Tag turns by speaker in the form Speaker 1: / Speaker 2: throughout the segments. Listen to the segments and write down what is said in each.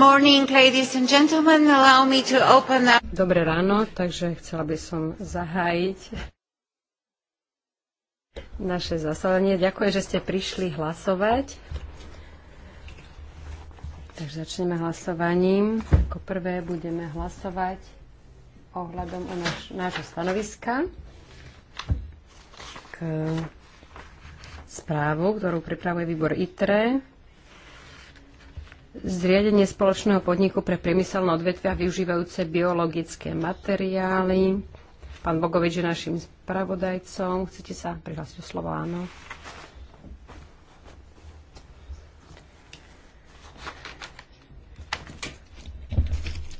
Speaker 1: Morning, up... Dobré ráno, takže chcela by som
Speaker 2: zahájiť naše zasadanie. Ďakujem, že ste prišli hlasovať. Takže začneme hlasovaním. Ako prvé budeme hlasovať ohľadom o naš, nášho stanoviska k správu, ktorú pripravuje výbor ITRE zriadenie spoločného podniku pre priemyselné odvetvia využívajúce biologické materiály. Pán Bogovič je našim spravodajcom. Chcete sa prihlásiť o slovo? Áno.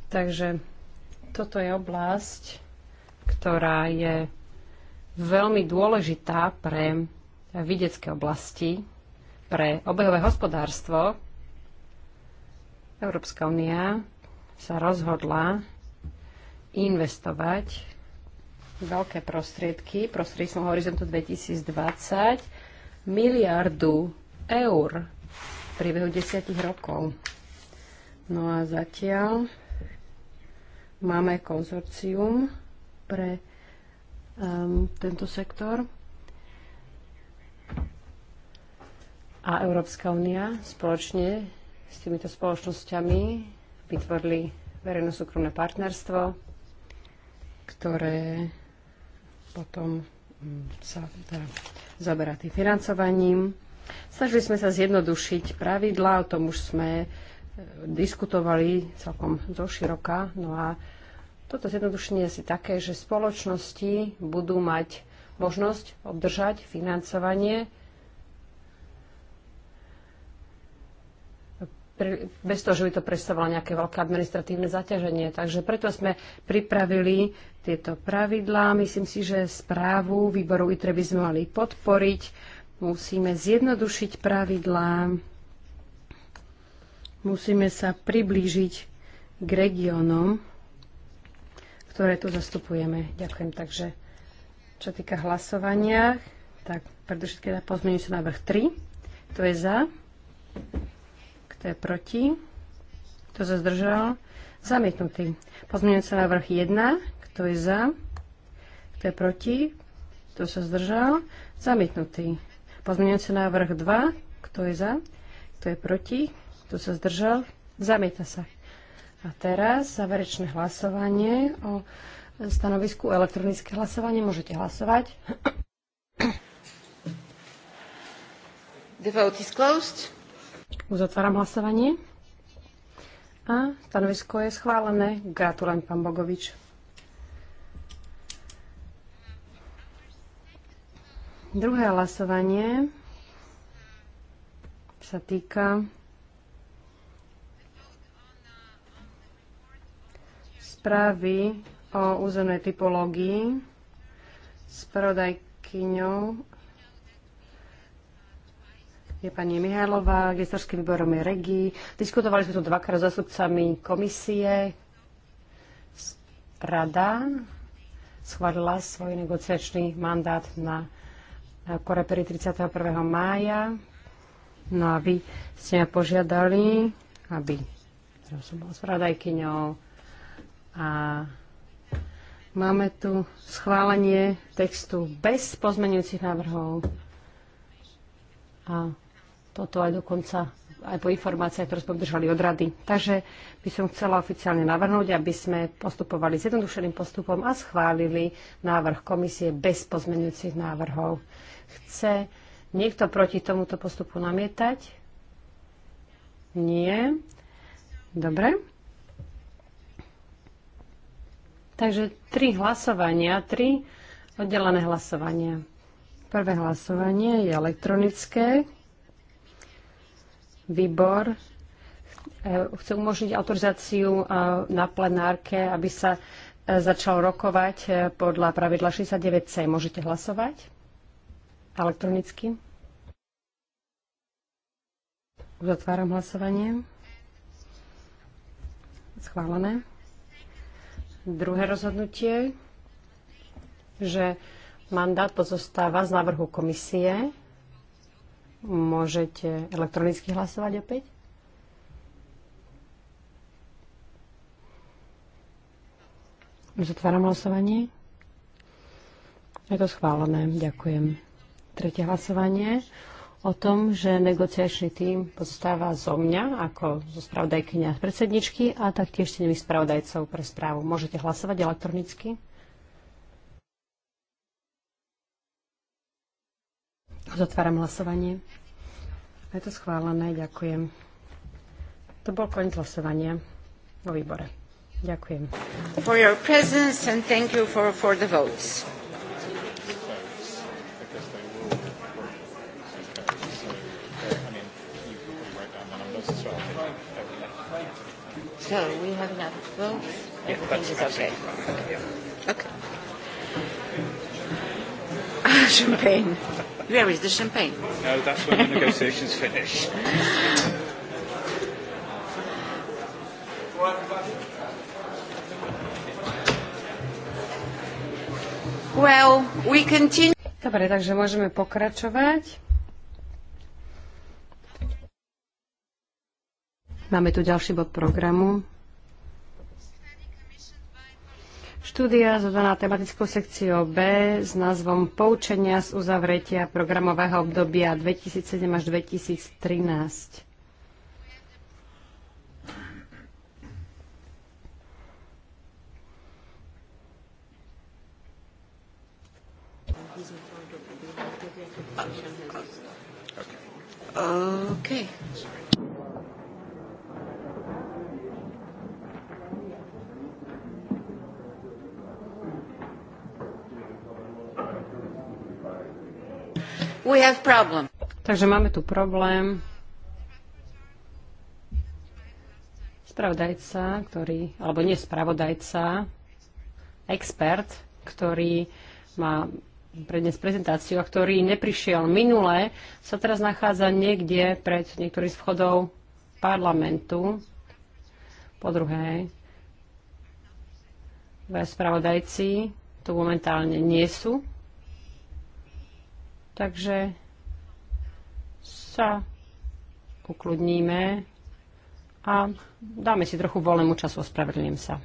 Speaker 2: Takže toto je oblasť, ktorá je veľmi dôležitá pre vidiecké oblasti, pre obehové hospodárstvo, Európska únia sa rozhodla investovať veľké prostriedky prostredníctvom Horizontu 2020 miliardu eur v priebehu desiatich rokov. No a zatiaľ máme konzorcium pre um, tento sektor a Európska únia spoločne s týmito spoločnosťami, vytvorili verejno-súkromné partnerstvo, ktoré potom mm, sa teda zaberá tým financovaním. Snažili sme sa zjednodušiť pravidlá, o tom už sme e, diskutovali celkom široka. No a toto zjednodušenie je asi také, že spoločnosti budú mať možnosť obdržať financovanie bez toho, že by to predstavovalo nejaké veľké administratívne zaťaženie. Takže preto sme pripravili tieto pravidlá. Myslím si, že správu výboru ITRE by sme mali podporiť. Musíme zjednodušiť pravidlá. Musíme sa priblížiť k regiónom, ktoré tu zastupujeme. Ďakujem. Takže čo týka hlasovania, tak predovšetkým pozmením sa návrh 3. To je za. Kto je proti? Kto sa zdržal? Zamietnutý. Pozmeňujúci návrh 1. Kto je za? Kto je proti? Kto sa zdržal? Zamietnutý. Pozmeňujúci návrh 2. Kto je za? Kto je proti? Kto sa zdržal? Zamieta sa. A teraz záverečné hlasovanie o stanovisku elektronické hlasovanie. Môžete hlasovať. The vote is closed. Uzatváram hlasovanie. A stanovisko je schválené. Gratulujem, pán Bogovič. Druhé hlasovanie sa týka správy o územnej typológii s prodajkyňou je pani Mihajlová, gestorským výborom je REGI. Diskutovali sme tu dvakrát s zástupcami komisie. Rada schválila svoj negociačný mandát na Koreperi 31. mája. No a vy ste ma požiadali, aby som s radajkyňou. a Máme tu schválenie textu bez pozmenujúcich návrhov. A toto aj dokonca aj po informáciách, ktoré sme obdržali od rady. Takže by som chcela oficiálne navrhnúť, aby sme postupovali s jednodušeným postupom a schválili návrh komisie bez pozmenujúcich návrhov. Chce niekto proti tomuto postupu namietať? Nie. Dobre. Takže tri hlasovania, tri oddelené hlasovania. Prvé hlasovanie je elektronické, výbor e, chce umožniť autorizáciu e, na plenárke, aby sa e, začal rokovať podľa pravidla 69C. Môžete hlasovať elektronicky. Uzatváram hlasovanie. Schválené. Druhé rozhodnutie, že mandát pozostáva z návrhu komisie Môžete elektronicky hlasovať opäť? Zatváram hlasovanie. Je to schválené. Ďakujem. Tretie hlasovanie o tom, že negociačný tým podstáva zo mňa ako zo spravodajkynia predsedničky a taktiež ste spravodajcov pre správu. Môžete hlasovať elektronicky? Uzatváram hlasovanie. Je to schválené, ďakujem. To bol koniec hlasovania
Speaker 1: vo výbore. Ďakujem. For your presence and thank you for, for the votes.
Speaker 2: So
Speaker 3: we have enough votes? Everything is okay. Okay
Speaker 1: champagne. Where is the champagne?
Speaker 3: No, that's when the negotiations finish.
Speaker 2: Well, we continue. Dobre, takže môžeme pokračovať. Máme tu ďalší bod programu. štúdia zadaná tematickou sekciou B s názvom Poučenia z uzavretia programového obdobia 2007 až 2013. problem. Takže máme tu problém. Spravodajca, ktorý, alebo nie spravodajca, expert, ktorý má prednes prezentáciu a ktorý neprišiel minule, sa teraz nachádza niekde pred niektorým z vchodov parlamentu. Po druhé, dve spravodajci tu momentálne nie sú. Takže sa ukludníme a dáme si trochu voľnému času, ospravedlňujem sa.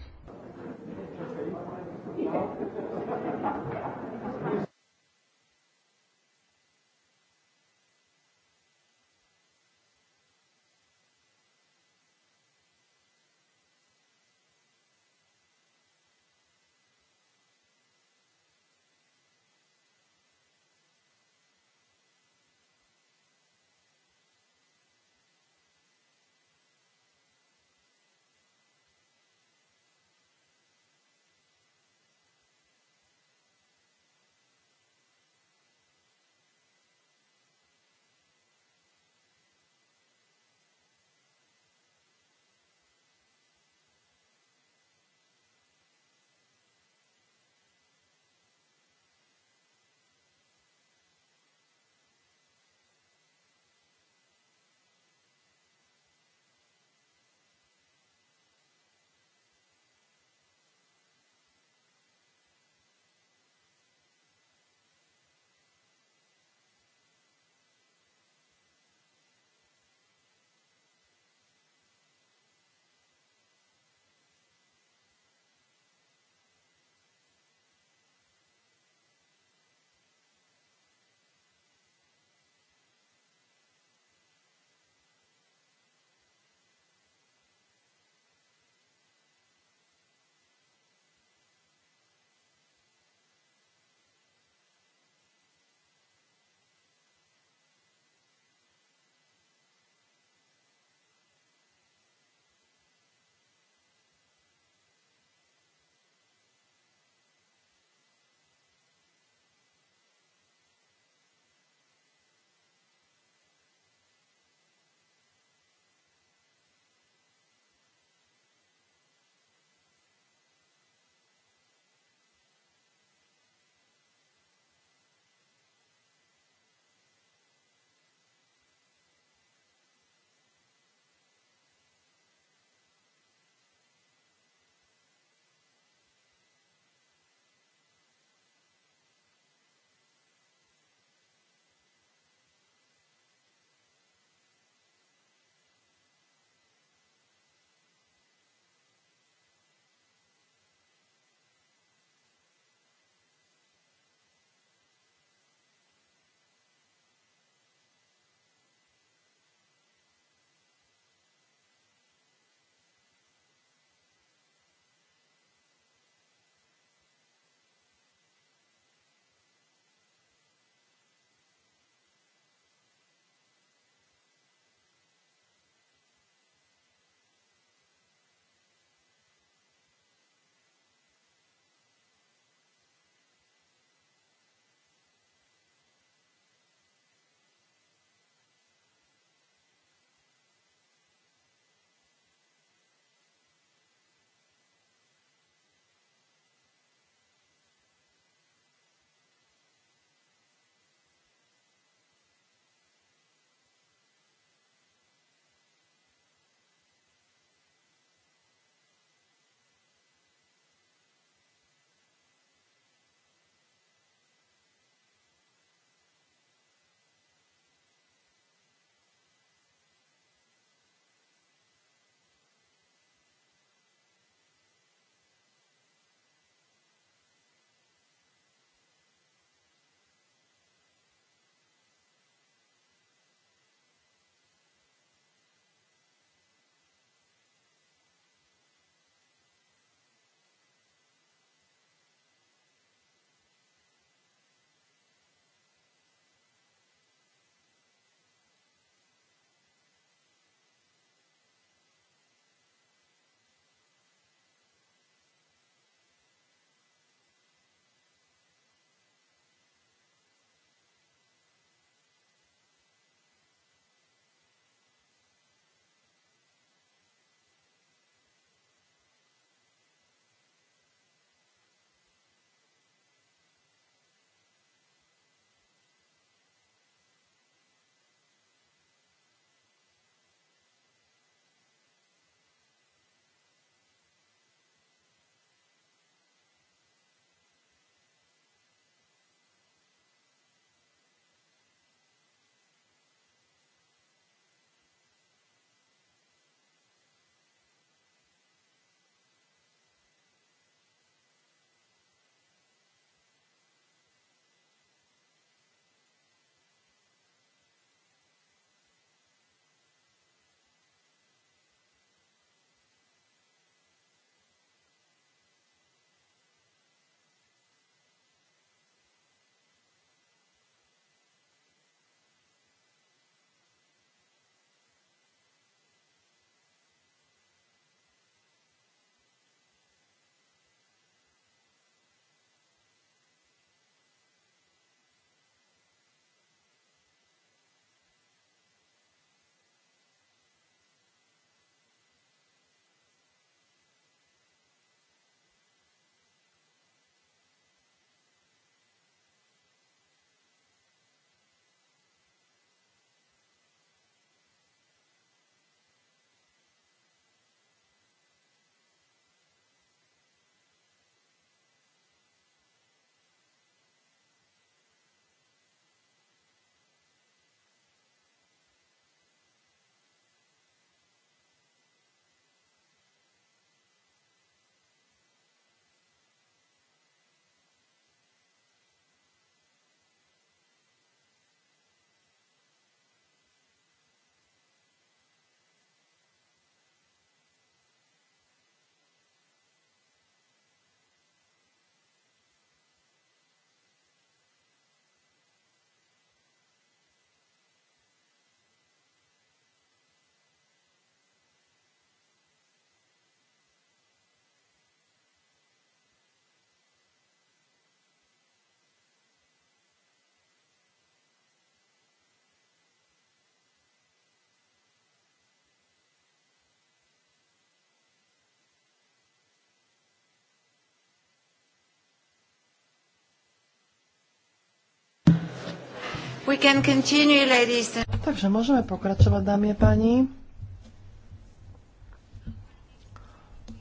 Speaker 4: we can continue, ladies. Takže môžeme pokračovať, dámy a páni.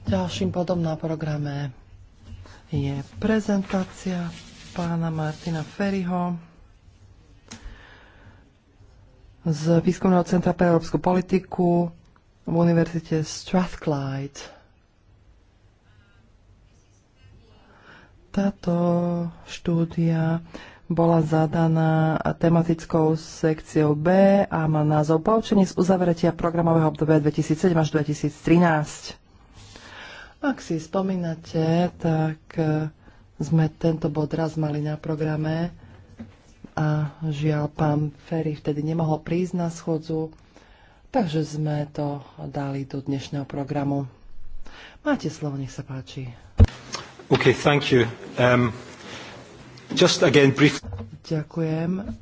Speaker 4: Ďalším bodom na programe je prezentácia pána Martina Ferryho z Výskumného centra pre európsku politiku v Univerzite Strathclyde. Táto štúdia bola zadaná tematickou sekciou B a má názov Poučenie z uzavretia programového obdobia 2007 až 2013. Ak si spomínate, tak e, sme tento bod raz mali na programe a žiaľ pán Ferry vtedy nemohol prísť na schodzu, takže sme to dali do dnešného programu. Máte slovo, nech sa páči.
Speaker 3: Okay, thank you. Um... Just again brief.
Speaker 4: Ďakujem.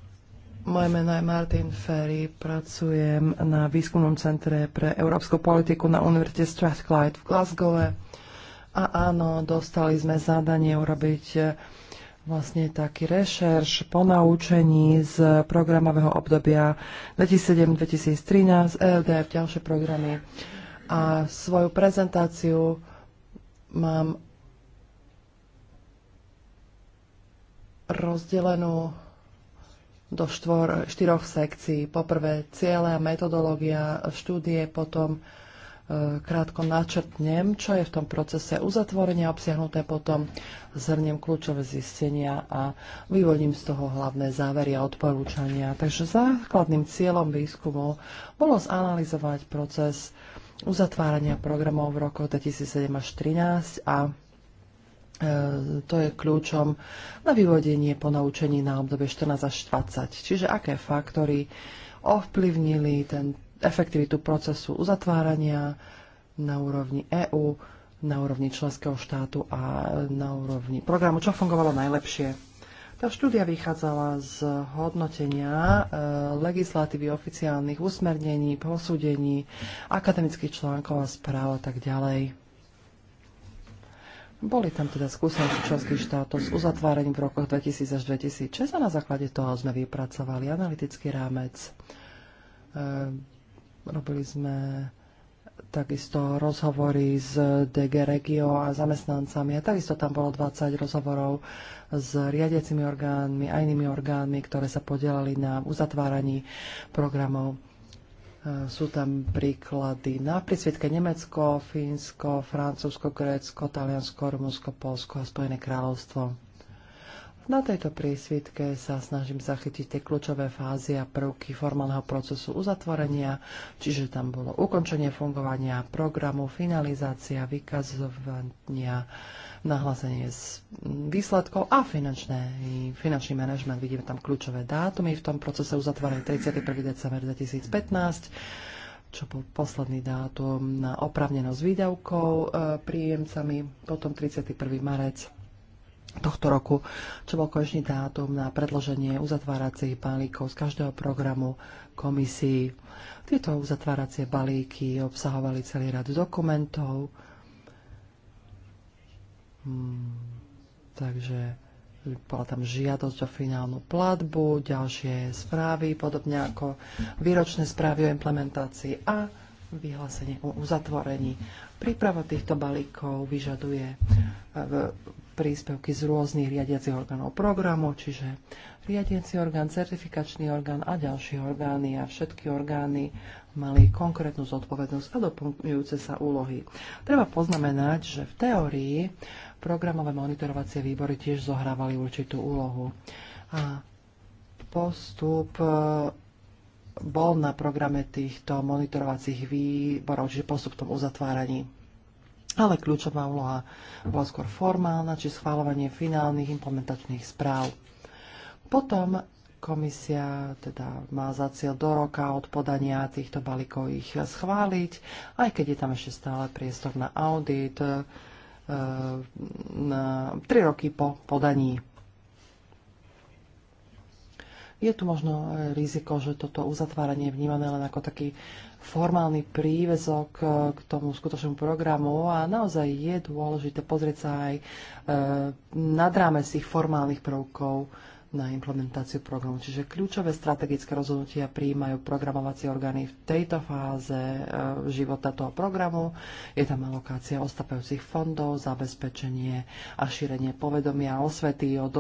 Speaker 4: Moje meno je Martin Ferry, pracujem na výskumnom centre pre európsku politiku na Univerzite Strathclyde v Glasgow. A áno, dostali sme zadanie urobiť e, vlastne taký rešerš po naučení z programového obdobia 2007-2013, ELDF, ďalšie programy. A svoju prezentáciu mám rozdelenú do štvor, štyroch sekcií. Poprvé ciele a metodológia štúdie, potom e, krátko načrtnem, čo je v tom procese uzatvorenia obsiahnuté, potom zhrniem kľúčové zistenia a vyvodím z toho hlavné závery a odporúčania. Takže základným cieľom výskumu bolo zanalizovať proces uzatvárania programov v roku 2007 až 2013 a E, to je kľúčom na vyvodenie ponaučení na obdobie 14 až 20. Čiže aké faktory ovplyvnili ten efektivitu procesu uzatvárania na úrovni EÚ, na úrovni členského štátu a na úrovni programu, čo fungovalo najlepšie. Tá štúdia vychádzala z hodnotenia e, legislatívy oficiálnych usmernení, posúdení, akademických článkov a správ a tak ďalej. Boli tam teda skúsenosti členských štátov s uzatváraním v rokoch 2000 až 2006 a na základe toho sme vypracovali analytický rámec. E, robili sme takisto rozhovory s DG Regio a zamestnancami a takisto tam bolo 20 rozhovorov s riadiacimi orgánmi a inými orgánmi, ktoré sa podielali na uzatváraní programov Eh, sú tam príklady na prísvietke Nemecko, Fínsko, Francúzsko, Grécko, Taliansko, Rumunsko, Polsko a Spojené kráľovstvo. Na tejto prísvitke sa snažím zachytiť tie kľúčové fázy a prvky formálneho procesu uzatvorenia, čiže tam bolo ukončenie fungovania programu, finalizácia, vykazovania, nahlásenie z výsledkov a finančný, finančný manažment. Vidíme tam kľúčové dátumy. V tom procese uzatvárali 31. december 2015, čo bol posledný dátum na opravnenosť výdavkov e, príjemcami, potom 31. marec tohto roku, čo bol konečný dátum na predloženie uzatváracích balíkov z každého programu komisii. Tieto uzatváracie balíky obsahovali celý rad dokumentov, Hmm, takže bola tam žiadosť o finálnu platbu, ďalšie správy, podobne ako výročné správy o implementácii a vyhlásenie o uzatvorení. Príprava týchto balíkov vyžaduje eh, príspevky z rôznych riadiacich orgánov programu, čiže riadiaci orgán, certifikačný orgán a ďalšie orgány a všetky orgány mali konkrétnu zodpovednosť a doplňujúce sa úlohy. Treba poznamenať, že v teórii programové monitorovacie výbory tiež zohrávali určitú úlohu. A postup e, bol na programe týchto monitorovacích výborov, čiže postup v tom uzatváraní. Ale kľúčová úloha bola skôr formálna, či schváľovanie finálnych implementačných správ. Potom Komisia teda má za cieľ do roka od podania týchto balíkov ich schváliť, aj keď je tam ešte stále priestor na audit e, na 3 roky po podaní. Je tu možno riziko, že toto uzatváranie je vnímané len ako taký formálny prívezok e, k tomu skutočnému programu a naozaj je dôležité pozrieť sa aj e, nad rámec tých formálnych prvkov na implementáciu programu. Čiže kľúčové strategické rozhodnutia prijímajú programovacie orgány v tejto fáze e, života toho programu. Je tam alokácia ostapajúcich fondov, zabezpečenie a šírenie povedomia a osvety o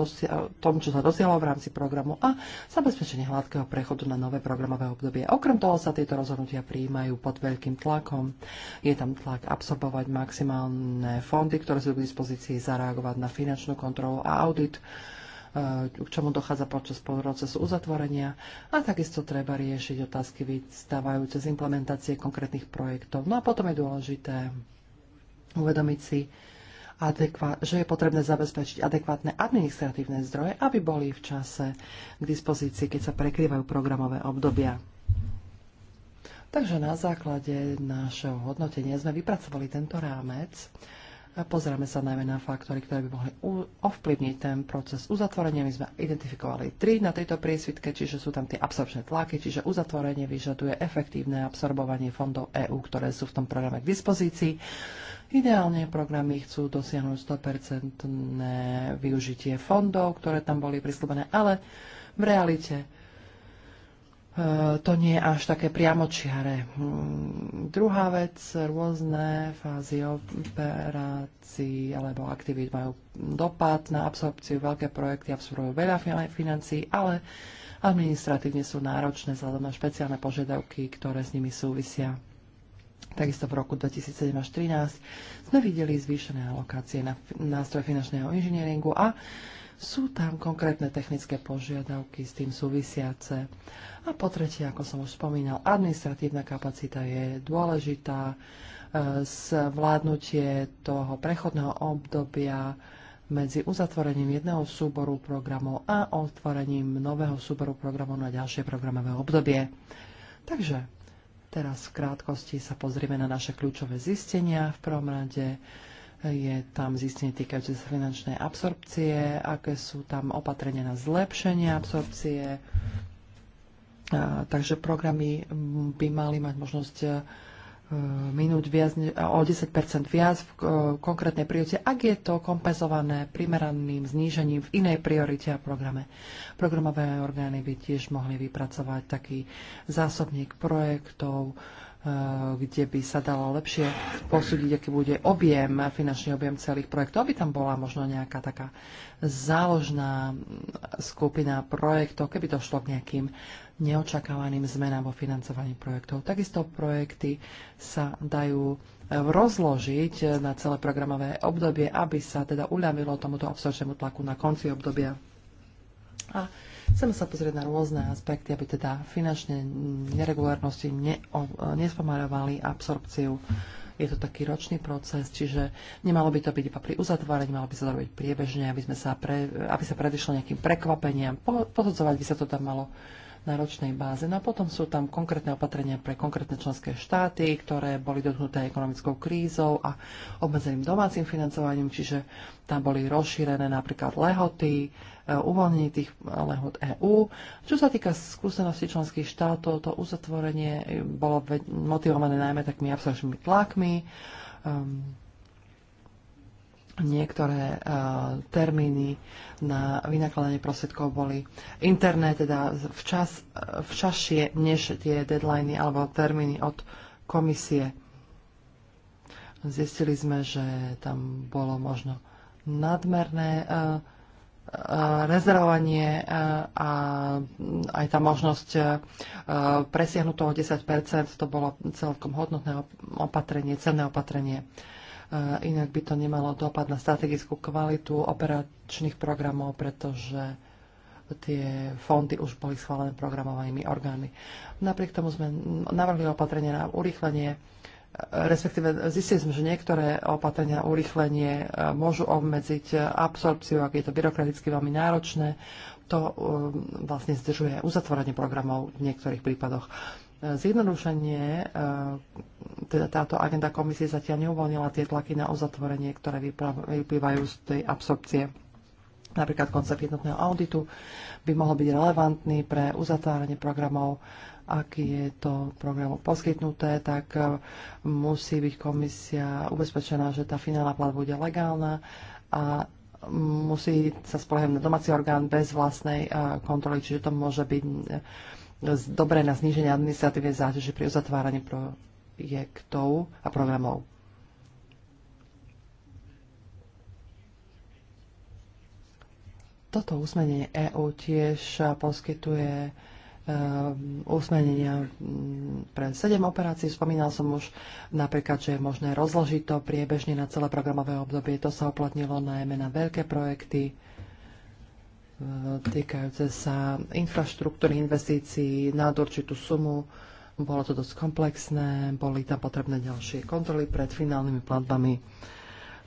Speaker 4: tom, čo sa dosiahlo v rámci programu a zabezpečenie hladkého prechodu na nové programové obdobie. Okrem toho sa tieto rozhodnutia prijímajú pod veľkým tlakom. Je tam tlak absorbovať maximálne fondy, ktoré sú k dispozícii, zareagovať na finančnú kontrolu a audit Eh, k čomu dochádza počas procesu uzatvorenia a takisto treba riešiť otázky vystávajúce z implementácie konkrétnych projektov. No a potom je dôležité uvedomiť si, že je potrebné zabezpečiť adekvátne administratívne zdroje, aby boli v čase k dispozícii, keď sa prekrývajú programové obdobia. Takže na základe nášho hodnotenia sme vypracovali tento rámec, a sa najmä na faktory, ktoré by mohli ovplyvniť ten proces uzatvorenia. My sme identifikovali tri na tejto priesvitke, čiže sú tam tie absorpčné tlaky, čiže uzatvorenie vyžaduje efektívne absorbovanie fondov EÚ, ktoré sú v tom programe k dispozícii. Ideálne programy chcú dosiahnuť 100% využitie fondov, ktoré tam boli prislúbené, ale v realite E, to nie je až také priamočiare. Mm, druhá vec, rôzne fázy operácií alebo aktivít majú dopad na absorpciu. Veľké projekty absorbujú veľa financií, ale administratívne sú náročné vzhľadom na špeciálne požiadavky, ktoré s nimi súvisia. Takisto v roku 2007 až 2013 sme videli zvýšené alokácie na nástroj finančného inžinieringu a sú tam konkrétne technické požiadavky s tým súvisiace. A po tretie, ako som už spomínal, administratívna kapacita je dôležitá. E, zvládnutie toho prechodného obdobia medzi uzatvorením jedného súboru programov a otvorením nového súboru programov na ďalšie programové obdobie. Takže teraz v krátkosti sa pozrieme na naše kľúčové zistenia. V prvom rade je tam zistenie týkajúce sa finančnej absorpcie, aké sú tam opatrenia na zlepšenie absorpcie. Takže programy by mali mať možnosť e, minúť viac, o 10 viac v e, konkrétnej priorite, ak je to kompenzované primeraným znížením v inej priorite a programe. Programové orgány by tiež mohli vypracovať taký zásobník projektov, Eh, kde by sa dalo lepšie posúdiť, aký bude objem, finančný objem celých projektov, aby tam bola možno nejaká taká záložná skupina projektov, keby došlo k nejakým neočakávaným zmenám vo financovaní projektov. Takisto projekty sa dajú eh, rozložiť eh, na celé programové obdobie, aby sa teda uľavilo tomuto absorčnému tlaku na konci obdobia. A Chceme sa pozrieť na rôzne aspekty, aby teda finančné neregulárnosti nespomarovali absorpciu. Je to taký ročný proces, čiže nemalo by to byť iba pri uzatváraní, malo by sa to robiť priebežne, aby, sme sa pre, aby sa predišlo nejakým prekvapeniam. Posudzovať by sa to tam malo na ročnej báze. No a potom sú tam konkrétne opatrenia pre konkrétne členské štáty, ktoré boli dotknuté ekonomickou krízou a obmedzeným domácim financovaním, čiže tam boli rozšírené napríklad lehoty, e, uvoľnenie tých lehot EÚ. Čo sa týka skúsenosti členských štátov, to uzatvorenie e, bolo motivované najmä takými absorčnými tlakmi, um, niektoré uh, termíny na vynakladanie prostriedkov boli interné, teda včas, včasšie než tie deadliny alebo termíny od komisie. Zistili sme, že tam bolo možno nadmerné uh, rezervovanie a aj tá možnosť presiahnuť toho 10 to bolo celkom hodnotné opatrenie, cenné opatrenie. Eh, inak by to nemalo dopad na strategickú kvalitu operačných programov, pretože tie fondy už boli schválené programovanými orgány. Napriek tomu sme navrhli opatrenia na urýchlenie, eh, respektíve zistili sme, že niektoré opatrenia na urýchlenie eh, môžu obmedziť absorpciu, ak je to byrokraticky veľmi náročné. To vlastne zdržuje uzatvorenie programov v niektorých prípadoch. Zjednodušenie teda táto agenda komisie zatiaľ neuvolnila tie tlaky na uzatvorenie, ktoré vyplývajú z tej absorpcie. Napríklad koncept jednotného auditu by mohol byť relevantný pre uzatváranie programov, aký je to programu poskytnuté, tak e, musí byť komisia ubezpečená, že tá finálna plat bude legálna a musí sa spolahnúť na domáci orgán bez vlastnej e, kontroly, čiže to môže byť e, dobré na zníženie administratívnej záťaže pri uzatváraní pro projektov a programov. Toto usmenenie EÚ tiež poskytuje eh, usmenenia mm, pre 7 operácií. Spomínal som už napríklad, že je možné rozložiť to priebežne na celé programové obdobie. To sa oplatnilo najmä na veľké projekty eh, týkajúce sa infraštruktúry investícií nad určitú sumu bolo to dosť komplexné, boli tam potrebné ďalšie kontroly pred finálnymi platbami.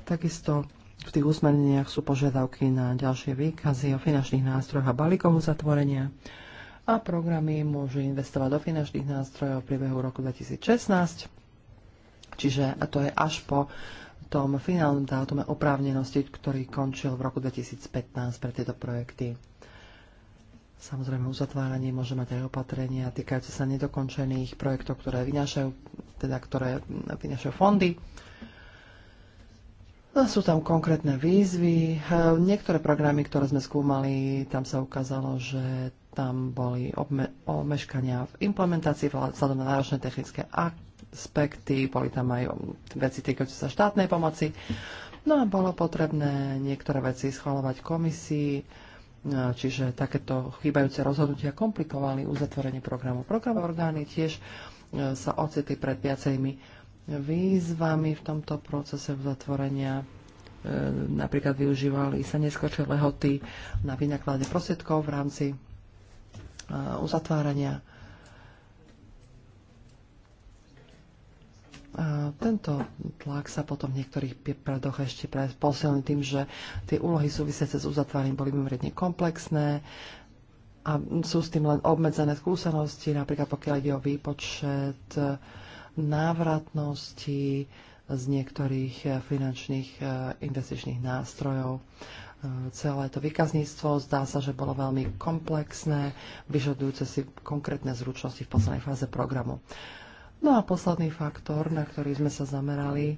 Speaker 4: Takisto v tých usmerneniach sú požiadavky na ďalšie výkazy o finančných nástrojoch a balíkoch uzatvorenia a programy môžu investovať do finančných nástrojov v priebehu roku 2016, čiže a to je až po tom finálnom dátume oprávnenosti, ktorý končil v roku 2015 pre tieto projekty. Samozrejme, uzatváranie môže mať aj opatrenia týkajúce sa nedokončených projektov, ktoré vynášajú, teda ktoré vynášajú fondy. Sú tam konkrétne výzvy. Niektoré programy, ktoré sme skúmali, tam sa ukázalo, že tam boli obme- omeškania v implementácii vzhľadom na náročné technické aspekty, boli tam aj veci týkajúce sa štátnej pomoci. No a bolo potrebné niektoré veci schvalovať komisii Čiže takéto chýbajúce rozhodnutia komplikovali uzatvorenie programu. Program orgány tiež e, sa ocitli pred viacerými výzvami v tomto procese uzatvorenia. E, napríklad využívali sa neskočie lehoty na vynaklade prostriedkov v rámci e, uzatvárania tento tlak sa potom v niektorých prípadoch ešte posilní tým, že tie úlohy súvisiace s uzatváraním boli mimoriadne komplexné a sú s tým len obmedzené skúsenosti, napríklad pokiaľ ide o výpočet návratnosti z niektorých eh, finančných eh, investičných nástrojov. Eh, celé to výkazníctvo zdá sa, že bolo veľmi komplexné, vyžadujúce si konkrétne zručnosti v poslednej fáze programu. No a posledný faktor, na ktorý sme sa zamerali,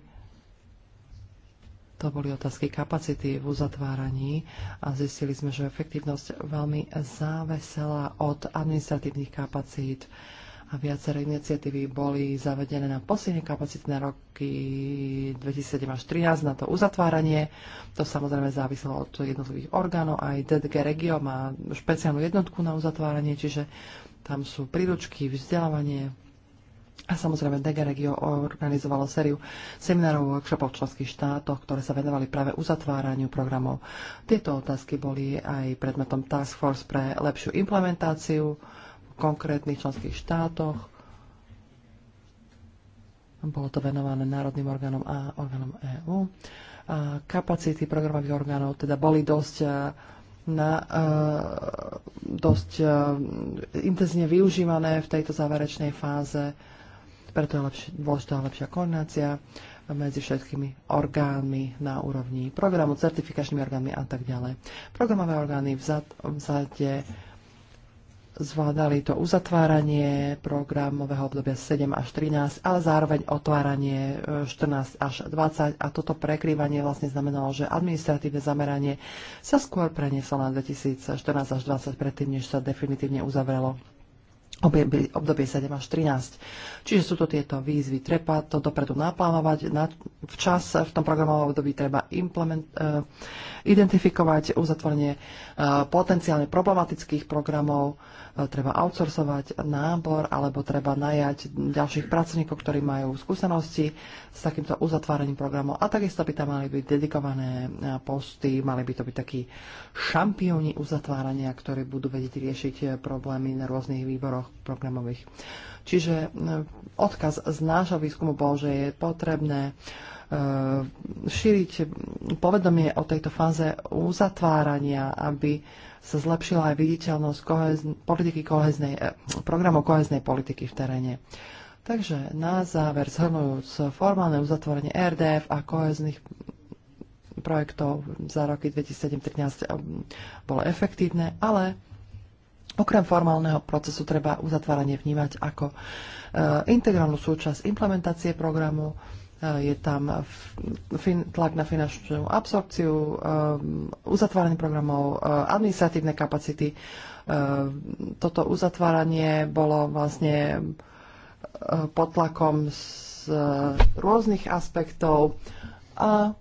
Speaker 4: to boli otázky kapacity v uzatváraní a zistili sme, že efektívnosť veľmi závesela od administratívnych kapacít a viaceré iniciatívy boli zavedené na posilnenie kapacity na roky 2007 až 2013 na to uzatváranie. To samozrejme záviselo od jednotlivých orgánov. Aj DDG Regio má špeciálnu jednotku na uzatváranie, čiže tam sú príručky, vzdelávanie, a samozrejme, DG Regio organizovalo sériu seminárov, workshopov v členských štátoch, ktoré sa venovali práve uzatváraniu programov. Tieto otázky boli aj predmetom Task Force pre lepšiu implementáciu v konkrétnych členských štátoch. Bolo to venované národným orgánom a orgánom EÚ. Kapacity programových orgánov teda boli dosť e, na uh, dosť uh, intenzívne využívané v tejto záverečnej fáze. Preto je lepšie, dôležitá lepšia koordinácia medzi všetkými orgánmi na úrovni programu, certifikačnými orgánmi a tak ďalej. Programové orgány v vzade zvládali to uzatváranie programového obdobia 7 až 13, ale zároveň otváranie 14 e, až 20 a toto prekrývanie vlastne znamenalo, že administratívne zameranie sa skôr prenieslo na 2014 až 20 predtým, než sa definitívne uzavrelo obdobie, 7 až 13. Čiže sú to tieto výzvy. Treba to dopredu naplánovať, na, včas v tom programovom období treba implement, uh, identifikovať uzatvorenie uh, potenciálne problematických programov, treba outsourcovať nábor alebo treba najať ďalších pracovníkov, ktorí majú skúsenosti s takýmto uzatváraním programov. A takisto by tam mali byť dedikované posty, mali by to byť takí šampióni uzatvárania, ktorí budú vedieť riešiť problémy na rôznych výboroch programových. Čiže e, odkaz z nášho výskumu bol, že je potrebné e, šíriť povedomie o tejto fáze uzatvárania, aby sa zlepšila aj viditeľnosť kohezn, politiky koheznej, eh, programov koheznej politiky v teréne. Takže na záver zhrnujúc formálne uzatvorenie RDF a kohezných projektov za roky 2017 2013 eh, bolo efektívne, ale Okrem formálneho procesu treba uzatváranie vnímať ako e, integrálnu súčasť implementácie programu je tam tlak na finančnú absorpciu, um, uzatváranie programov, uh, administratívne kapacity. Um, toto uzatváranie bolo vlastne uh, pod tlakom z uh, rôznych aspektov a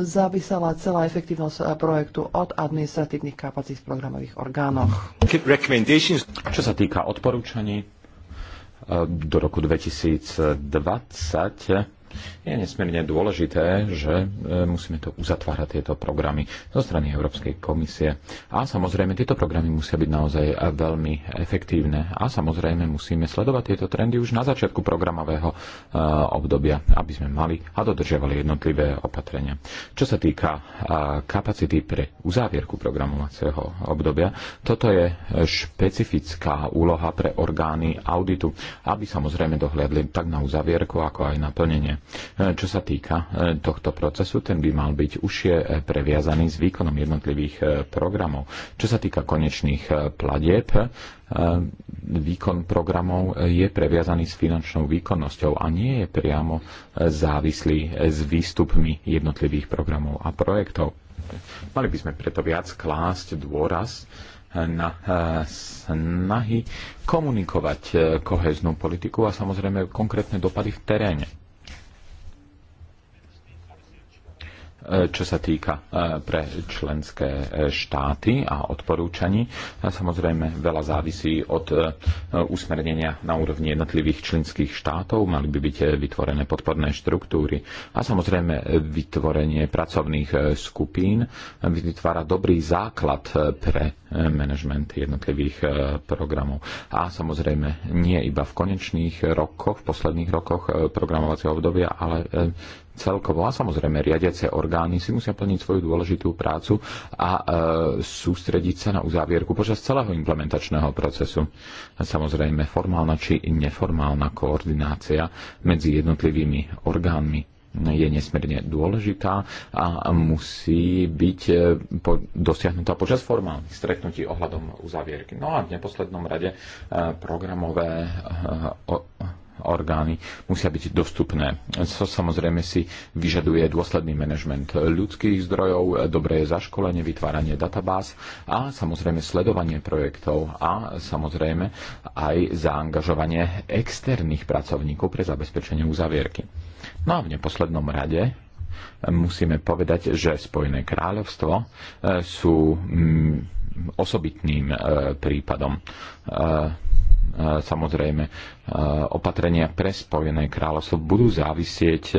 Speaker 4: závisela celá efektívnosť projektu od administratívnych kapacít v programových orgánoch.
Speaker 3: Čo sa týka odporúčaní, do roku 2020 je nesmierne dôležité, že e, musíme to uzatvárať tieto programy zo strany Európskej komisie. A samozrejme, tieto programy musia byť naozaj veľmi efektívne. A samozrejme, musíme sledovať tieto trendy už na začiatku programového e, obdobia, aby sme mali a dodržiavali jednotlivé opatrenia. Čo sa týka e, kapacity pre uzávierku programovacieho obdobia, toto je špecifická úloha pre orgány auditu, aby samozrejme dohliadli tak na uzávierku, ako aj na plnenie. E, čo sa týka e, tohto procesu, ten by mal byť už je e, previazaný s výkonom jednotlivých programov. Čo sa týka konečných pladieb, výkon programov je previazaný s finančnou výkonnosťou a nie je priamo závislý s výstupmi jednotlivých programov a projektov. Mali by sme preto viac klásť dôraz na snahy komunikovať koheznú politiku a samozrejme konkrétne dopady v teréne. E, čo sa týka e, pre členské e, štáty a odporúčaní. Samozrejme, veľa závisí od usmernenia na úrovni jednotlivých členských štátov. Mali by byť vytvorené podporné štruktúry a samozrejme vytvorenie pracovných skupín vytvára dobrý základ pre manažment jednotlivých programov. A samozrejme, nie iba v konečných rokoch, v posledných rokoch programovacieho obdobia, ale celkovo a samozrejme riadiace orgány si musia plniť svoju dôležitú prácu a e, sústrediť sa na uzávierku počas celého implementačného procesu. A samozrejme formálna či neformálna koordinácia medzi jednotlivými orgánmi je nesmierne dôležitá a musí byť e, dosiahnutá počas formálnych stretnutí ohľadom uzavierky. No a v neposlednom rade e, programové e, orgány musia byť dostupné. To samozrejme si vyžaduje dôsledný manažment ľudských zdrojov, dobré zaškolenie, vytváranie databáz a samozrejme sledovanie projektov a samozrejme aj zaangažovanie externých pracovníkov pre zabezpečenie uzavierky. No a v neposlednom rade musíme povedať, že Spojené kráľovstvo eh, sú mm, osobitným eh, prípadom eh, Samozrejme, opatrenia pre Spojené kráľovstvo budú závisieť e,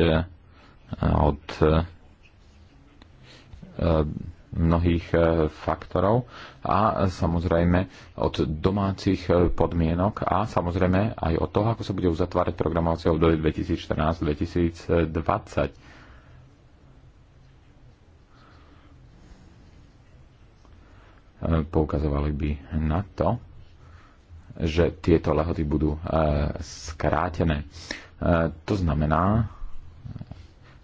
Speaker 3: od e, e, mnohých faktorov a samozrejme od domácich podmienok a samozrejme aj od toho, ako sa bude uzatvárať programovacie obdobie 2014-2020. Poukazovali by na to, že tieto lehoty budú e, skrátené. E, to znamená,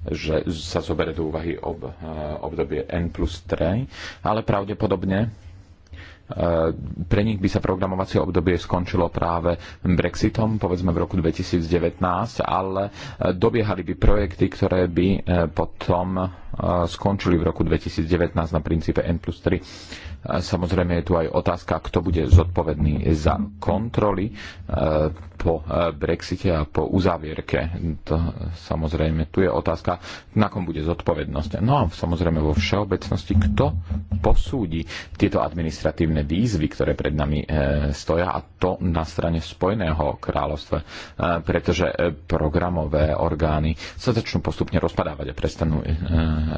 Speaker 3: že sa zoberie do úvahy ob, e, obdobie N plus 3, ale pravdepodobne pre nich by sa programovacie obdobie skončilo práve Brexitom, povedzme v roku 2019, ale dobiehali by projekty, ktoré by potom skončili v roku 2019 na princípe N plus 3. Samozrejme je tu aj otázka, kto bude zodpovedný za kontroly e, po e, Brexite a po uzavierke. To, samozrejme, tu je otázka, na kom bude zodpovednosť. No a samozrejme vo všeobecnosti, kto posúdi tieto administratívne výzvy, ktoré pred nami e, stoja a to na strane Spojeného kráľovstva, pretože programové orgány sa začnú postupne rozpadávať a prestanú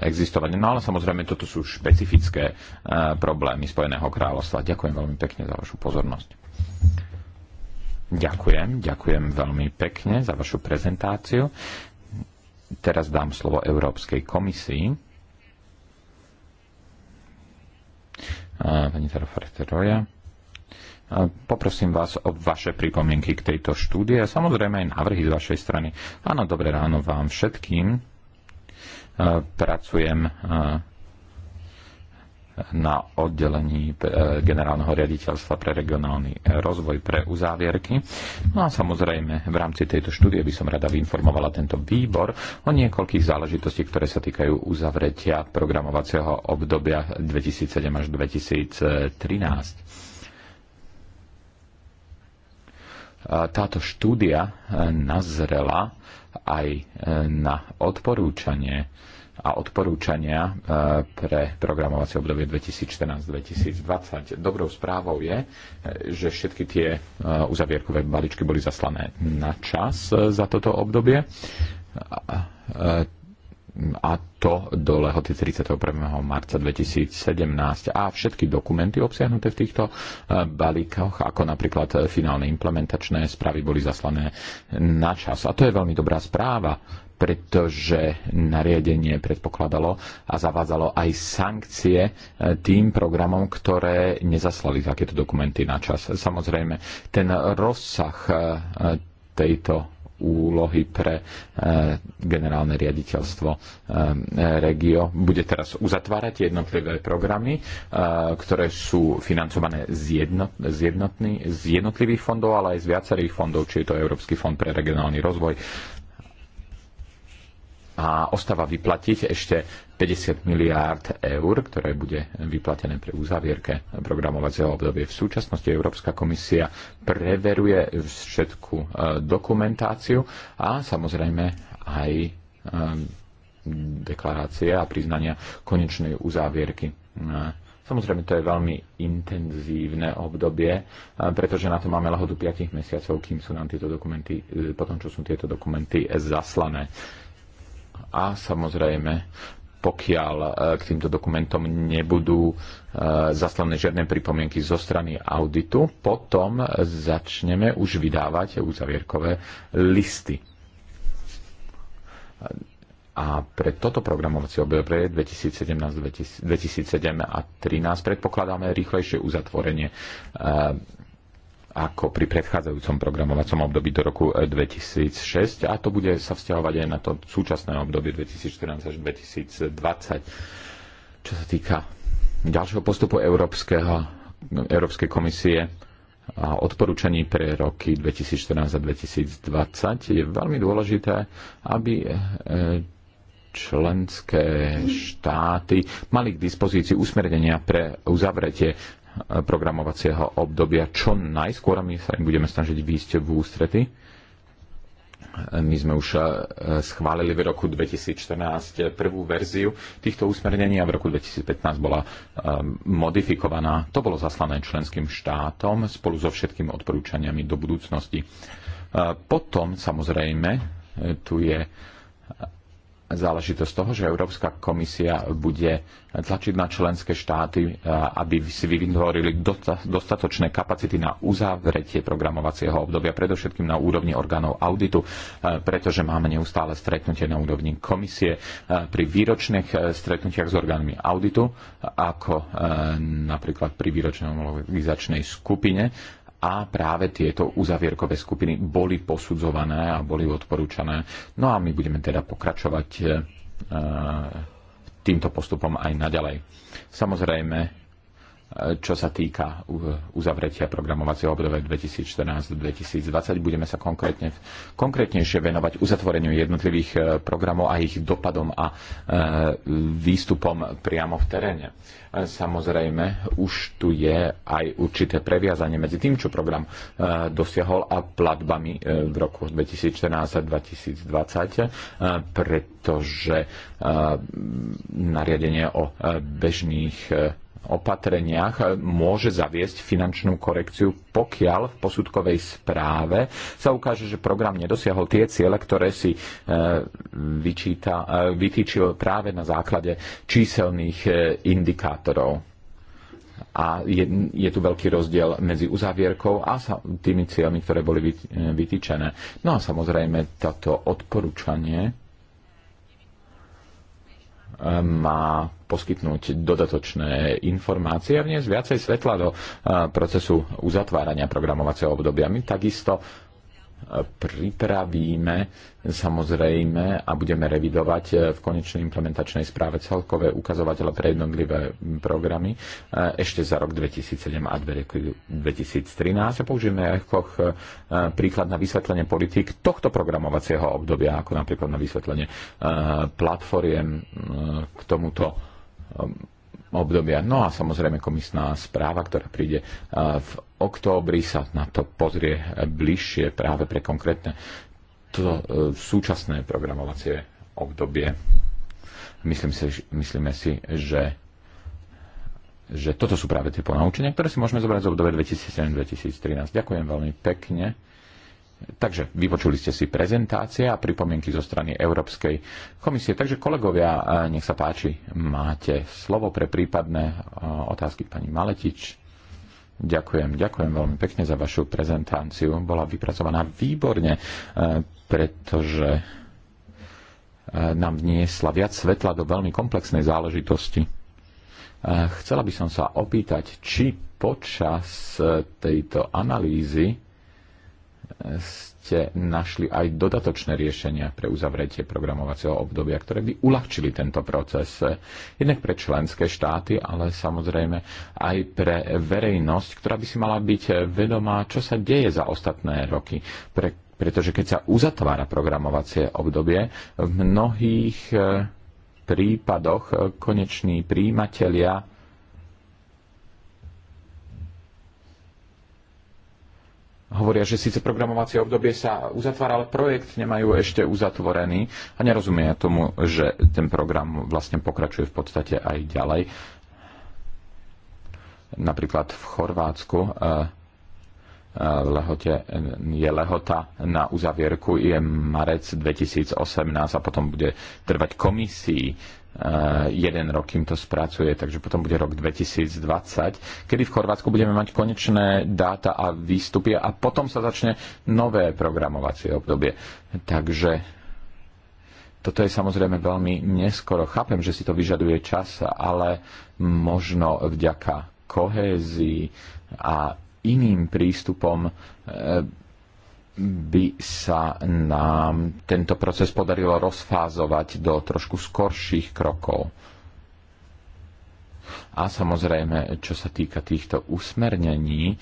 Speaker 3: existovať. No ale samozrejme, toto sú špecifické problémy problémy Spojeného kráľovstva. Ďakujem veľmi pekne za vašu pozornosť. Ďakujem, ďakujem veľmi pekne za vašu prezentáciu. Teraz dám slovo Európskej komisii. Pani Terofarteroja. Poprosím vás o vaše pripomienky k tejto štúdie a samozrejme aj návrhy z vašej strany. Áno, dobré ráno vám všetkým. Pracujem na oddelení e, generálneho riaditeľstva pre regionálny e, rozvoj pre uzávierky. No a samozrejme, v rámci tejto štúdie by som rada vyinformovala tento výbor o niekoľkých záležitostí, ktoré sa týkajú uzavretia programovacieho obdobia 2007 až 2013. Táto štúdia e, nazrela aj na odporúčanie a odporúčania e, pre programovacie obdobie 2014-2020. Dobrou správou je, e, že všetky tie e, uzavierkové balíčky boli zaslané na čas za toto obdobie a to do lehoty 31. marca 2017 a všetky dokumenty obsiahnuté v týchto balíkoch, ako napríklad finálne implementačné správy, boli zaslané na čas. A to je veľmi dobrá správa, pretože nariadenie predpokladalo a zavádzalo aj sankcie e, tým programom, ktoré nezaslali takéto dokumenty na čas. Samozrejme, ten rozsah e, tejto úlohy pre e, generálne riaditeľstvo Regio. Bude teraz uzatvárať jednotlivé programy, ktoré sú financované z, jedno, z, jednotný, z jednotlivých fondov, ale aj z viacerých fondov, či je to Európsky fond pre regionálny rozvoj, a ostáva vyplatiť ešte 50 miliárd eur, ktoré bude vyplatené pre uzavierke programovacieho obdobie. V súčasnosti Európska komisia preveruje všetku e, dokumentáciu a samozrejme aj e, deklarácie a priznania konečnej uzávierky. E, samozrejme, to je veľmi intenzívne obdobie, pretože na to máme lehodu 5 mesiacov, kým sú nám tieto dokumenty, potom čo sú tieto dokumenty zaslané a samozrejme pokiaľ e, k týmto dokumentom nebudú e, zaslané žiadne pripomienky zo strany auditu, potom začneme už vydávať uzavierkové listy. A pre toto programovacie obdobie 2017, 2007 a 2013 predpokladáme rýchlejšie uzatvorenie e, ako pri predchádzajúcom programovacom období do roku 2006 eh, a to bude sa vzťahovať aj na to súčasné obdobie 2014 až 2020. Čo sa týka ďalšieho postupu Európskeho, Európskej komisie a odporúčaní pre roky 2014 a 2020 je veľmi dôležité, aby eh, členské štáty mali k dispozícii usmernenia pre uzavretie programovacieho obdobia čo najskôr my sa im budeme snažiť výjsť v ústrety. My sme už e, schválili v roku 2014 prvú verziu týchto usmernení a v roku 2015 bola e, modifikovaná. To bolo zaslané členským štátom spolu so všetkými odporúčaniami do budúcnosti. E, potom samozrejme tu je záležitosť toho, že Európska komisia bude tlačiť na členské štáty, eh, aby si vytvorili dostatočné kapacity na uzavretie programovacieho obdobia, predovšetkým na úrovni orgánov auditu, eh, pretože máme neustále stretnutie na úrovni komisie eh, pri výročných stretnutiach s orgánmi auditu, ako napríklad pri výročnej homologizačnej skupine, a práve tieto uzavierkové skupiny boli posudzované a boli odporúčané. No a my budeme teda pokračovať eh, týmto postupom aj naďalej. Samozrejme, čo sa týka uh, uzavretia programovacieho obdobia 2014-2020. Budeme sa konkrétne, konkrétnejšie venovať uzatvoreniu jednotlivých uh, programov a ich dopadom a uh, výstupom priamo v teréne. Samozrejme, už tu je aj určité previazanie medzi tým, čo program dosiahol a platbami v roku 2014 2020, pretože nariadenie o bežných opatreniach môže zaviesť finančnú korekciu, pokiaľ v posudkovej správe sa ukáže, že program nedosiahol tie ciele, ktoré si e, vyčíta, e, vytýčil práve na základe číselných e, indikátorov. A je, je tu veľký rozdiel medzi uzavierkou a sa, tými cieľmi, ktoré boli vytýčené. No a samozrejme, toto odporúčanie má poskytnúť dodatočné informácie a vniesť viacej svetla do eh, procesu uzatvárania programovacieho obdobia. My takisto pripravíme samozrejme a budeme revidovať e, v konečnej implementačnej správe celkové ukazovatele pre jednotlivé programy e, ešte za rok 2007 a 2013 a použijeme ako e, príklad na vysvetlenie politik tohto programovacieho obdobia, ako napríklad na vysvetlenie platformiem k tomuto obdobia. No a samozrejme komisná správa, ktorá príde v októbri, sa na to pozrie bližšie práve pre konkrétne to e, súčasné programovacie obdobie. Myslím si, myslíme si, že že toto sú práve tie ponaučenia, ktoré si môžeme zobrať z obdobia 2007-2013. Ďakujem veľmi pekne. Takže vypočuli ste si prezentácie a pripomienky zo strany Európskej komisie. Takže kolegovia, nech sa páči, máte slovo pre prípadné otázky pani Maletič. Ďakujem, ďakujem veľmi pekne za vašu prezentáciu. Bola vypracovaná výborne, pretože nám vniesla viac svetla do veľmi komplexnej záležitosti. Chcela by som sa opýtať, či počas e, tejto analýzy ste našli aj dodatočné riešenia pre uzavretie programovacieho obdobia, ktoré by uľahčili tento proces. Jednak pre členské štáty, ale samozrejme aj pre verejnosť, ktorá by si mala byť vedomá, čo sa deje za ostatné roky. Pre, pretože keď sa uzatvára programovacie obdobie, v mnohých eh, prípadoch eh, koneční príjimatelia hovoria, že síce programovacie obdobie sa uzatvára, ale projekt nemajú ešte uzatvorený a nerozumie tomu, že ten program vlastne pokračuje v podstate aj ďalej. Napríklad v Chorvátsku e, e, lehote, je lehota na uzavierku je marec 2018 a potom bude trvať komisii Eh, jeden rok, kým to spracuje, takže potom bude rok 2020, kedy v Chorvátsku budeme mať konečné dáta a výstupy a potom sa začne nové programovacie obdobie. Takže toto je samozrejme veľmi neskoro. Chápem, že si to vyžaduje čas, ale možno vďaka kohézii a iným prístupom eh, by sa nám tento proces podarilo rozfázovať do trošku skorších krokov. A samozrejme, čo sa týka týchto usmernení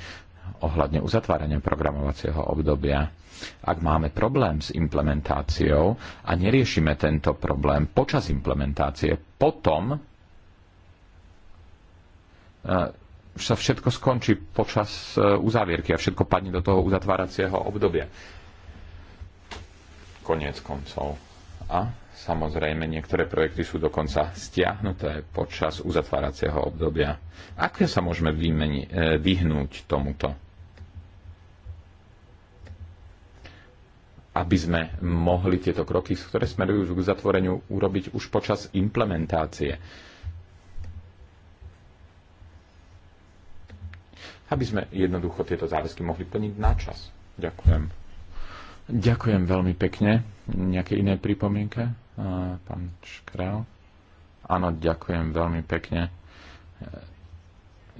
Speaker 3: ohľadne uzatvárania programovacieho obdobia, ak máme problém s implementáciou a neriešime tento problém počas implementácie, potom e, sa všetko skončí počas e, uzavierky a všetko padne do toho uzatváracieho obdobia. Koniec koncov. A samozrejme niektoré projekty sú dokonca stiahnuté počas uzatváracieho obdobia. Ako sa môžeme vymeni- e, vyhnúť tomuto? aby sme mohli tieto kroky, ktoré smerujú k zatvoreniu, urobiť už počas implementácie. aby sme jednoducho tieto záväzky mohli plniť na čas. Ďakujem. Ďakujem veľmi pekne. Nejaké iné pripomienke? Pán Škrel? Áno, ďakujem veľmi pekne.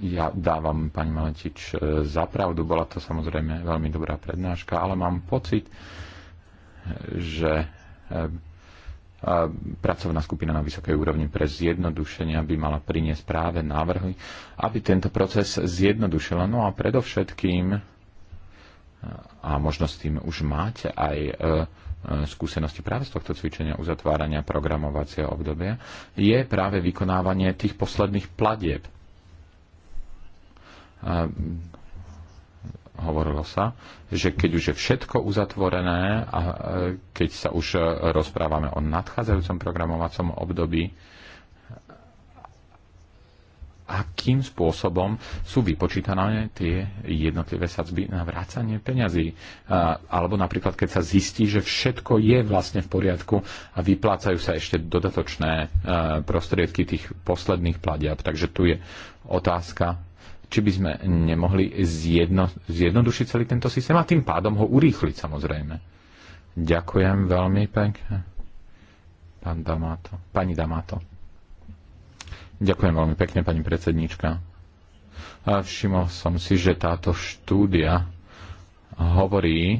Speaker 3: Ja dávam pani Maletič e, za pravdu. Bola to samozrejme veľmi dobrá prednáška, ale mám pocit, e, že e, pracovná skupina na vysokej úrovni pre zjednodušenia by mala priniesť práve návrhy, aby tento proces zjednodušila. No a predovšetkým, e, a možno s tým už máte aj e, e, skúsenosti práve z tohto cvičenia uzatvárania programovacieho obdobia, je práve vykonávanie tých posledných platieb hovorilo sa, že keď už je všetko uzatvorené a e, keď sa už e, rozprávame o nadchádzajúcom programovacom období, akým spôsobom sú vypočítané tie jednotlivé sadzby na vrácanie peňazí. E, alebo napríklad, keď sa zistí, že všetko je vlastne v poriadku a vyplácajú sa ešte dodatočné prostriedky tých posledných pladiab. Takže tu je otázka či by sme nemohli zjedno, zjednodušiť celý tento systém a tým pádom ho urýchliť samozrejme. Ďakujem veľmi pekne. Pán Damato. Pani Damato. Ďakujem veľmi pekne, pani predsednička. Všimol som si, že táto štúdia hovorí, e,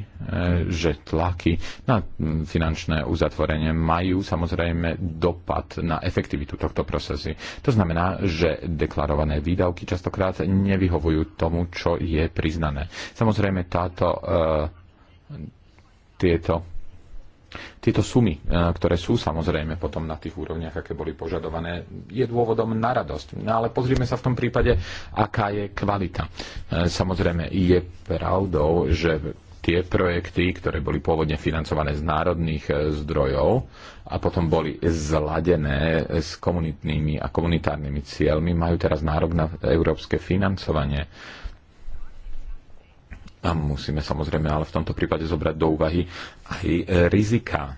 Speaker 3: že tlaky na finančné uzatvorenie majú samozrejme dopad na efektivitu tohto procesu. To znamená, že deklarované výdavky častokrát nevyhovujú tomu, čo je priznané. Samozrejme táto, e, tieto tieto sumy, e, ktoré sú samozrejme potom na tých úrovniach, aké boli požadované, je dôvodom na radosť. No ale pozrime sa v tom prípade, aká je kvalita. E, samozrejme, je pravdou, že tie projekty, ktoré boli pôvodne financované z národných e, zdrojov a potom boli zladené s komunitnými a komunitárnymi cieľmi, majú teraz nárok na európske financovanie a musíme samozrejme ale v tomto prípade zobrať do úvahy aj e, rizika.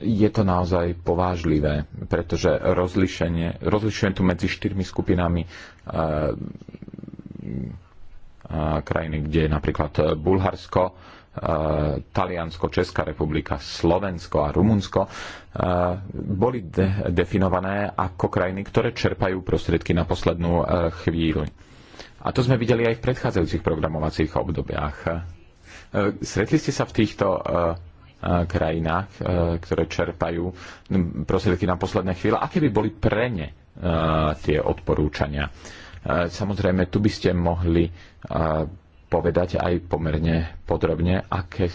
Speaker 3: Je to naozaj povážlivé, pretože rozlišenie, rozlišujem tu medzi štyrmi skupinami e, krajiny, kde je napríklad Bulharsko, e, Taliansko, Česká republika, Slovensko a Rumunsko boli de- definované ako krajiny, ktoré čerpajú prostriedky na poslednú chvíľu a to sme videli aj v predchádzajúcich programovacích obdobiach. E, stretli ste sa v týchto e, e, krajinách, ktoré čerpajú prostriedky na posledné chvíle, aké by boli pre ne tie odporúčania? Samozrejme, tu by ste mohli povedať aj pomerne podrobne, aké,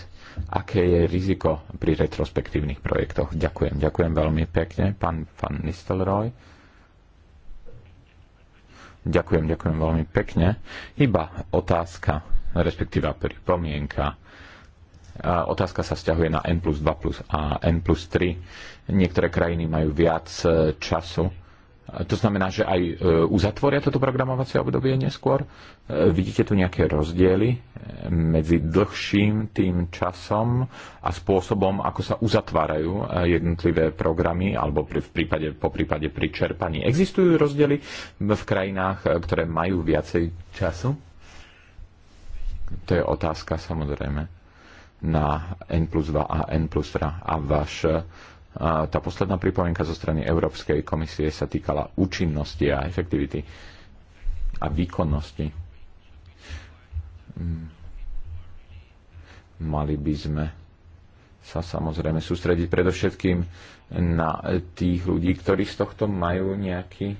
Speaker 3: aké je riziko pri retrospektívnych projektoch. Ďakujem, ďakujem veľmi pekne, pán, pán Nistelrooy. Ďakujem, ďakujem veľmi pekne. Iba otázka, respektíva pripomienka. Otázka sa vzťahuje na N plus 2 plus a N plus 3. Niektoré krajiny majú viac e, času to znamená, že aj e, uzatvoria toto programovacie obdobie neskôr. E, vidíte tu nejaké rozdiely e, medzi dlhším tým časom a spôsobom, ako sa uzatvárajú jednotlivé programy, alebo v prípade, po prípade pri čerpaní. Existujú rozdiely v krajinách, ktoré majú viacej času? To je otázka samozrejme na N plus 2 a N plus 3 a váš a tá posledná pripomienka zo strany Európskej komisie sa týkala účinnosti a efektivity a výkonnosti. Mm. Mali by sme sa samozrejme sústrediť predovšetkým na tých ľudí, ktorí z tohto majú nejaký,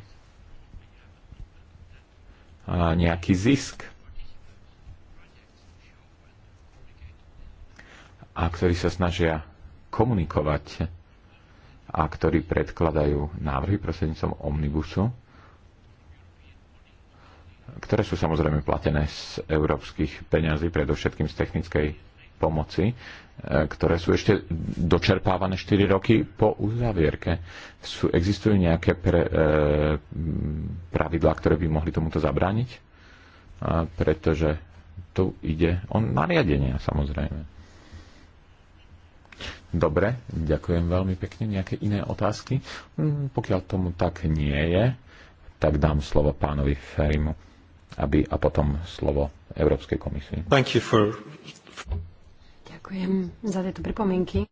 Speaker 3: nejaký zisk. A ktorí sa snažia komunikovať a ktorí predkladajú návrhy prostredníctvom omnibusu, ktoré sú samozrejme platené z európskych peňazí, predovšetkým z technickej pomoci, e, ktoré sú ešte dočerpávané 4 roky po uzavierke. Sú, existujú nejaké pre, e, pravidlá, ktoré by mohli tomuto zabrániť? E, pretože tu ide o nariadenia, samozrejme. Dobre, ďakujem veľmi pekne. Nejaké iné otázky? Mm, pokiaľ tomu tak nie je, tak dám slovo pánovi Ferimu aby, a potom slovo Európskej komisii. Thank you for...
Speaker 2: Ďakujem za tieto pripomienky.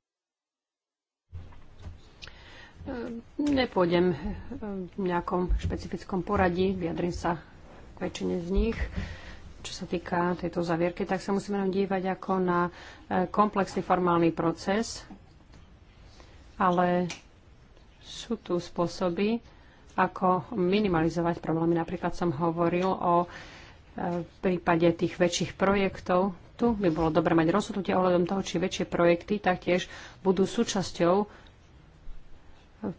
Speaker 2: Ehm, nepôjdem ehm, v nejakom špecifickom poradí, vyjadrím sa k väčšine z nich čo sa týka tejto zavierky, tak sa musíme nám dívať ako na e, komplexný formálny proces, ale sú tu spôsoby, ako minimalizovať problémy. Napríklad som hovoril o e, prípade tých väčších projektov. Tu by bolo dobre mať rozhodnutie ohľadom toho, či väčšie projekty taktiež budú súčasťou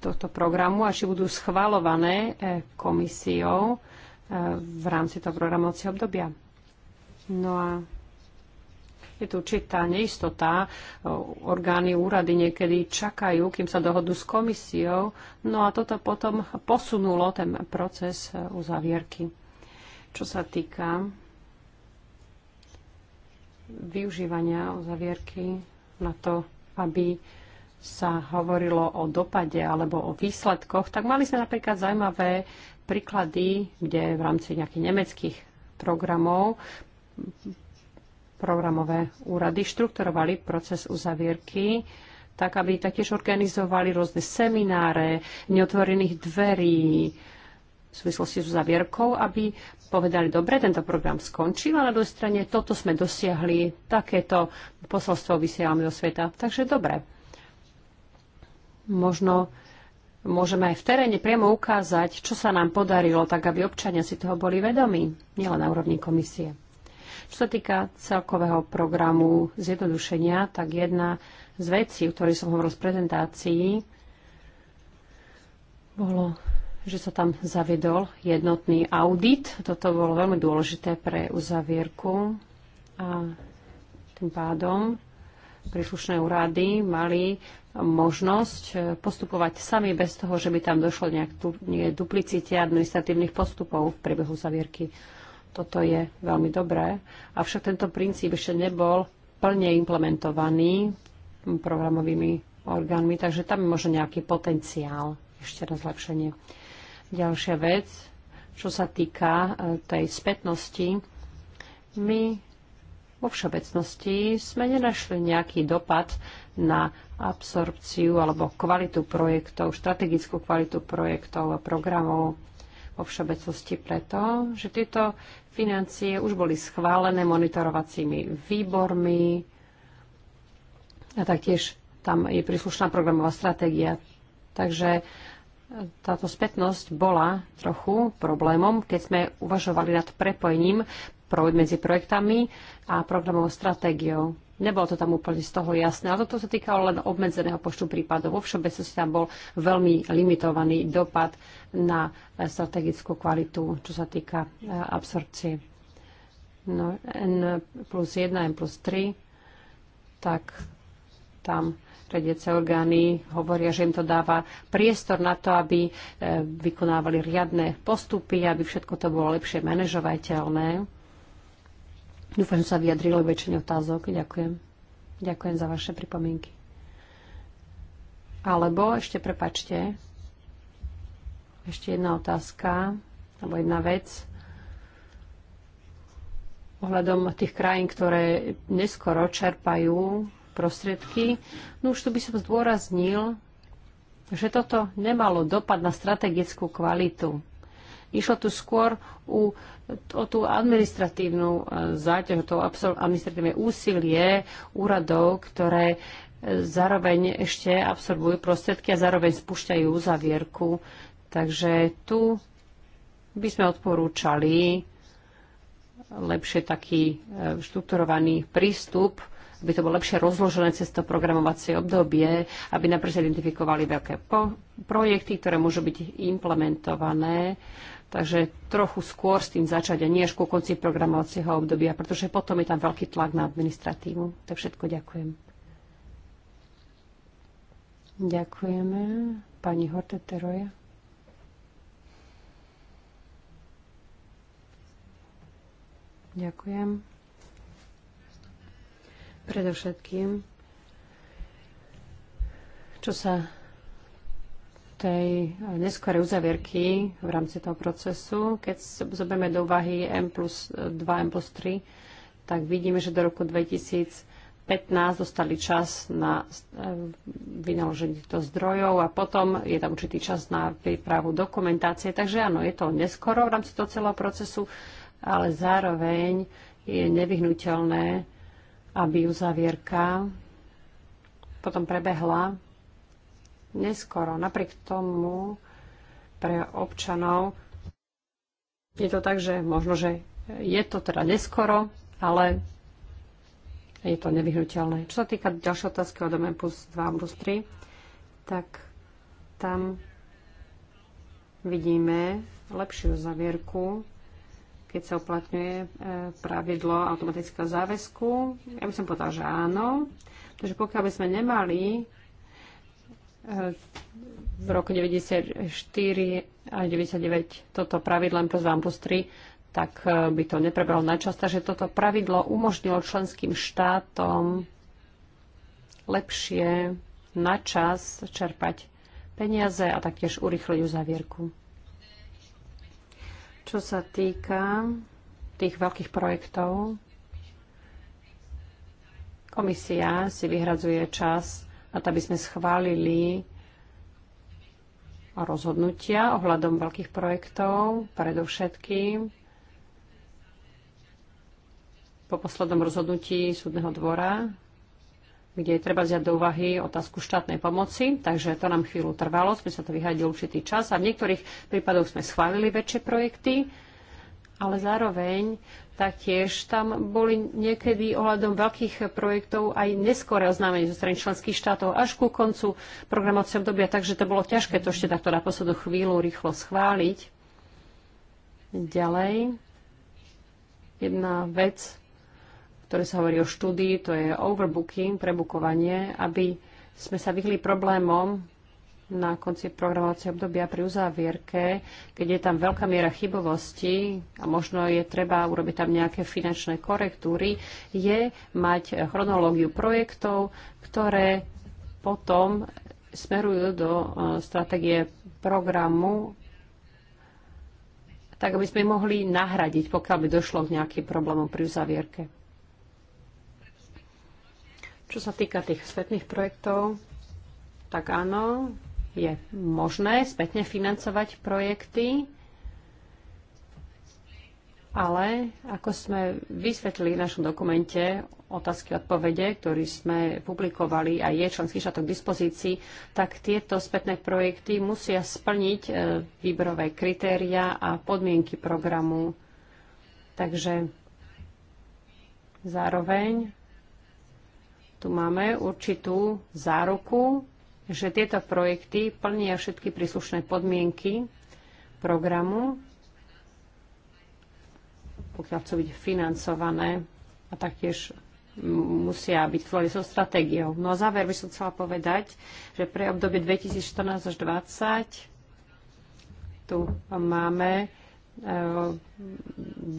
Speaker 2: tohto programu a či budú schvalované e, komisiou v rámci toho programovacieho obdobia. No a je tu určitá neistota. Orgány, úrady niekedy čakajú, kým sa dohodnú s komisiou. No a toto potom posunulo ten proces uzavierky. Čo sa týka využívania uzavierky na to, aby sa hovorilo o dopade alebo o výsledkoch, tak mali sme napríklad zaujímavé príklady, kde v rámci nejakých nemeckých programov programové úrady štrukturovali proces uzavierky tak, aby taktiež organizovali rôzne semináre neotvorených dverí v súvislosti s uzavierkou, aby povedali, dobre, tento program skončil, ale na druhej strane toto sme dosiahli, takéto posolstvo vysielame do sveta. Takže dobre. Možno môžeme aj v teréne priamo ukázať, čo sa nám podarilo, tak aby občania si toho boli vedomí, nielen na úrovni komisie. Čo sa týka celkového programu zjednodušenia, tak jedna z vecí, o ktorej som hovoril z prezentácií, bolo, že sa tam zaviedol jednotný audit. Toto bolo veľmi dôležité pre uzavierku a tým pádom príslušné úrady mali možnosť e, postupovať sami bez toho, že by tam došlo nejak du- duplicite administratívnych postupov v priebehu zavierky. Toto je veľmi dobré. Avšak tento princíp ešte nebol plne implementovaný programovými orgánmi, takže tam je možno nejaký potenciál ešte na zlepšenie. Ďalšia vec, čo sa týka e, tej spätnosti, my vo všeobecnosti sme nenašli nejaký dopad na absorpciu alebo kvalitu projektov, strategickú kvalitu projektov a programov vo všeobecnosti preto, že tieto financie už boli schválené monitorovacími výbormi a taktiež tam je príslušná programová stratégia. Takže e, táto spätnosť bola trochu problémom, keď sme uvažovali nad prepojením medzi projektami a programovou stratégiou. Nebolo to tam úplne z toho jasné, ale toto sa týkalo len obmedzeného počtu prípadov. Vo všeobecnosti tam bol veľmi limitovaný dopad na e, strategickú kvalitu, čo sa týka e, absorpcie. No, N plus 1, N plus 3, tak tam riadiace orgány hovoria, že im to dáva priestor na to, aby e, vykonávali riadne postupy, aby všetko to bolo lepšie manažovateľné. Dúfam, že sa vyjadrilo väčšine otázok. Ďakujem. Ďakujem za vaše pripomienky. Alebo ešte prepačte, ešte jedna otázka, alebo jedna vec ohľadom tých krajín, ktoré neskoro čerpajú prostriedky. No už tu by som zdôraznil, že toto nemalo dopad na strategickú kvalitu Išlo tu skôr u, o tú administratívnu e, záťaž, to administratívne úsilie úradov, ktoré e, zároveň ešte absorbujú prostriedky a zároveň spúšťajú uzavierku. Takže tu by sme odporúčali lepšie taký e, štrukturovaný prístup, aby to bolo lepšie rozložené cez to programovacie obdobie, aby napríklad identifikovali veľké projekty, ktoré môžu byť implementované Takže trochu skôr s tým začať a nie až ku konci programovacieho obdobia, pretože potom je tam veľký tlak na administratívu. Tak všetko ďakujem. Ďakujeme. Pani Horteteroja. Ďakujem. Predovšetkým, čo sa tej neskorej uzavierky v rámci toho procesu, keď zoberieme do úvahy M plus 2, M plus 3, tak vidíme, že do roku 2015 dostali čas na e, vynaloženie týchto zdrojov a potom je tam určitý čas na prípravu dokumentácie. Takže áno, je to neskoro v rámci toho celého procesu, ale zároveň je nevyhnutelné, aby uzavierka potom prebehla neskoro. Napriek tomu pre občanov je to tak, že možno, že je to teda neskoro, ale je to nevyhnutelné. Čo sa týka ďalšej otázky od MN plus 2 plus 3, tak tam vidíme lepšiu zavierku, keď sa uplatňuje e, pravidlo automatického záväzku. Ja by som povedal, že áno, takže pokiaľ by sme nemali v roku 94 a 99 toto pravidlo M plus 2 plus 3, tak e, by to neprebralo načas. Takže toto pravidlo umožnilo členským štátom lepšie načas čerpať peniaze a taktiež urychliť uzavierku. Čo sa týka tých veľkých projektov, komisia si vyhradzuje čas a to, aby sme schválili rozhodnutia ohľadom veľkých projektov, predovšetkým po poslednom rozhodnutí súdneho dvora, kde je treba vziať do úvahy otázku štátnej pomoci, takže to nám chvíľu trvalo, sme sa to vyhradili určitý čas a v niektorých prípadoch sme schválili väčšie projekty, ale zároveň taktiež tam boli niekedy ohľadom veľkých projektov aj neskore oznámenie zo strany členských štátov až ku koncu programovacieho obdobia, takže to bolo ťažké to ešte takto na poslednú chvíľu rýchlo schváliť. Ďalej, jedna vec, ktoré sa hovorí o štúdii, to je overbooking, prebukovanie, aby sme sa vyhli problémom, na konci programovacieho obdobia pri uzávierke, keď je tam veľká miera chybovosti a možno je treba urobiť tam nejaké finančné korektúry, je mať chronológiu projektov, ktoré potom smerujú do e, stratégie programu, tak aby sme mohli nahradiť, pokiaľ by došlo k nejakým problémom pri uzavierke. Čo sa týka tých svetných projektov, tak áno, je možné spätne financovať projekty, ale ako sme vysvetlili v našom dokumente otázky a odpovede, ktorý sme publikovali a je členský štátok k dispozícii, tak tieto spätné projekty musia splniť e, výberové kritéria a podmienky programu. Takže zároveň tu máme určitú záruku že tieto projekty plnia všetky príslušné podmienky programu, pokiaľ chcú byť financované a taktiež musia byť v so stratégiou. No a záver by som chcela povedať, že pre obdobie 2014 až 2020 tu máme e,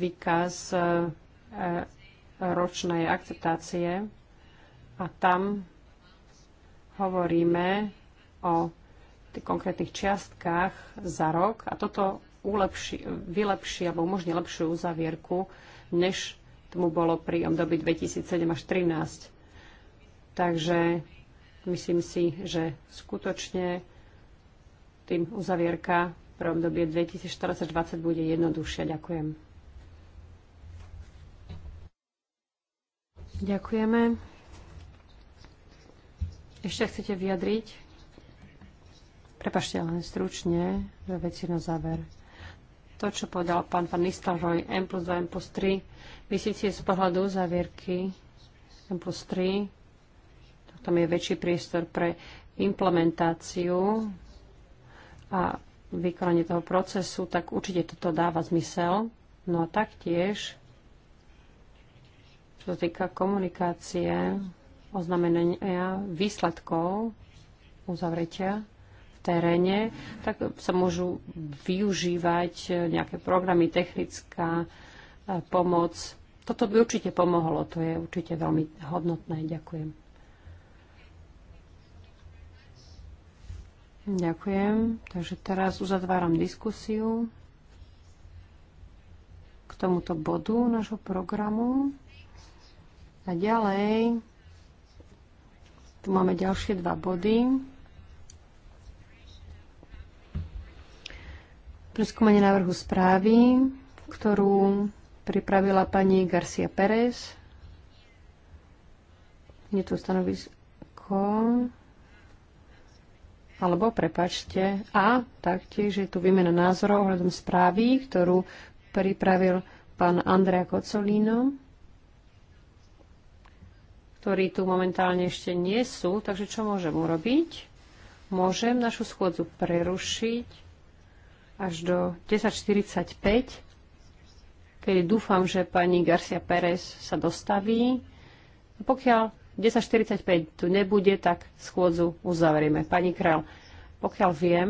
Speaker 2: výkaz e, ročnej akceptácie a tam hovoríme o tých konkrétnych čiastkách za rok a toto ulepši, vylepší alebo umožní lepšiu uzavierku, než tomu bolo pri období 2007 až 2013. Takže myslím si, že skutočne tým uzavierka pre obdobie 2014-2020 bude jednoduchšia. Ďakujem. Ďakujeme. Ešte chcete vyjadriť? Prepašte len stručne, že veci na záver. To, čo povedal pán pán Nistelrooy, M plus 2, M plus 3, myslíte z pohľadu závierky M plus 3, tam je väčší priestor pre implementáciu a vykonanie toho procesu, tak určite toto dáva zmysel. No a taktiež, čo sa týka komunikácie, oznamenania výsledkov uzavretia v teréne, tak sa môžu využívať nejaké programy, technická e, pomoc. Toto by určite pomohlo, to je určite veľmi hodnotné. Ďakujem. Ďakujem. Takže teraz uzatváram diskusiu k tomuto bodu nášho programu. A ďalej tu máme ďalšie dva body. Preskúmanie návrhu správy, ktorú pripravila pani Garcia Pérez. Je tu stanovisko alebo prepačte, a taktiež je tu výmena názorov ohľadom správy, ktorú pripravil pán Andrea Kocolino ktorí tu momentálne ešte nie sú. Takže čo môžem urobiť? Môžem našu schôdzu prerušiť až do 10.45, kedy dúfam, že pani Garcia Pérez sa dostaví. A pokiaľ 10.45 tu nebude, tak schôdzu uzavrieme. Pani Král, pokiaľ viem,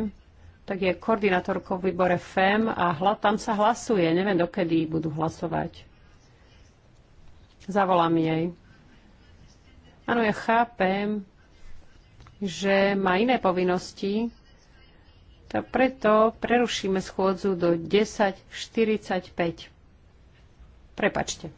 Speaker 2: tak je koordinátorkou v výbore FEM a hla, tam sa hlasuje. Neviem, dokedy budú hlasovať. Zavolám jej. Áno, ja chápem, že má iné povinnosti, tak preto prerušíme schôdzu do 10.45. Prepačte.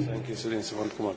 Speaker 3: Thank you, Sudin. So one come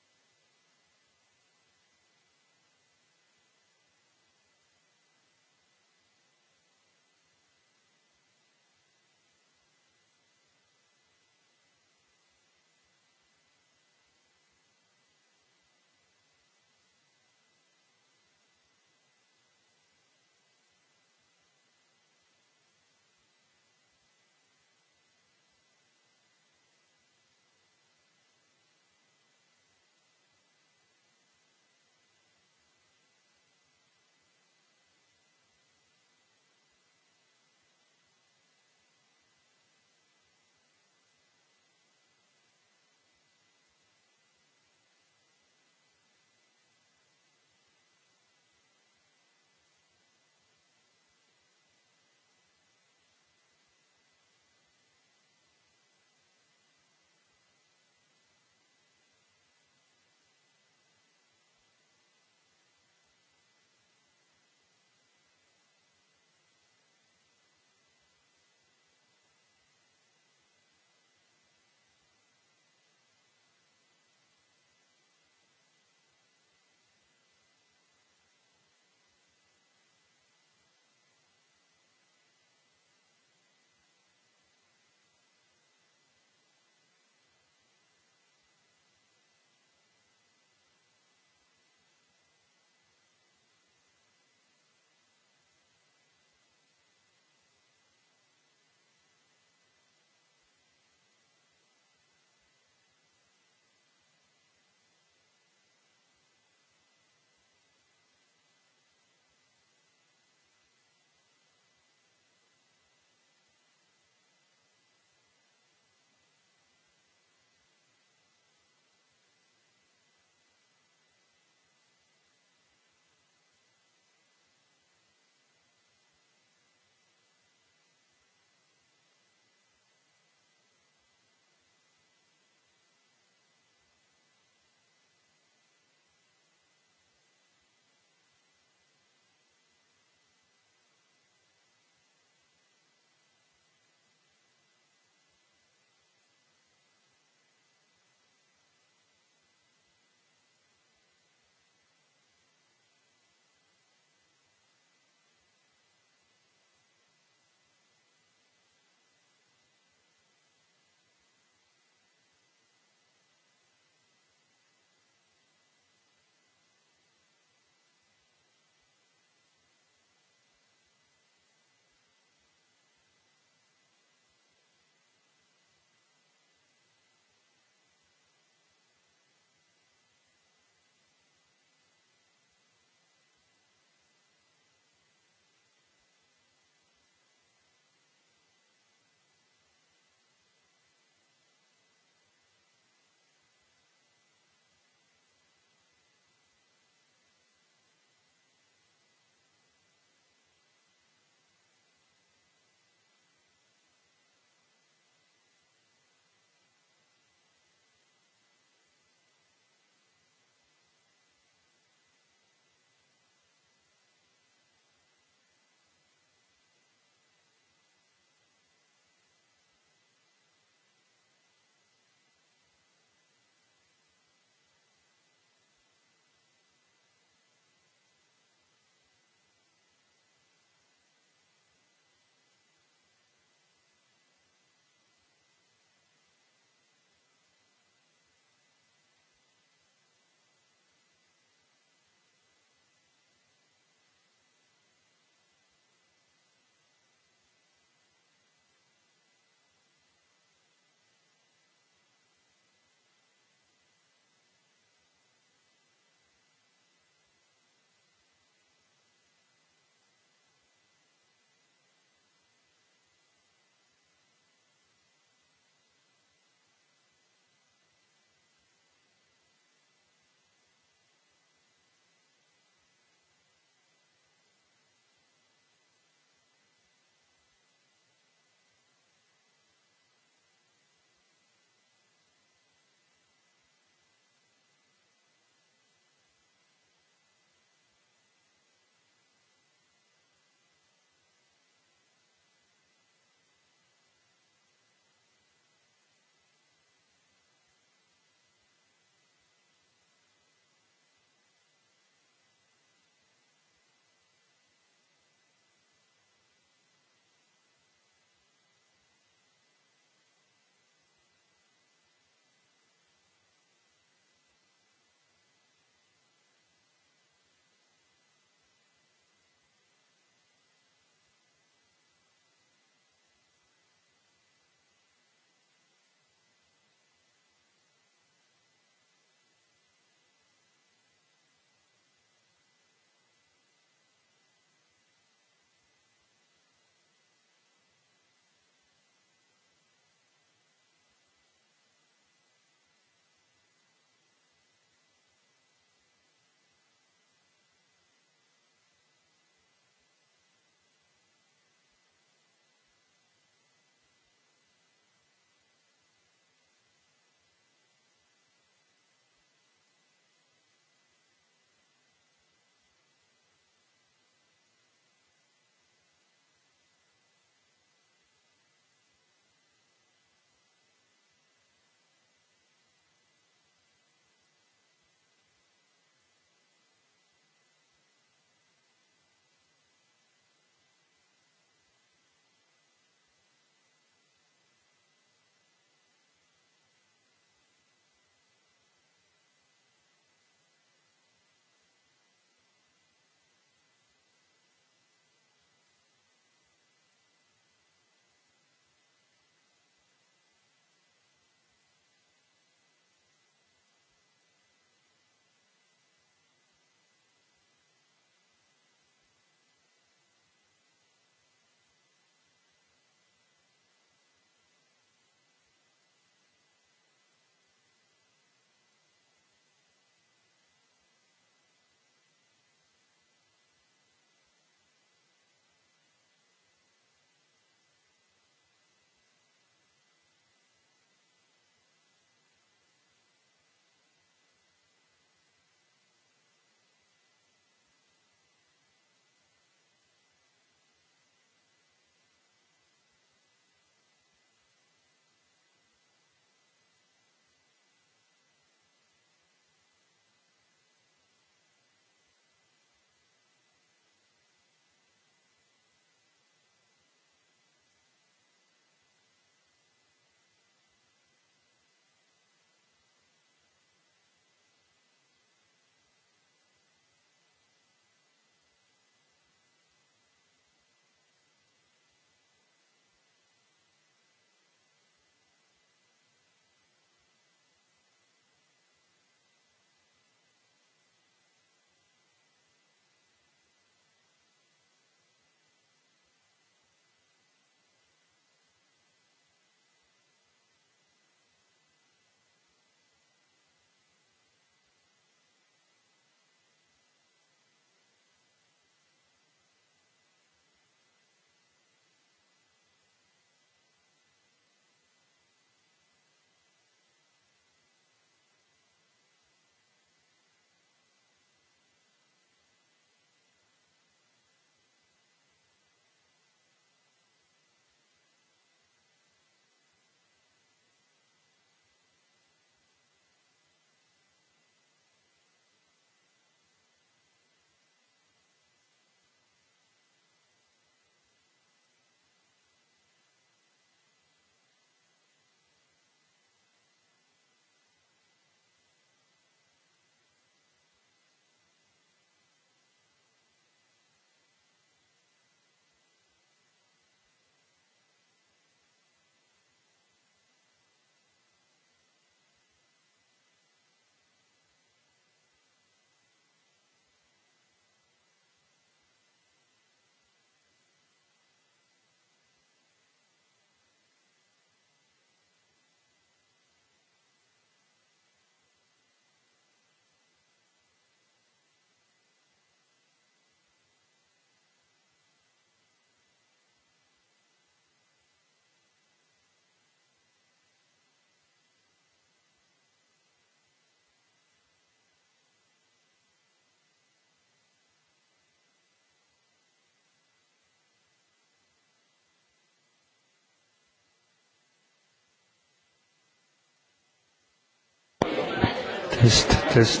Speaker 1: Test, test.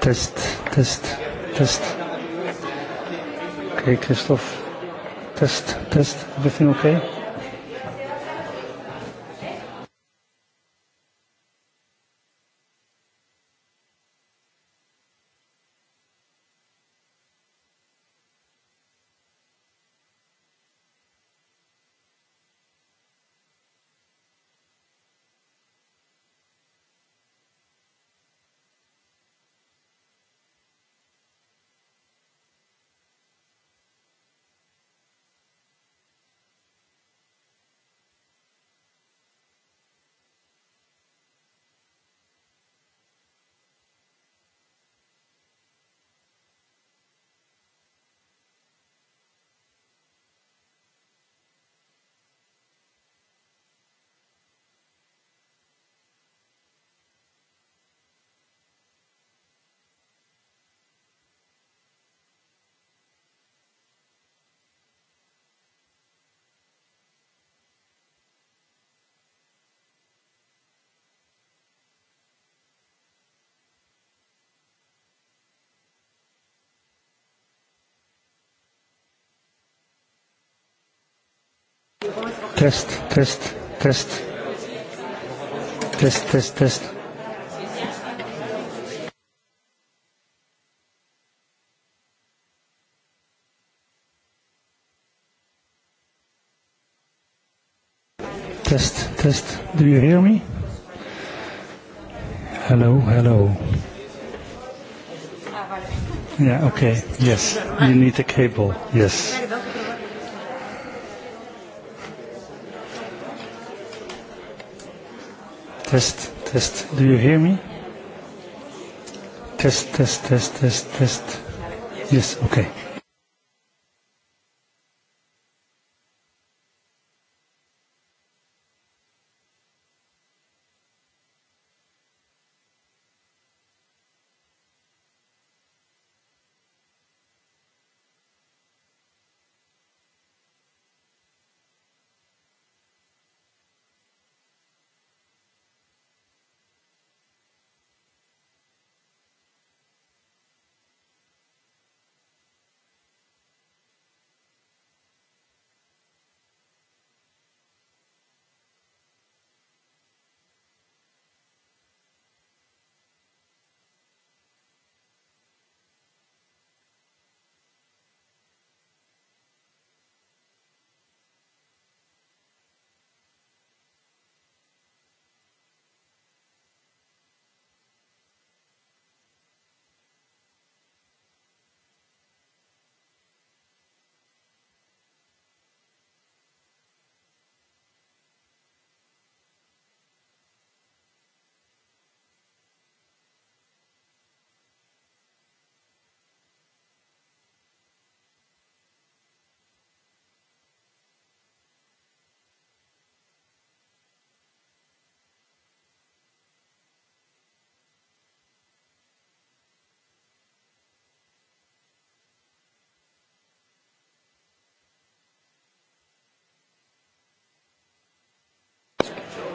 Speaker 4: Test, test, test.
Speaker 1: Okay, Christoph. Test, test. Everything okay?
Speaker 4: test, test, test. Test, test, test.
Speaker 1: Test, test. Do you hear me? Hello, hello. Yeah, okay. Yes. You need a cable. Yes. test, test. Do you hear me? Test, test, test, test, test. Yes,
Speaker 4: okay.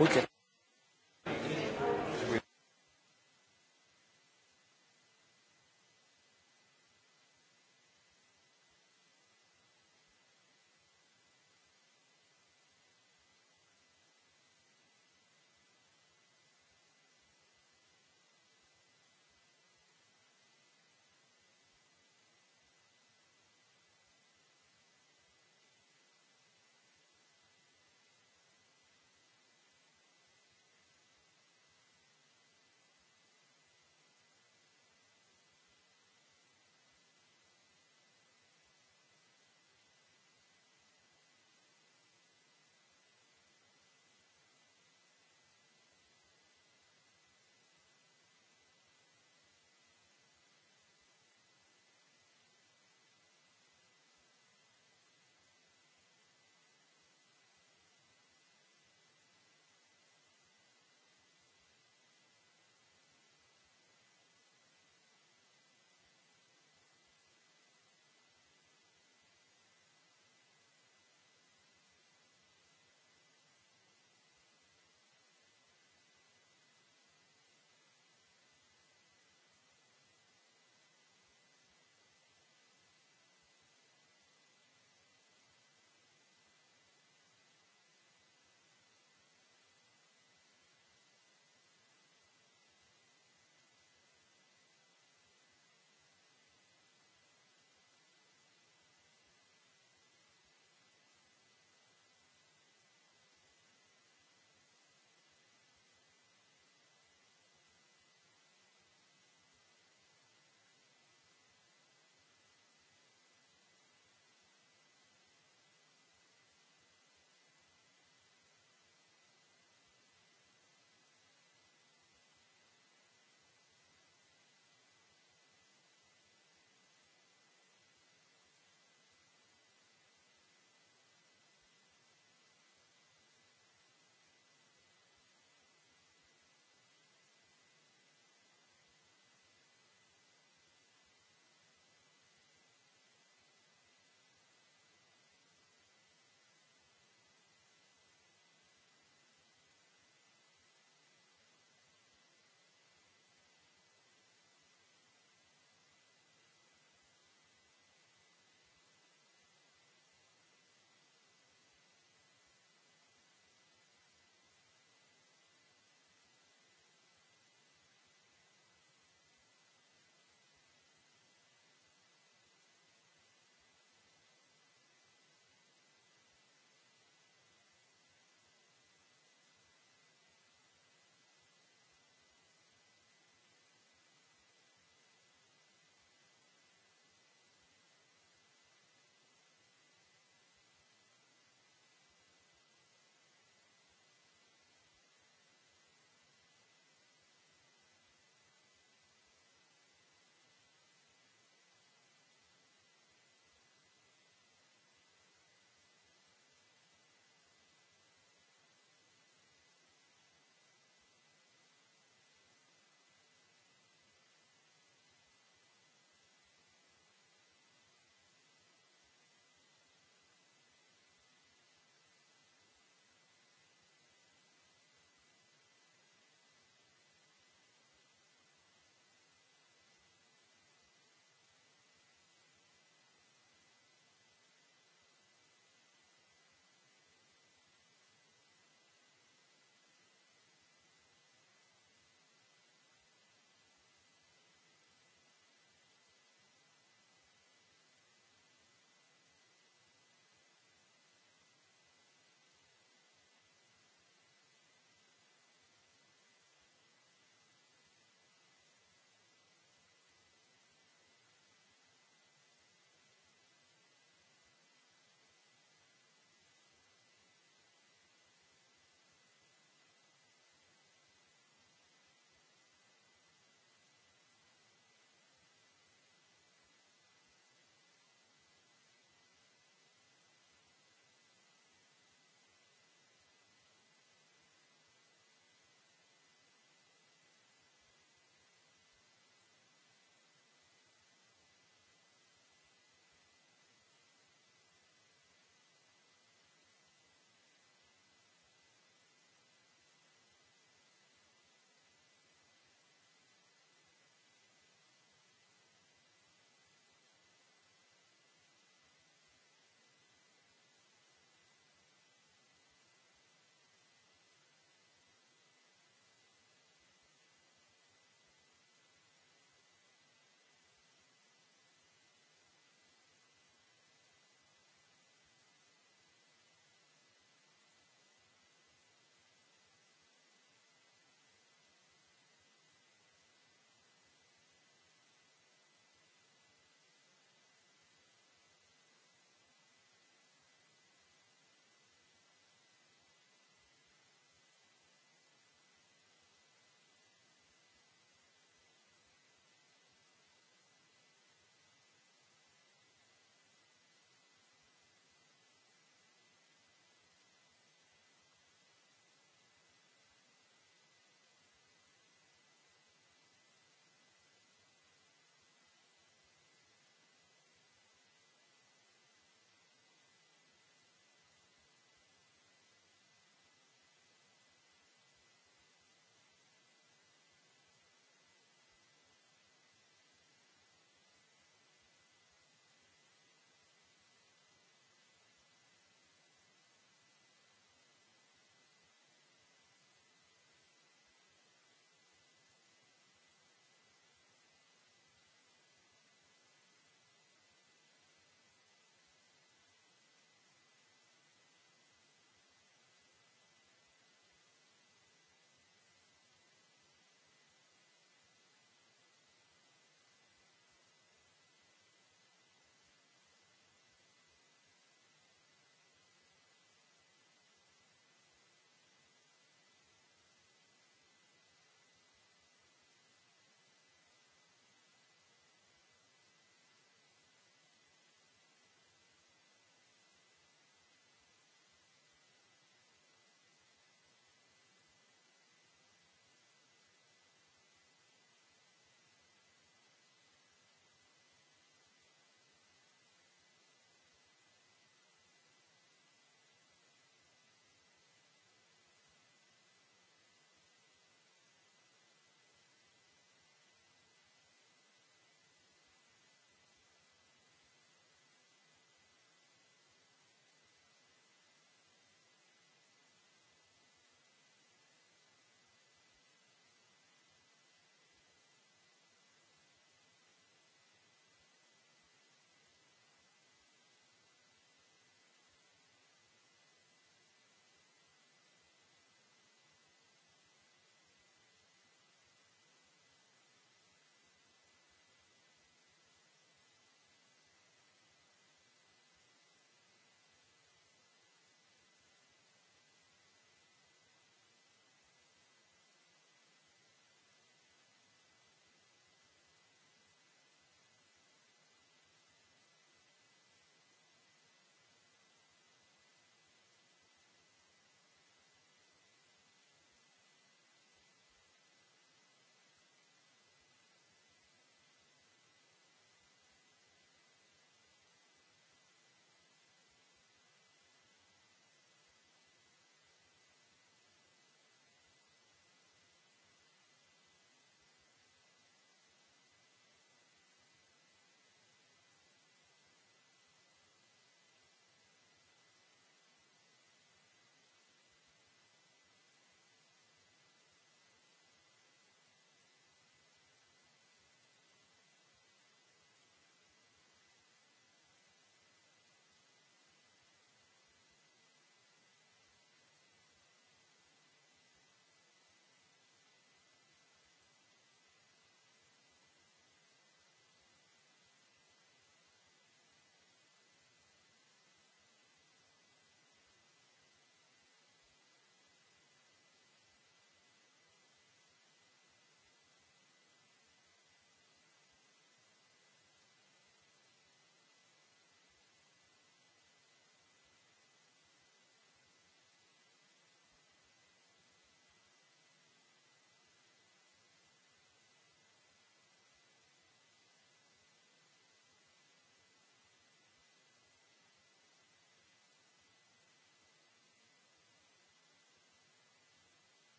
Speaker 3: ho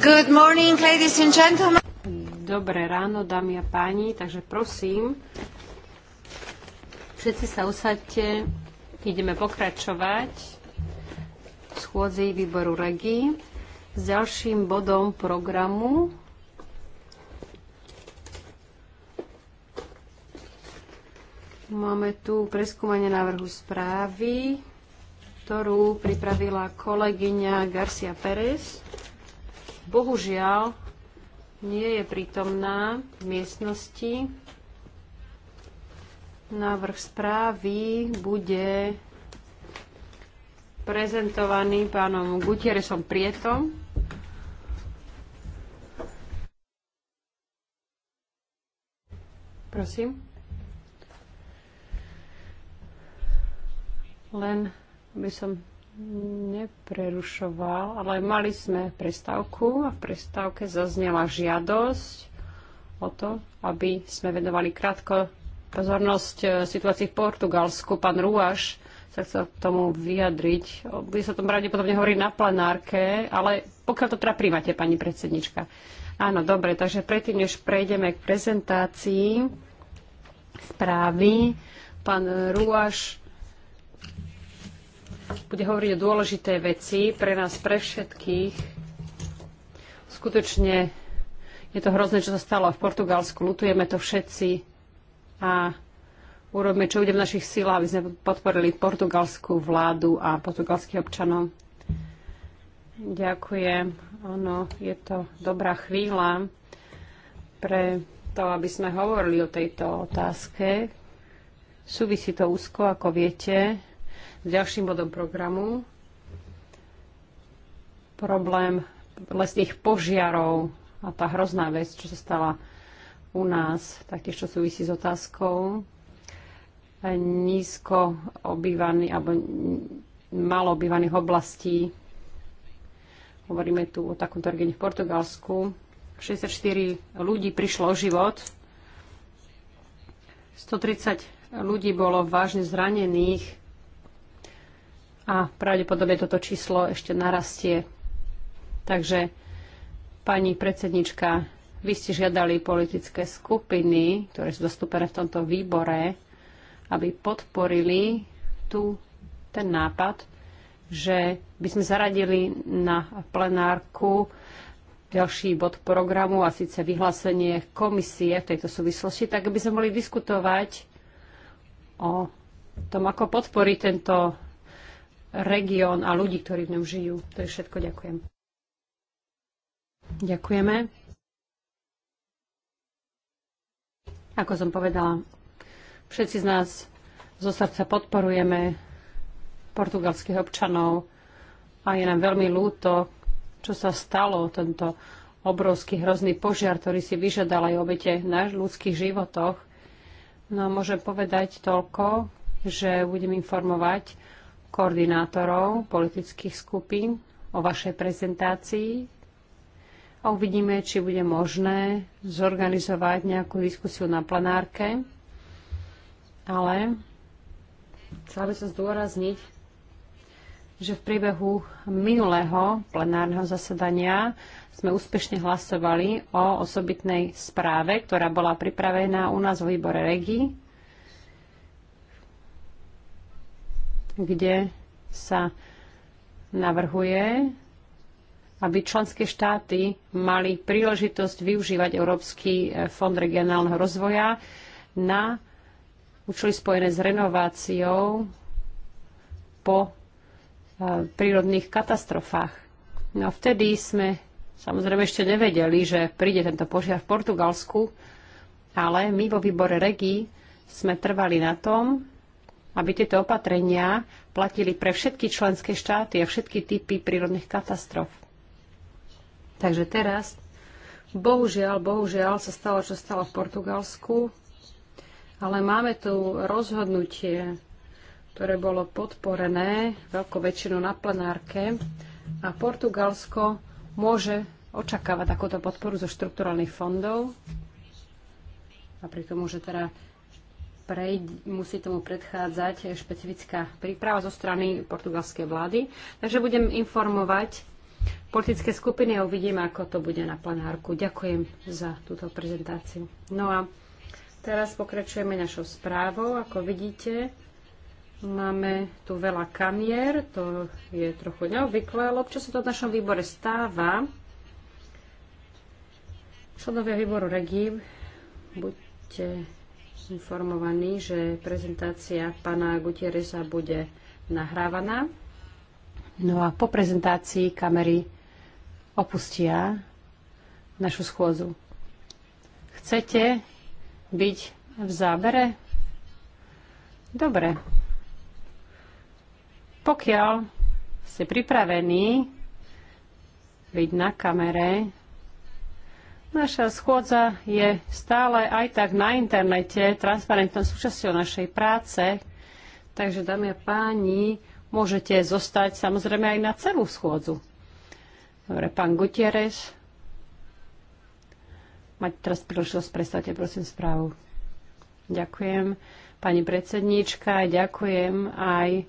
Speaker 2: Good morning, ladies and gentlemen. Dobré ráno, dámy a páni, takže prosím, všetci sa usadte ideme pokračovať v schôdzi výboru REGI s ďalším bodom programu, Máme tu preskúmanie návrhu správy, ktorú pripravila kolegyňa Garcia Pérez. Bohužiaľ, nie je prítomná v miestnosti. Návrh správy bude prezentovaný pánom Gutieresom Prietom. Prosím. Len by som neprerušoval, ale mali sme prestávku a v prestávke zaznela žiadosť o to, aby sme venovali krátko pozornosť e, situácii v Portugalsku. Pán Rúaš sa chcel k tomu vyjadriť. Bude sa o tom pravdepodobne hovoriť na plenárke, ale pokiaľ to teda príjmate, pani predsednička. Áno, dobre, takže predtým, než prejdeme k prezentácii správy, pán Rúaš bude hovoriť o dôležité veci pre nás, pre všetkých. Skutočne je to hrozné, čo sa stalo v Portugalsku. Lutujeme to všetci a urobíme, čo bude v našich silách, aby sme podporili portugalskú vládu a portugalských občanov. Ďakujem. Áno, je to dobrá chvíľa pre to, aby sme hovorili o tejto otázke. Súvisí to úzko, ako viete, ďalším bodom programu. Problém lesných požiarov a tá hrozná vec, čo sa stala u nás, taktiež čo súvisí s otázkou nízko obývaný alebo malo obývaných oblastí. Hovoríme tu o takomto regióne v Portugalsku. 64 ľudí prišlo o život. 130 ľudí bolo vážne zranených a pravdepodobne toto číslo ešte narastie. Takže, pani predsednička, vy ste žiadali politické skupiny, ktoré sú zastúpené v tomto výbore, aby podporili tu ten nápad, že by sme zaradili na plenárku ďalší bod programu a síce vyhlásenie komisie v tejto súvislosti, tak by sme mohli diskutovať o tom, ako podporiť tento región a ľudí, ktorí v ňom žijú. To je všetko. Ďakujem. Ďakujeme. Ako som povedala, všetci z nás zo srdca podporujeme portugalských občanov a je nám veľmi ľúto, čo sa stalo tento obrovský hrozný požiar, ktorý si vyžadal aj obete na ľudských životoch. No môžem povedať toľko, že budem informovať koordinátorov politických skupín o vašej prezentácii a uvidíme, či bude možné zorganizovať nejakú diskusiu na plenárke. Ale chcela by som zdôrazniť, že v priebehu minulého plenárneho zasadania sme úspešne hlasovali o osobitnej správe, ktorá bola pripravená u nás v výbore regii. kde sa navrhuje, aby členské štáty mali príležitosť využívať Európsky eh, fond regionálneho rozvoja na účely spojené s renováciou po eh, prírodných katastrofách. No vtedy sme samozrejme ešte nevedeli, že príde tento požiar v Portugalsku, ale my vo výbore REGI sme trvali na tom, aby tieto opatrenia platili pre všetky členské štáty a všetky typy prírodných katastrof. Takže teraz, bohužiaľ, bohužiaľ sa stalo, čo stalo v Portugalsku, ale máme tu rozhodnutie, ktoré bolo podporené veľkou väčšinou na plenárke a Portugalsko môže očakávať takúto podporu zo štrukturálnych fondov a pritom môže teda prej, musí tomu predchádzať špecifická príprava zo strany portugalskej vlády. Takže budem informovať politické skupiny a uvidíme, ako to bude na plenárku. Ďakujem za túto prezentáciu. No a teraz pokračujeme našou správou. Ako vidíte, máme tu veľa kamier. To je trochu neobvyklé, ale občas sa to v našom výbore stáva. Členovia výboru Regív, buďte informovaní, že prezentácia pána Gutierreza bude nahrávaná. No a po prezentácii kamery opustia našu schôzu. Chcete byť v zábere? Dobre. Pokiaľ ste pripravení byť na kamere, Naša schôdza je stále aj tak na internete transparentnou súčasťou našej práce, takže dámy a páni, môžete zostať samozrejme aj na celú schôdzu. Dobre, pán Gutierrez, mať teraz príležitosť, predstavte prosím správu. Ďakujem. Pani predsedníčka, ďakujem aj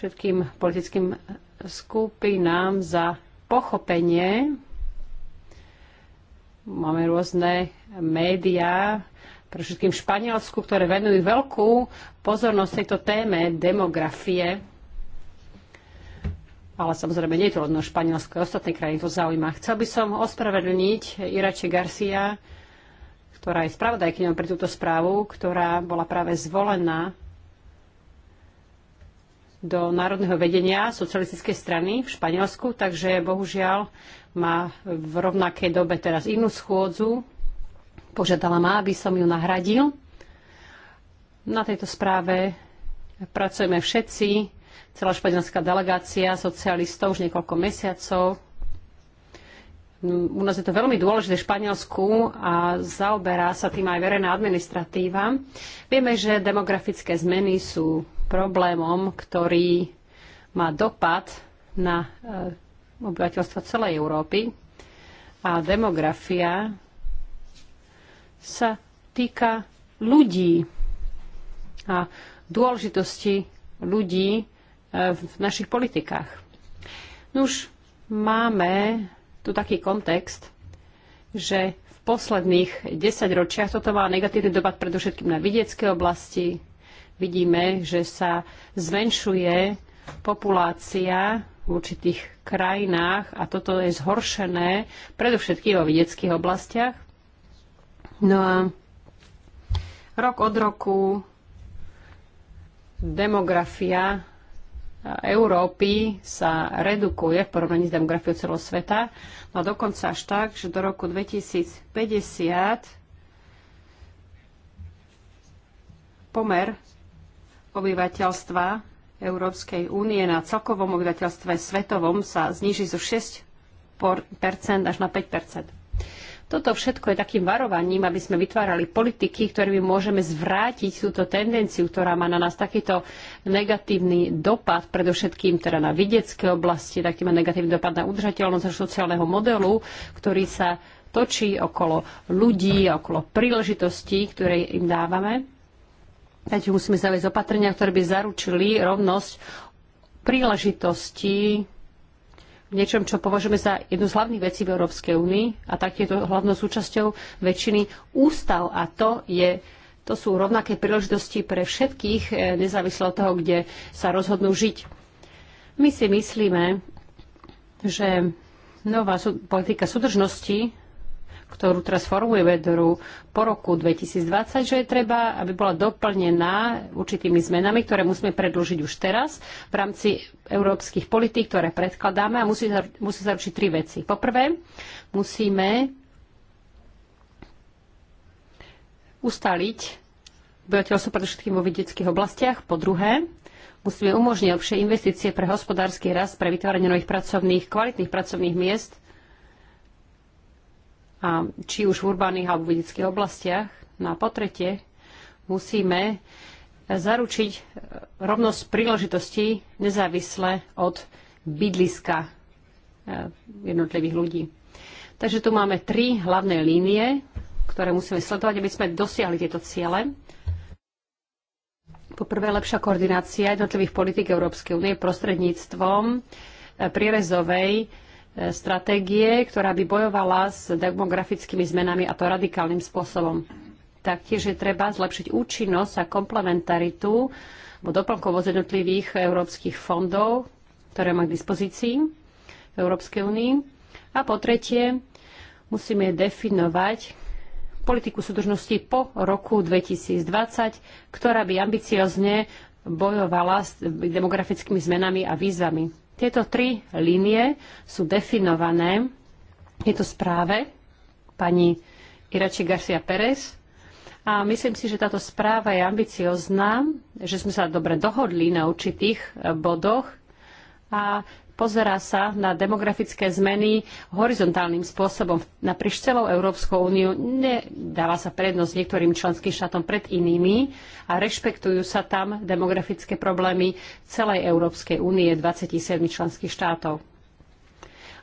Speaker 2: všetkým politickým skupinám za pochopenie Máme rôzne médiá, pre všetkým v Španielsku, ktoré venujú veľkú pozornosť tejto téme demografie. Ale samozrejme nie je to len Španielsko, ostatné krajiny to zaujíma. Chcel by som ospravedlniť Irače Garcia, ktorá je spravodajkňou pre túto správu, ktorá bola práve zvolená do národného vedenia socialistickej strany v Španielsku, takže bohužiaľ má v rovnakej dobe teraz inú schôdzu. Požiadala ma, aby som ju nahradil. Na tejto správe pracujeme všetci, celá španielská delegácia socialistov už niekoľko mesiacov. No, u nás je to veľmi dôležité v Španielsku a zaoberá sa tým aj verejná administratíva. Vieme, že demografické zmeny sú problémom, ktorý má dopad na e, obyvateľstva celej Európy a demografia sa týka ľudí a dôležitosti ľudí e, v našich politikách. už máme tu taký kontext, že v posledných desaťročiach toto má negatívny dopad predovšetkým na vidiecké oblasti. Vidíme, že sa zmenšuje populácia v určitých krajinách a toto je zhoršené predovšetkým vo vedeckých oblastiach. No a rok od roku demografia Európy sa redukuje v porovnaní s demografiou celého sveta. No a dokonca až tak, že do roku 2050 pomer obyvateľstva Európskej únie na celkovom obyvateľstve svetovom sa zniží zo 6 až na 5 Toto všetko je takým varovaním, aby sme vytvárali politiky, ktorými môžeme zvrátiť túto tendenciu, ktorá má na nás takýto negatívny dopad, predovšetkým teda na vidiecké oblasti, taký má negatívny dopad na udržateľnosť sociálneho modelu, ktorý sa točí okolo ľudí, okolo príležitostí, ktoré im dávame. Takže musíme zaviesť opatrenia, ktoré by zaručili rovnosť príležitosti v niečom, čo považujeme za jednu z hlavných vecí v Európskej únii a taktiež hlavnou súčasťou väčšiny ústav a to je to sú rovnaké príležitosti pre všetkých, eh, nezávisle od toho, kde sa rozhodnú žiť. My si myslíme, že nová politika súdržnosti ktorú teraz formujeme vedoru po roku 2020, že je treba, aby bola doplnená určitými zmenami, ktoré musíme predložiť už teraz v rámci európskych politík, ktoré predkladáme a musí, musí zaručiť tri veci. Poprvé, musíme ustaliť obyvateľstvo predovšetkým vo vidieckých oblastiach. Po druhé, musíme umožniť lepšie investície pre hospodársky rast, pre vytváranie nových pracovných, kvalitných pracovných miest a či už v urbánnych alebo v vedeckých oblastiach. No a po tretie, musíme zaručiť e, rovnosť príležitostí nezávisle od bydliska e, jednotlivých ľudí. Takže tu máme tri hlavné línie, ktoré musíme sledovať, aby sme dosiahli tieto ciele. Poprvé, lepšia koordinácia jednotlivých politik Európskej únie prostredníctvom e, prierezovej stratégie, ktorá by bojovala s demografickými zmenami a to radikálnym spôsobom. Taktiež je treba zlepšiť účinnosť a komplementaritu alebo doplnkovosť jednotlivých európskych fondov, ktoré má k dispozícii v Európskej únii. A po tretie, musíme definovať politiku súdržnosti po roku 2020, ktorá by ambiciozne bojovala s demografickými zmenami a výzvami. Tieto tri linie sú definované v tejto správe pani Irači Garcia Pérez a myslím si, že táto správa je ambiciozná, že sme sa dobre dohodli na určitých bodoch a pozerá sa na demografické zmeny horizontálnym spôsobom naprieč celou Európskou úniu. Nedáva sa prednosť niektorým členským štátom pred inými a rešpektujú sa tam demografické problémy celej Európskej únie 27 členských štátov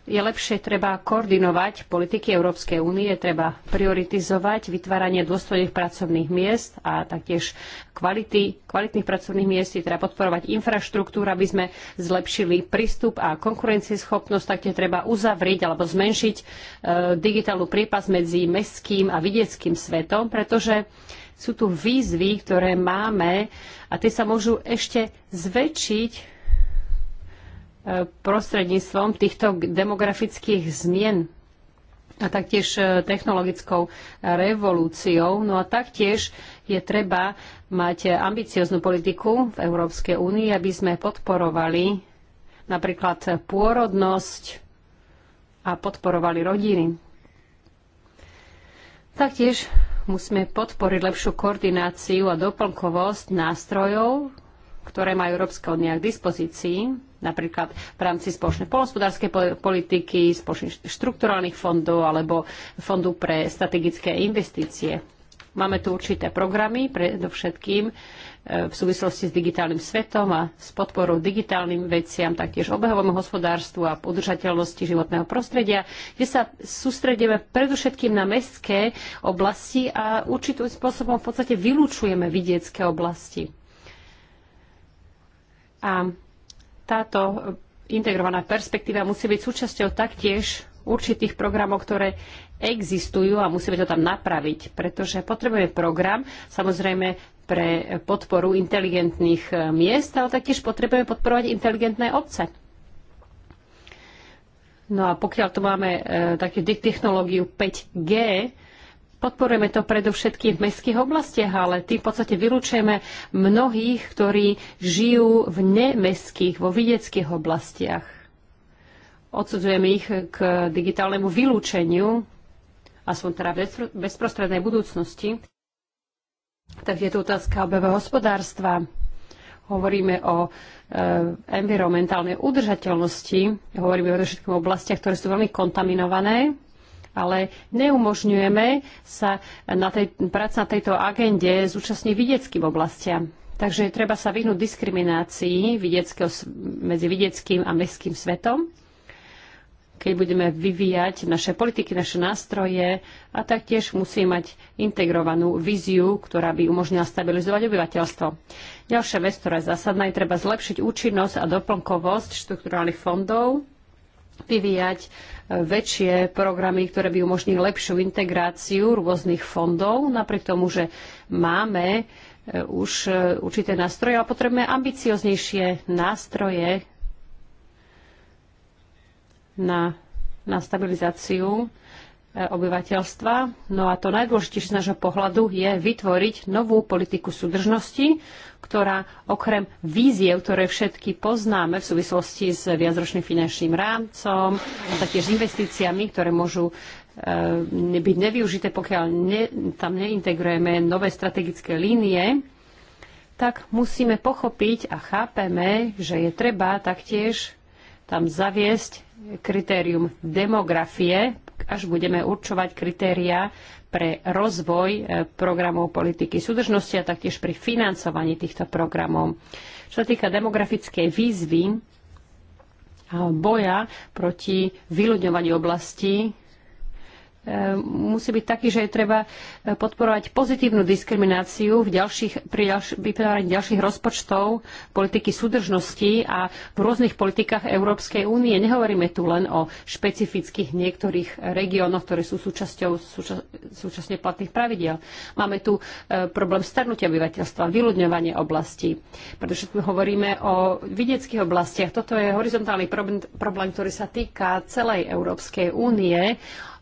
Speaker 2: je lepšie treba koordinovať politiky Európskej únie, treba prioritizovať vytváranie dôstojných pracovných miest a taktiež kvality, kvalitných pracovných miest, treba podporovať infraštruktúru, aby sme zlepšili prístup a konkurencieschopnosť, taktiež treba uzavrieť alebo zmenšiť e, digitálnu priepas medzi mestským a vidieckým svetom, pretože sú tu výzvy, ktoré máme a tie sa môžu ešte zväčšiť prostredníctvom týchto demografických zmien a taktiež e, technologickou revolúciou. No a taktiež je treba mať ambicioznú politiku v Európskej únii, aby sme podporovali napríklad pôrodnosť a podporovali rodiny. Taktiež musíme podporiť lepšiu koordináciu a doplnkovosť nástrojov, ktoré má Európska únia k dispozícii napríklad v rámci spoločnej polospodárskej politiky, spoločných štrukturálnych fondov alebo fondu pre strategické investície. Máme tu určité programy, predovšetkým e, v súvislosti s digitálnym svetom a s podporou digitálnym veciam, taktiež obehovom hospodárstvu a udržateľnosti životného prostredia, kde sa sústredíme predovšetkým na mestské oblasti a určitým spôsobom v podstate vylúčujeme vidiecké oblasti. A táto e, integrovaná perspektíva musí byť súčasťou taktiež určitých programov, ktoré existujú a musíme to tam napraviť, pretože potrebujeme program, samozrejme pre podporu inteligentných e, miest, ale taktiež potrebujeme podporovať inteligentné obce. No a pokiaľ tu máme e, takú technológiu 5G, Podporujeme to predovšetkým v mestských oblastiach, ale tým v podstate vylúčujeme mnohých, ktorí žijú v nemestských, vo vidieckých oblastiach. Odsudzujeme ich k digitálnemu vylúčeniu, aspoň teda v bezprostrednej budúcnosti. Takže je to otázka obeho hospodárstva. Hovoríme o e, environmentálnej udržateľnosti, hovoríme o všetkých oblastiach, ktoré sú veľmi kontaminované ale neumožňujeme sa na tej, práca na tejto agende zúčastniť vidieckým oblastiam. Takže treba sa vyhnúť diskriminácii medzi vidieckým a mestským svetom, keď budeme vyvíjať naše politiky, naše nástroje a taktiež musí mať integrovanú víziu, ktorá by umožnila stabilizovať obyvateľstvo. Ďalšia vec, ktorá je zásadná, je treba zlepšiť účinnosť a doplnkovosť štruktúrálnych fondov, vyvíjať väčšie programy, ktoré by umožnili lepšiu integráciu rôznych fondov, napriek tomu, že máme e, už e, určité nástroje, a potrebujeme ambicioznejšie nástroje na, na stabilizáciu e, obyvateľstva. No a to najdôležitejšie z nášho pohľadu je vytvoriť novú politiku súdržnosti, ktorá okrem víziev, ktoré všetky poznáme v súvislosti s viacročným finančným rámcom a taktiež s investíciami, ktoré môžu e, byť nevyužité, pokiaľ ne, tam neintegrujeme nové strategické línie, tak musíme pochopiť a chápeme, že je treba taktiež tam zaviesť kritérium demografie, až budeme určovať kritéria pre rozvoj e, programov politiky súdržnosti a taktiež pri financovaní týchto programov. Čo sa týka demografickej výzvy a boja proti vyľudňovaniu oblasti E, musí byť taký, že je treba e, podporovať pozitívnu diskrimináciu v ďalších, pri ďalš, vytváraní ďalších rozpočtov, politiky súdržnosti a v rôznych politikách Európskej únie. Nehovoríme tu len o špecifických niektorých regiónoch, ktoré sú súčasťou súča, súčasne platných pravidiel. Máme tu e, problém starnutia obyvateľstva, vyľudňovanie oblasti. tu hovoríme o vidieckých oblastiach. Toto je horizontálny problém, problém, ktorý sa týka celej Európskej únie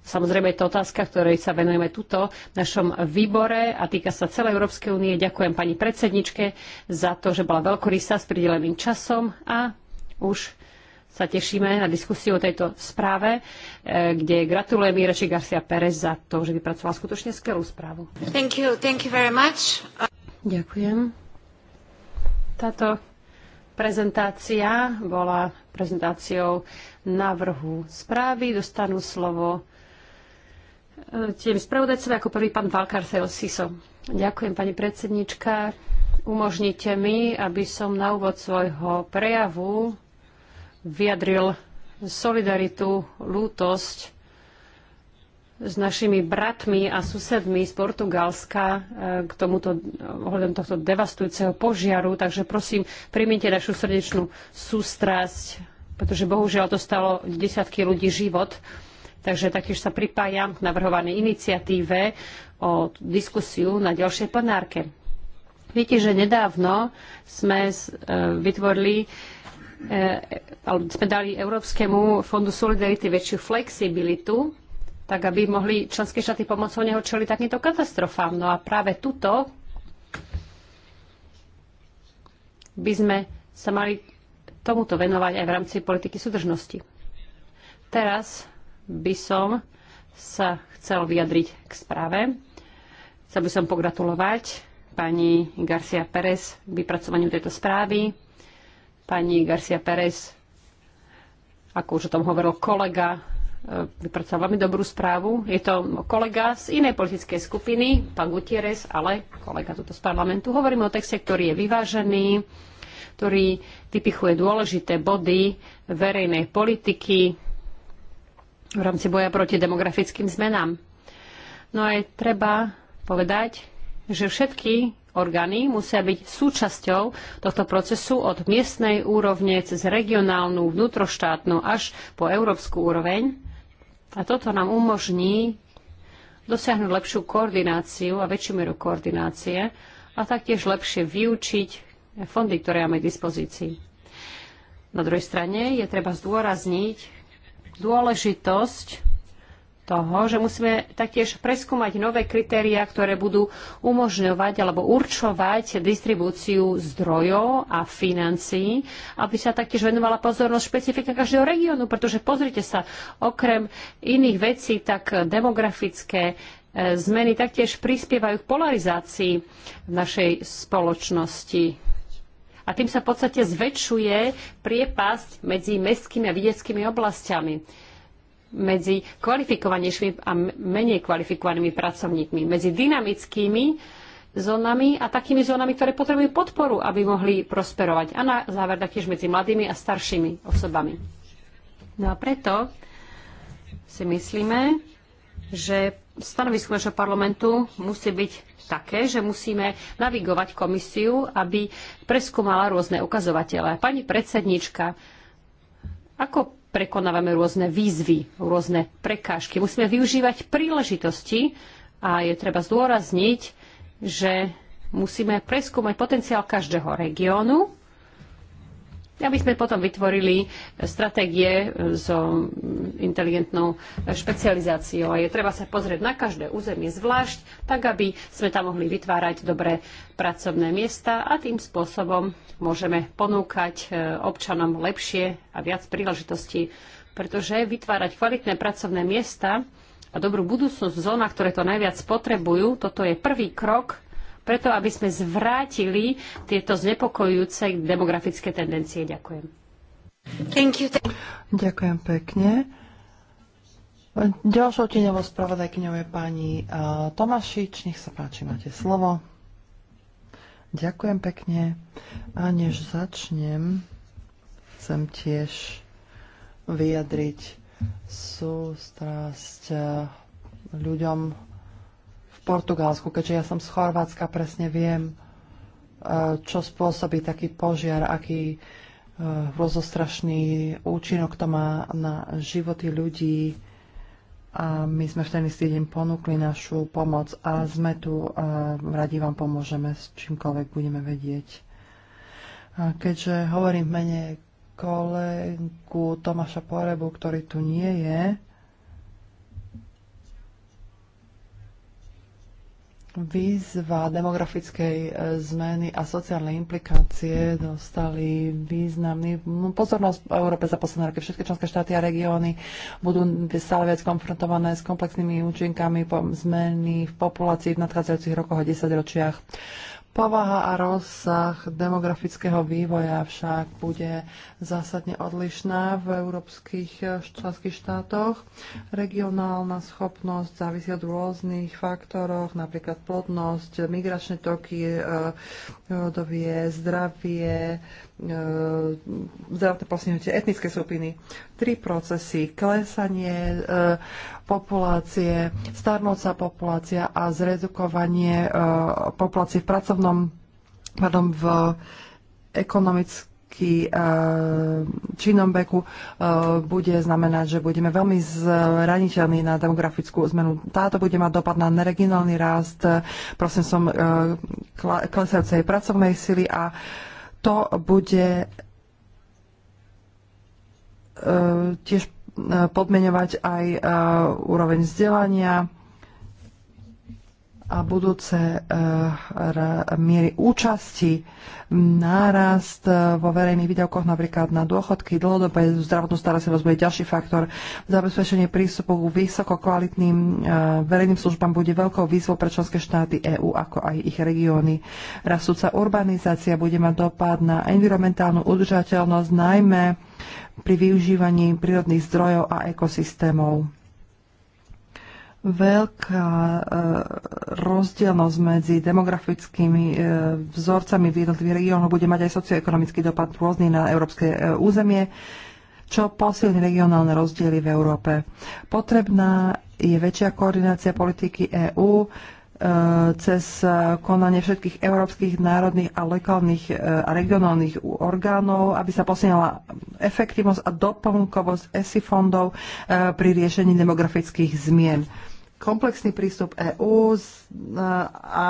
Speaker 2: Samozrejme je to otázka, ktorej sa venujeme tuto v našom výbore a týka sa celej Európskej únie. Ďakujem pani predsedničke za to, že bola veľkorysá s prideleným časom a už sa tešíme na diskusiu o tejto správe, e, kde gratulujem Ireči Garcia Pérez za to, že vypracovala skutočne skvelú správu.
Speaker 1: Thank you, thank you very much.
Speaker 2: Ďakujem. Táto prezentácia bola prezentáciou návrhu správy. Dostanú slovo Tiem spravodajcom ako prvý pán Valkarcel Siso. Ďakujem, pani predsednička. Umožnite mi, aby som na úvod svojho prejavu vyjadril solidaritu, lútosť s našimi bratmi a susedmi z Portugalska e, k tomuto, ohľadom tohto devastujúceho požiaru. Takže prosím, príjmite našu srdečnú sústrasť, pretože bohužiaľ to stalo desiatky ľudí život. Takže taktiež sa pripájam k navrhovanej iniciatíve o diskusiu na ďalšej plenárke. Viete, že nedávno sme e, vytvorili e, alebo sme dali Európskemu fondu Solidarity väčšiu flexibilitu, tak aby mohli členské štáty pomocou neho čeliť takýmto katastrofám. No a práve tuto by sme sa mali tomuto venovať aj v rámci politiky súdržnosti. Teraz by som sa chcel vyjadriť k správe. Chcel by som pogratulovať pani Garcia Pérez k vypracovaniu tejto správy. Pani Garcia Pérez, ako už o tom hovoril kolega, e, vypracoval veľmi dobrú správu. Je to kolega z inej politickej skupiny, pán Gutierrez, ale kolega tuto z parlamentu. Hovoríme o texte, ktorý je vyvážený, ktorý vypichuje dôležité body verejnej politiky, v rámci boja proti demografickým zmenám. No aj treba povedať, že všetky orgány musia byť súčasťou tohto procesu od miestnej úrovne cez regionálnu, vnútroštátnu až po európsku úroveň. A toto nám umožní dosiahnuť lepšiu koordináciu a väčšiu mieru koordinácie a taktiež lepšie vyučiť fondy, ktoré máme k dispozícii. Na druhej strane je treba zdôrazniť, dôležitosť toho, že musíme taktiež preskúmať nové kritériá, ktoré budú umožňovať alebo určovať distribúciu zdrojov a financií, aby sa taktiež venovala pozornosť špecifika každého regiónu, pretože pozrite sa, okrem iných vecí, tak demografické e, zmeny taktiež prispievajú k polarizácii v našej spoločnosti. A tým sa v podstate zväčšuje priepasť medzi mestskými a vidieckými oblastiami medzi kvalifikovanejšími a menej kvalifikovanými pracovníkmi, medzi dynamickými zónami a takými zónami, ktoré potrebujú podporu, aby mohli prosperovať. A na záver taktiež medzi mladými a staršími osobami. No a preto si myslíme, že stanovisko našho parlamentu musí byť také, že musíme navigovať komisiu, aby preskúmala rôzne ukazovatele. Pani predsednička, ako prekonávame rôzne výzvy, rôzne prekážky. Musíme využívať príležitosti a je treba zdôrazniť, že musíme preskúmať potenciál každého regiónu aby sme potom vytvorili stratégie e, so inteligentnou e, špecializáciou. A je treba sa pozrieť na každé územie zvlášť, tak aby sme tam mohli vytvárať dobré pracovné miesta a tým spôsobom môžeme ponúkať e, občanom lepšie a viac príležitostí, pretože vytvárať kvalitné pracovné miesta a dobrú budúcnosť v zónach, ktoré to najviac potrebujú, toto je prvý krok preto, aby sme zvrátili tieto znepokojujúce demografické tendencie. Ďakujem.
Speaker 4: Thank you. Ďakujem pekne. Ďalšou tieňovou spravodajkyňou je pani uh, Tomašič. Nech sa páči, máte slovo. Ďakujem pekne. A než začnem, chcem tiež vyjadriť sústrasť ľuďom, Portugalsku, keďže ja som z Chorvátska, presne viem, e, čo spôsobí taký požiar, aký e, rozostrašný účinok to má na životy ľudí. A my sme v ten istý deň ponúkli našu pomoc a sme tu a radi vám pomôžeme s čímkoľvek budeme vedieť. A keďže hovorím v mene kolegu Tomáša Porebu, ktorý tu nie je, Výzva demografickej e, zmeny a sociálne implikácie dostali významný pozornosť v Európe za posledné roky. Všetky členské štáty a regióny budú stále viac konfrontované s komplexnými účinkami zmeny v populácii v nadchádzajúcich rokoch a desaťročiach. Povaha a rozsah demografického vývoja však bude zásadne odlišná v európskych eh, členských štátoch. Regionálna schopnosť závisí od rôznych faktorov, napríklad plodnosť, migračné toky, eh, rodovie, zdravie, e, zdravotné postihnutie, etnické skupiny. Tri procesy. Klesanie e, populácie, starnúca populácia a zredukovanie e, populácie v pracovnom, pardon, v ekonomickom príspevky eh, činom veku eh, bude znamenať, že budeme veľmi zraniteľní na demografickú zmenu. Táto bude mať dopad na regionálny rast, prosím som, eh, klesajúcej pracovnej sily a to bude tiež podmienovať aj úroveň vzdelania, a budúce eh, miery účasti, nárast eh, vo verejných výdavkoch napríklad na dôchodky, dlhodobé zdravotnú starostlivosť bude ďalší faktor. Zabezpečenie prístupu k vysokokvalitným eh, verejným službám bude veľkou výzvou pre členské štáty EÚ, ako aj ich regióny. Rastúca urbanizácia bude mať dopad na environmentálnu udržateľnosť, najmä pri využívaní prírodných zdrojov a ekosystémov veľká eh, rozdielnosť medzi demografickými eh, vzorcami v jednotlivých regiónoch bude mať aj socioekonomický dopad rôzny na európske eh, územie, čo posilní regionálne rozdiely v Európe. Potrebná je väčšia koordinácia politiky EÚ cez konanie všetkých európskych národných a lokálnych a regionálnych orgánov, aby sa posilnila efektivnosť a doplnkovosť ESI fondov pri riešení demografických zmien. Komplexný prístup EÚ a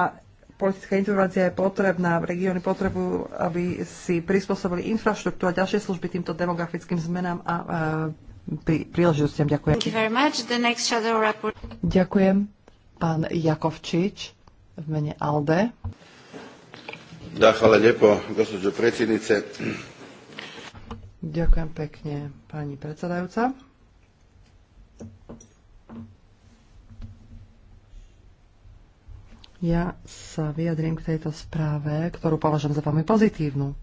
Speaker 4: politická intervencia je potrebná, regióny potrebujú, aby si prispôsobili infraštruktúru a ďalšie služby týmto demografickým zmenám a e, pri, príležitostiam. Ďakujem. Ďakujem. Pán Jakovčič v mene ALDE.
Speaker 2: Da, hvala lijepo, gospođo predsjednice.
Speaker 4: Ďakujem pekne, pani predsedajúca. Ja sa vyjadrím k tejto správe, ktorú považujem za veľmi pozitívnu.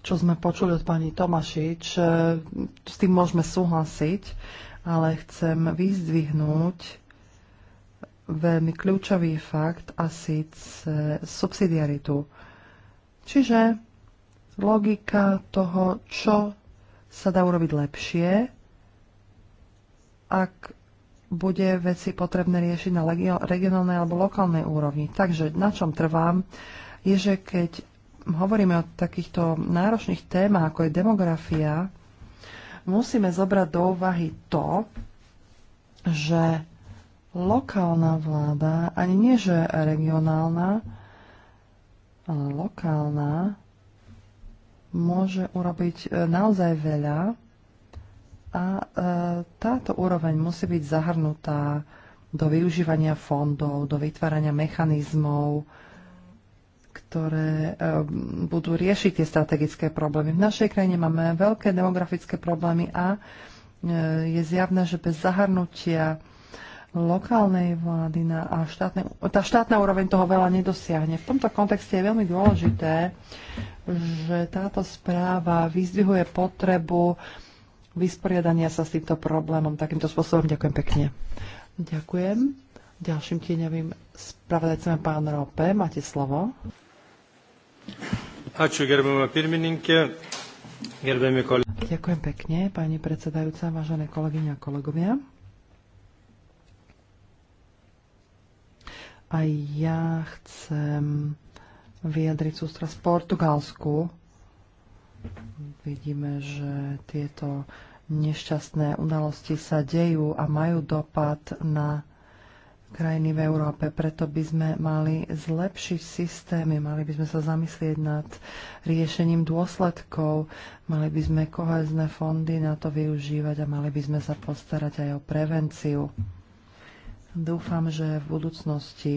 Speaker 4: Čo sme počuli od pani Tomašič, e, s tým môžeme súhlasiť, ale chcem vyzdvihnúť veľmi kľúčový fakt a síce subsidiaritu. Čiže logika toho, čo sa dá urobiť lepšie, ak bude veci potrebné riešiť na regionálnej alebo lokálnej úrovni. Takže na čom trvám, je, že keď hovoríme o takýchto náročných témach, ako je demografia, musíme zobrať do úvahy to, že lokálna vláda, ani nie že regionálna, ale lokálna, môže urobiť eh, naozaj veľa a e, táto úroveň musí byť zahrnutá do využívania fondov, do vytvárania mechanizmov, ktoré e, budú riešiť tie strategické problémy. V našej krajine máme veľké demografické problémy a e, je zjavné, že bez zahrnutia lokálnej vlády na, a štátne, tá štátna úroveň toho veľa nedosiahne. V tomto kontexte je veľmi dôležité, že táto správa vyzdvihuje potrebu vysporiadania sa s týmto problémom takýmto spôsobom. Ďakujem pekne. Ďakujem. Ďalším tieňovým spravodajcom je pán Rope. Máte slovo. Ďakujem pekne, pani predsedajúca, vážené kolegyne a kolegovia. A ja chcem vyjadriť sústra z Portugalsku, Vidíme, že tieto nešťastné udalosti sa dejú a majú dopad na krajiny v Európe. Preto by sme mali zlepšiť systémy, mali by sme sa zamyslieť nad riešením dôsledkov, mali by sme kohezné fondy na to využívať a mali by sme sa postarať aj o prevenciu. Dúfam, že v budúcnosti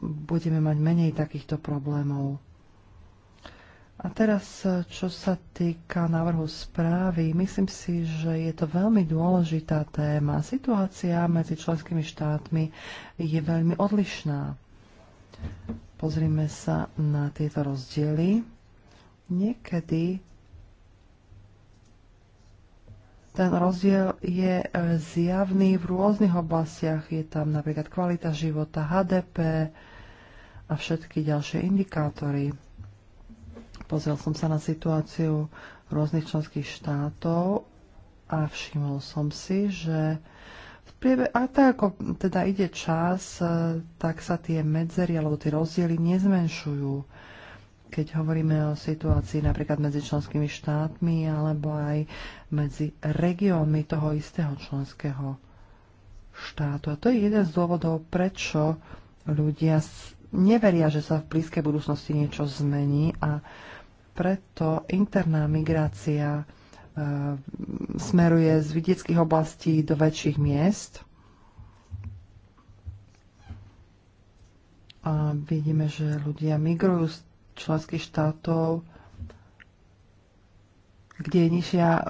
Speaker 4: budeme mať menej takýchto problémov. A teraz, e, čo sa týka návrhu správy, myslím si, že je to veľmi dôležitá téma. Situácia medzi členskými štátmi je veľmi odlišná. Pozrime sa na tieto rozdiely. Niekedy ten rozdiel je e, zjavný v rôznych oblastiach. Je tam napríklad kvalita života, HDP a všetky ďalšie indikátory Pozrel som sa na situáciu rôznych členských štátov a všimol som si, že v priebe, a tak ako teda ide čas, tak sa tie medzery alebo tie rozdiely nezmenšujú. Keď hovoríme o situácii napríklad medzi členskými štátmi alebo aj medzi regiónmi toho istého členského štátu. A to je jeden z dôvodov, prečo ľudia neveria, že sa v blízkej budúcnosti niečo zmení a preto interná migrácia e, smeruje z vidieckých oblastí do väčších miest. A vidíme, že ľudia migrujú z členských štátov, kde je nižšia e,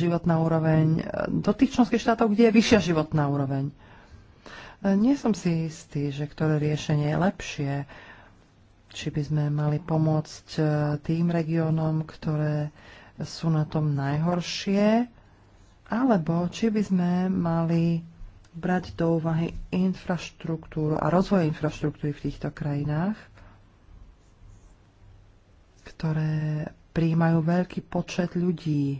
Speaker 4: životná úroveň, e, do tých členských štátov, kde je vyššia životná úroveň. Nie som si istý, že ktoré riešenie je lepšie či by sme mali pomôcť e, tým regiónom, ktoré sú na tom najhoršie, alebo či by sme mali brať do úvahy infraštruktúru a rozvoj infraštruktúry v týchto krajinách, ktoré prijímajú veľký počet ľudí,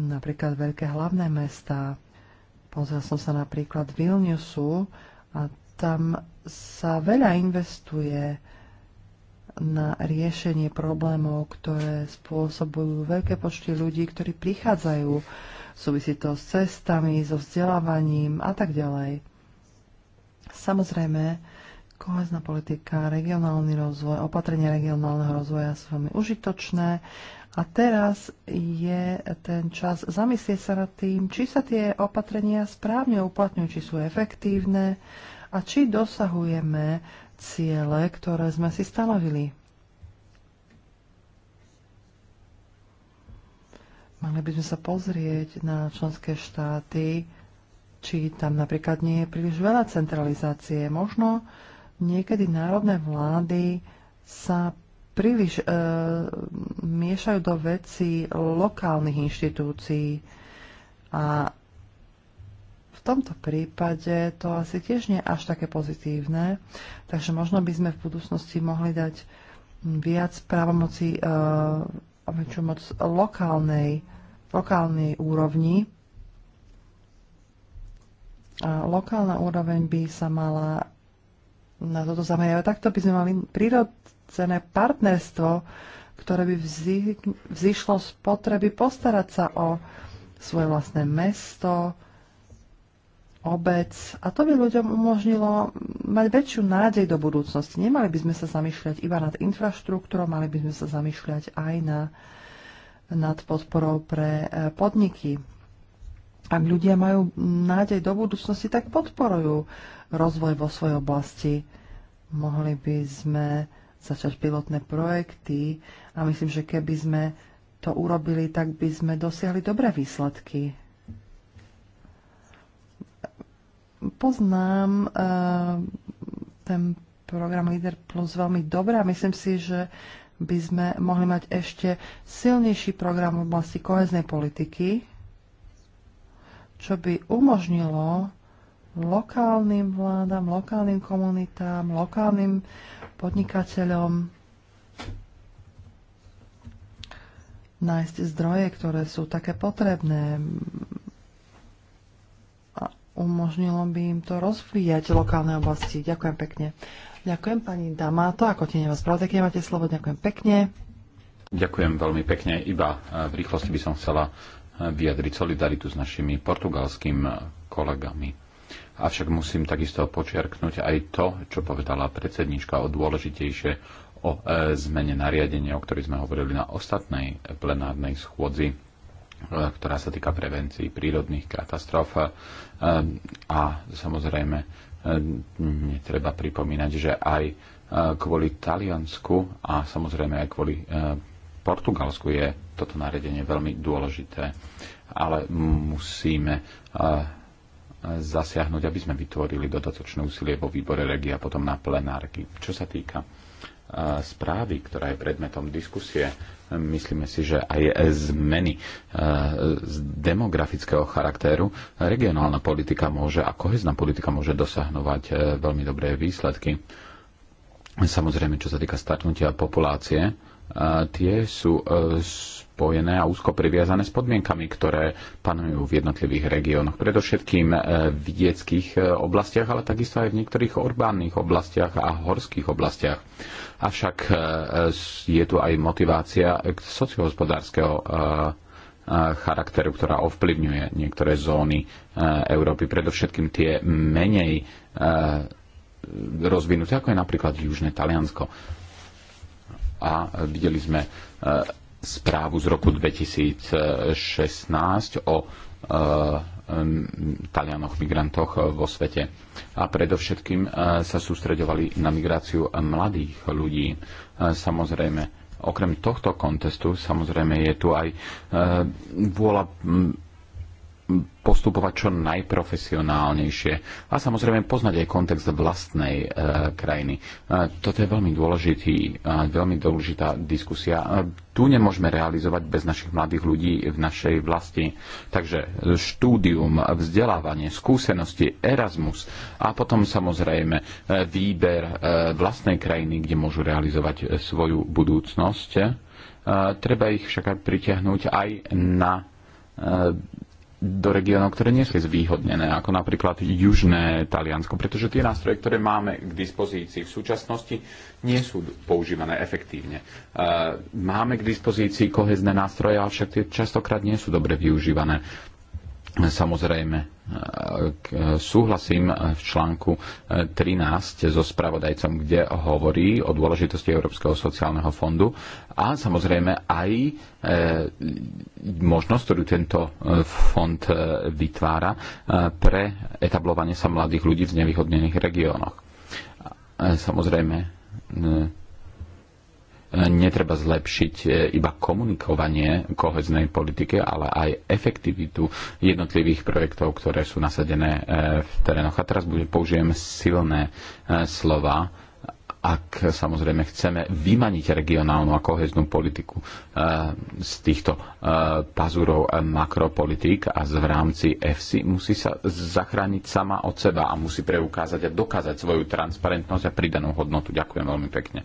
Speaker 4: napríklad veľké hlavné mestá. Pozrel som sa napríklad Vilniusu a tam sa veľa investuje na riešenie problémov, ktoré spôsobujú veľké počty ľudí, ktorí prichádzajú. Súvisí to s cestami, so vzdelávaním a tak ďalej. Samozrejme, kohezná politika, regionálny rozvoj, opatrenia regionálneho rozvoja sú veľmi užitočné. A teraz je ten čas zamyslieť sa nad tým, či sa tie opatrenia správne uplatňujú, či sú efektívne a či dosahujeme ciele, ktoré sme si stanovili. Mali by sme sa pozrieť na členské štáty, či tam napríklad nie je príliš veľa centralizácie. Možno niekedy národné vlády sa príliš e, miešajú do veci lokálnych inštitúcií a v tomto prípade to asi tiež nie je až také pozitívne, takže možno by sme v budúcnosti mohli dať viac právomocí a e, väčšiu moc lokálnej, lokálnej úrovni. A lokálna úroveň by sa mala na toto zamerať. Takto by sme mali prirodzené partnerstvo, ktoré by vznikl, vzýšlo z potreby postarať sa o svoje vlastné mesto, obec a to by ľuďom umožnilo mať väčšiu nádej do budúcnosti. Nemali by sme sa zamýšľať iba nad infraštruktúrou, mali by sme sa zamýšľať aj na, nad podporou pre e, podniky. Ak ľudia majú nádej do budúcnosti, tak podporujú rozvoj vo svojej oblasti. Mohli by sme začať pilotné projekty a myslím, že keby sme to urobili, tak by sme dosiahli dobré výsledky. poznám eh, ten program Leader Plus veľmi dobre a myslím si, že by sme mohli mať ešte silnejší program v oblasti koheznej politiky, čo by umožnilo lokálnym vládam, lokálnym komunitám, lokálnym podnikateľom nájsť zdroje, ktoré sú také potrebné umožnilo by im to rozvíjať lokálne oblasti. Ďakujem pekne. Ďakujem pani Damáto, ako tieňová spravodajkynia máte slovo, ďakujem pekne.
Speaker 3: Ďakujem veľmi pekne. Iba e, v rýchlosti by som chcela e, vyjadriť solidaritu s našimi portugalskými e, kolegami. Avšak musím takisto počiarknúť aj to, čo povedala predsednička o dôležitejšie o zmene nariadenia, o ktorej sme hovorili na ostatnej plenárnej schôdzi E, ktorá sa týka prevencií prírodných katastrof. E, a samozrejme, e, netreba pripomínať, že aj kvôli Taliansku a samozrejme aj kvôli Portugalsku je toto nariadenie veľmi dôležité. Ale musíme zasiahnuť, aby sme vytvorili dodatočné úsilie vo výbore regia potom na plenárky. Čo sa týka správy, ktorá je predmetom diskusie, myslíme si, že aj zmeny e, z demografického charakteru regionálna politika môže a kohezná politika môže dosahovať e, veľmi dobré výsledky. Samozrejme, čo sa týka startnutia populácie, e, tie sú spojené a úzko priviazané s podmienkami, ktoré panujú v jednotlivých regiónoch, predovšetkým v detských oblastiach, ale takisto aj v niektorých urbánnych oblastiach a horských oblastiach avšak e, e, je tu aj motivácia sociohospodárskeho e, charakteru, ktorá ovplyvňuje niektoré zóny Európy, predovšetkým tie menej rozvinuté, ako je napríklad Južné Taliansko. A videli sme správu z roku 2016 o Talianoch migrantoch e, vo svete. A predovšetkým e, sa sústreďovali na migráciu mladých ľudí. E, samozrejme, okrem tohto kontestu, samozrejme je tu aj vôľa postupovať čo najprofesionálnejšie a samozrejme poznať aj kontext vlastnej e, krajiny. E, toto je veľmi, dôležitý, e, veľmi dôležitá diskusia. E, tu nemôžeme realizovať bez našich mladých ľudí v našej vlasti. Takže štúdium, vzdelávanie, skúsenosti, Erasmus a potom samozrejme e, výber e, vlastnej krajiny, kde môžu realizovať e, svoju budúcnosť. E, treba ich však pritiahnuť aj na e, do regiónov, ktoré nie sú zvýhodnené, ako napríklad Južné Taliansko, pretože tie nástroje, ktoré máme k dispozícii v súčasnosti, nie sú používané efektívne. E, máme k dispozícii kohezné nástroje, avšak tie častokrát nie sú dobre využívané. Samozrejme, e, e, súhlasím e, v článku 13 so spravodajcom, kde hovorí o dôležitosti Európskeho sociálneho fondu a samozrejme aj možnosť, ktorú tento fond vytvára pre etablovanie sa mladých ľudí v znevýhodnených regiónoch. Samozrejme, netreba zlepšiť e, iba komunikovanie koheznej politiky, ale aj efektivitu jednotlivých projektov, ktoré sú nasadené e, v terénoch. A teraz použijem silné e, slova, ak samozrejme chceme vymaniť regionálnu a koheznú politiku z týchto pazúrov makropolitík a v rámci EFSI musí sa zachrániť sama od seba a musí preukázať a dokázať svoju transparentnosť a pridanú hodnotu. Ďakujem veľmi pekne.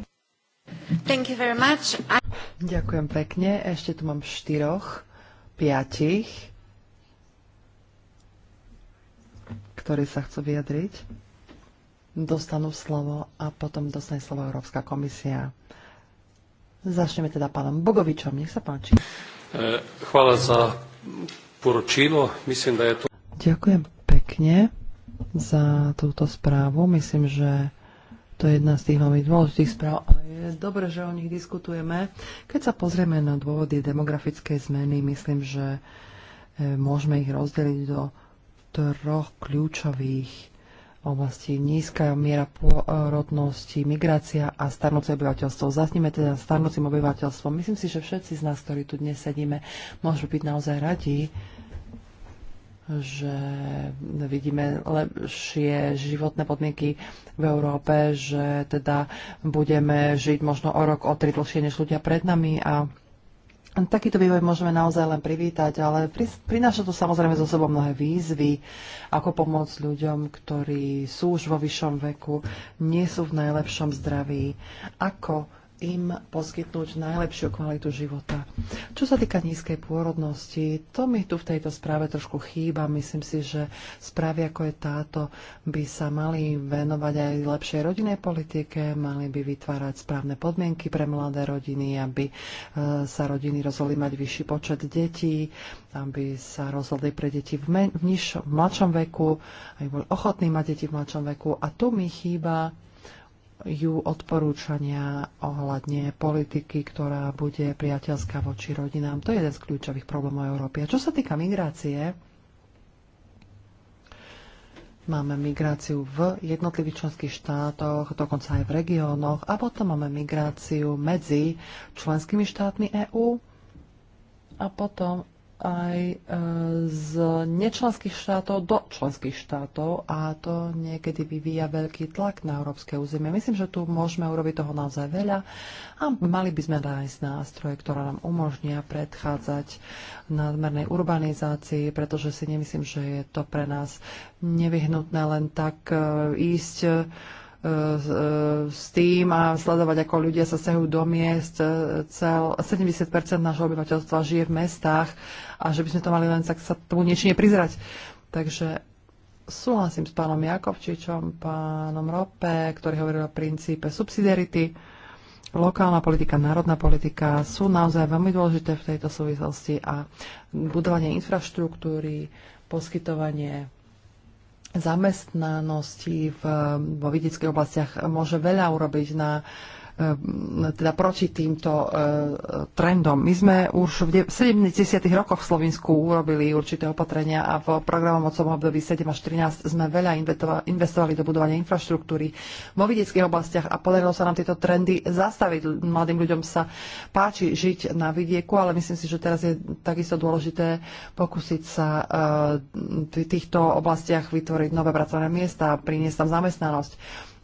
Speaker 4: Thank you very much. I... Ďakujem pekne. Ešte tu mám štyroch, piatich, ktorí sa chcú vyjadriť. Dostanú slovo a potom dostane slovo Európska komisia. Začneme teda pánom Bogovičom. Nech sa páči.
Speaker 3: E, chvála za poročilo. Myslím, da je to...
Speaker 4: Ďakujem pekne za túto správu. Myslím, že to je jedna z tých veľmi dôležitých správ a je dobre, že o nich diskutujeme. Keď sa pozrieme na dôvody demografickej zmeny, myslím, že e, môžeme ich rozdeliť do troch kľúčových oblastí. nízka miera pôrodnosti, migrácia a starnúce obyvateľstvo. Zasníme teda starnúcim obyvateľstvom. Myslím si, že všetci z nás, ktorí tu dnes sedíme, môžu byť naozaj radi, že vidíme lepšie životné podmienky v Európe, že teda budeme žiť možno o rok, o tri dlhšie než ľudia pred nami a Takýto vývoj môžeme naozaj len privítať, ale prináša to samozrejme so sebou mnohé výzvy, ako pomôcť ľuďom, ktorí sú už vo vyššom veku, nie sú v najlepšom zdraví, ako im poskytnúť najlepšiu kvalitu života. Čo sa týka nízkej pôrodnosti, to mi tu v tejto správe trošku chýba. Myslím si, že správy ako je táto by sa mali venovať aj lepšej rodinnej politike, mali by vytvárať správne podmienky pre mladé rodiny, aby e, sa rodiny rozhodli mať vyšší počet detí, aby sa rozhodli pre deti v, men- v, niž- v mladšom veku, aby boli ochotní mať deti v mladšom veku. A tu mi chýba ju odporúčania ohľadne politiky, ktorá bude priateľská voči rodinám. To je jeden z kľúčových problémov Európy. A čo sa týka migrácie, máme migráciu v jednotlivých členských štátoch, dokonca aj v regiónoch, a potom máme migráciu medzi členskými štátmi EÚ a potom aj e, z nečlenských štátov do členských štátov a to niekedy vyvíja veľký tlak na európske územie. Myslím, že tu môžeme urobiť toho naozaj veľa a mali by sme nájsť nástroje, ktoré nám umožnia predchádzať nadmernej urbanizácii, pretože si nemyslím, že je to pre nás nevyhnutné len tak e, ísť E, s tým a sledovať, ako ľudia sa stiahujú do miest. E, cel, 70% nášho obyvateľstva žije v mestách a že by sme to mali len tak sa tomu niečo neprizrať. Takže súhlasím s pánom Jakovčičom, pánom Rope, ktorý hovoril o princípe subsidiarity. Lokálna politika, národná politika sú naozaj veľmi dôležité v tejto súvislosti a budovanie infraštruktúry, poskytovanie zamestnanosti v, vo vidických oblastiach môže veľa urobiť na E, teda proti týmto e, trendom. My sme už v 70. rokoch v Slovensku urobili určité opatrenia a v programom odcovom období 7 až 13 sme veľa investovali do budovania infraštruktúry vo vidieckých oblastiach a podarilo sa nám tieto trendy zastaviť. Mladým ľuďom sa páči žiť na vidieku, ale myslím si, že teraz je takisto dôležité pokúsiť sa e, v týchto oblastiach vytvoriť nové pracovné miesta, a priniesť tam zamestnanosť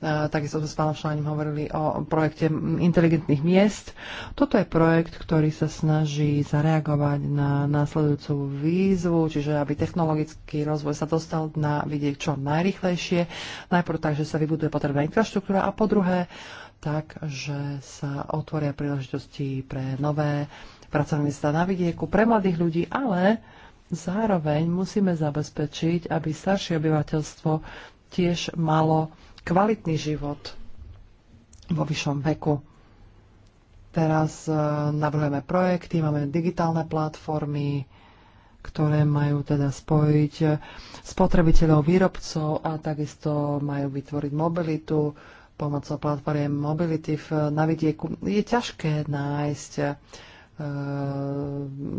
Speaker 4: Eh, takisto sme s pánom Šlánim hovorili o projekte inteligentných miest. Toto je projekt, ktorý sa snaží zareagovať na následujúcu výzvu, čiže aby technologický rozvoj sa dostal na vidieť čo najrychlejšie. Najprv tak, že sa vybuduje potrebná infraštruktúra a po druhé tak, že sa otvoria príležitosti pre nové pracovné miesta na vidieku, pre mladých ľudí, ale zároveň musíme zabezpečiť, aby staršie obyvateľstvo tiež malo kvalitný život vo vyššom veku. Teraz e, navrhujeme projekty, máme digitálne platformy, ktoré majú teda spojiť e, spotrebiteľov, výrobcov a takisto majú vytvoriť mobilitu pomocou platformy mobility v, na vidieku. Je ťažké nájsť e,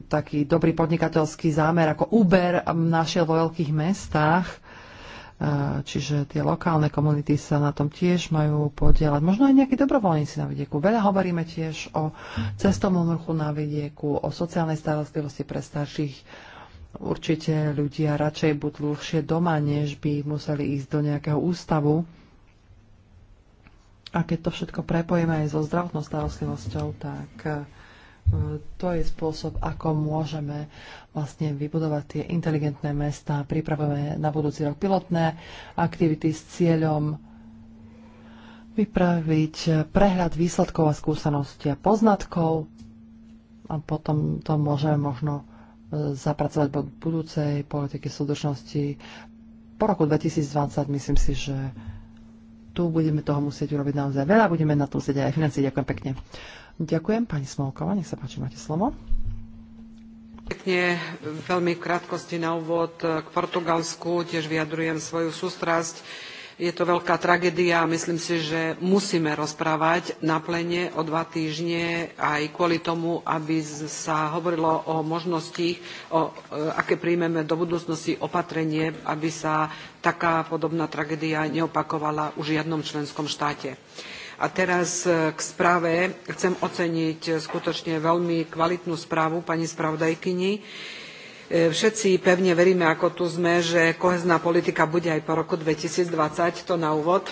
Speaker 4: taký dobrý podnikateľský zámer, ako Uber našiel vo veľkých mestách Čiže tie lokálne komunity sa na tom tiež majú podielať. Možno aj nejakí dobrovoľníci na vidieku. Veľa hovoríme tiež o cestovnom ruchu na vidieku, o sociálnej starostlivosti pre starších. Určite ľudia radšej budú dlhšie doma, než by museli ísť do nejakého ústavu. A keď to všetko prepojíme aj so zdravotnou starostlivosťou, tak to je spôsob, ako môžeme vlastne vybudovať tie inteligentné mesta. Pripravujeme na budúci rok pilotné aktivity s cieľom vypraviť prehľad výsledkov a skúseností a poznatkov a potom to môžeme možno e, zapracovať do budúcej politiky súdržnosti. Po roku 2020 myslím si, že tu budeme toho musieť urobiť naozaj veľa, budeme na to musieť aj financie. Ďakujem pekne. Ďakujem. Pani Smolková, nech sa páči, máte slovo.
Speaker 1: Pekne, veľmi v krátkosti na úvod k Portugalsku. Tiež vyjadrujem svoju sústrasť. Je to veľká tragédia a myslím si, že musíme rozprávať na plene o dva týždne aj kvôli tomu, aby sa hovorilo o možnosti, o, e, aké príjmeme do budúcnosti opatrenie, aby sa taká podobná tragédia neopakovala už v žiadnom členskom štáte. A teraz e, k správe. Chcem oceniť e, skutočne veľmi kvalitnú správu pani spravodajkyni. E, všetci pevne veríme, ako tu sme, že kohezná politika bude aj po roku 2020, to na úvod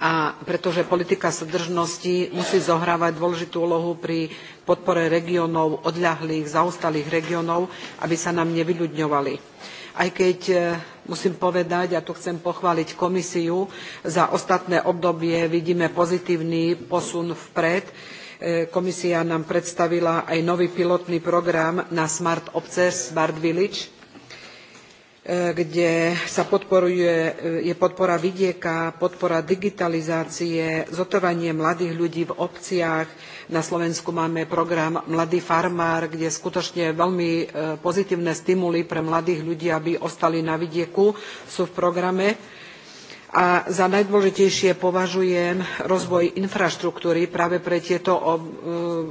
Speaker 1: a pretože politika súdržnosti musí zohrávať dôležitú úlohu pri podpore regiónov odľahlých, zaostalých regiónov, aby sa nám nevyľudňovali aj keď e, musím povedať a tu chcem pochváliť komisiu za ostatné obdobie vidíme pozitívny posun vpred e, komisia nám predstavila aj nový pilotný program na smart obce smart village e, kde sa podporuje je podpora vidieka podpora digitalizácie zotrvanie mladých ľudí v obciach na Slovensku máme program Mladý farmár, kde skutočne veľmi e, pozitívne stimuly pre mladých ľudí, aby ostali na vidieku, sú v programe a za najdôležitejšie považujem rozvoj infraštruktúry práve pre tieto e,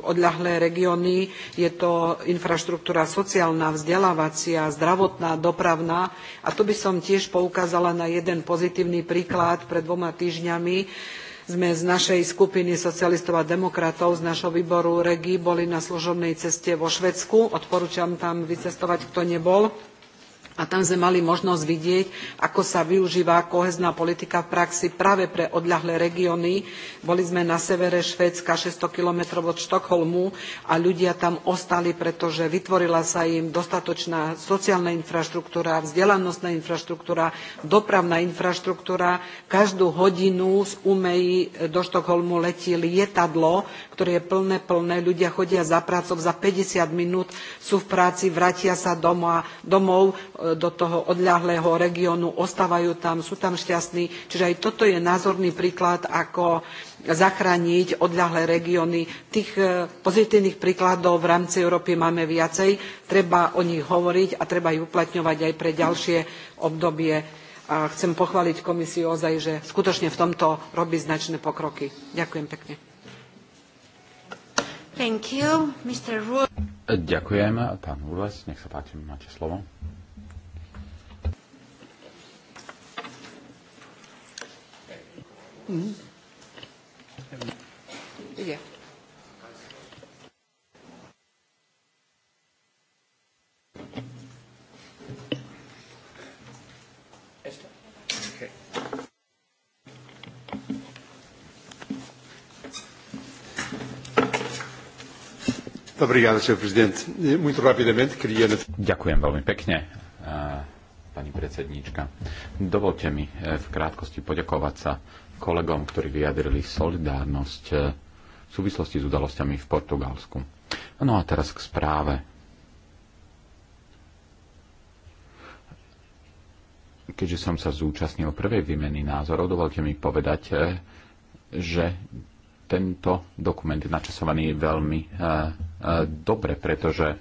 Speaker 1: odľahlé regióny. Je to infraštruktúra sociálna, vzdelávacia, zdravotná, dopravná a tu by som tiež poukázala na jeden pozitívny príklad pred dvoma týždňami sme z našej skupiny socialistov a demokratov z našho výboru regi boli na služobnej ceste vo švédsku odporúčam tam vycestovať kto nebol a tam sme mali možnosť vidieť ako sa využíva kohézna politika v praxi práve pre odľahlé regióny boli sme na severe švédska six hundred kilometrov od štokholmu a ľudia tam ostali pretože vytvorila sa im dostatočná sociálna infraštruktúra vzdelanostná infraštruktúra dopravná infraštruktúra každú hodinu z umeji do štokholmu letí lietadlo ktoré je plné plné ľudia chodia za prácou za fifty minút sú v práci vrátia sa domov do toho odľahlého regiónu, ostávajú tam, sú tam šťastní. Čiže aj toto je názorný príklad, ako zachrániť odľahlé regióny. Tých e, pozitívnych príkladov v rámci Európy máme viacej, treba o nich hovoriť a treba ich uplatňovať aj pre ďalšie obdobie. A chcem pochváliť komisiu ozaj, že skutočne v tomto robí značné pokroky. Ďakujem pekne. Thank you, Mr.
Speaker 3: Ďakujem. Pán Urles, nech sa páči, máte slovo.
Speaker 1: Mm-hmm. Yeah.
Speaker 3: Eh, Ďakujem veľmi pekne, eh, pani predsedníčka. Dovolte mi eh, v krátkosti poďakovať sa kolegom, ktorí vyjadrili solidárnosť e, v súvislosti s udalosťami v Portugalsku. No a teraz k správe. Keďže som sa zúčastnil prvej výmeny názorov, dovolte mi povedať, e, že tento dokument je načasovaný veľmi e, dobre, pretože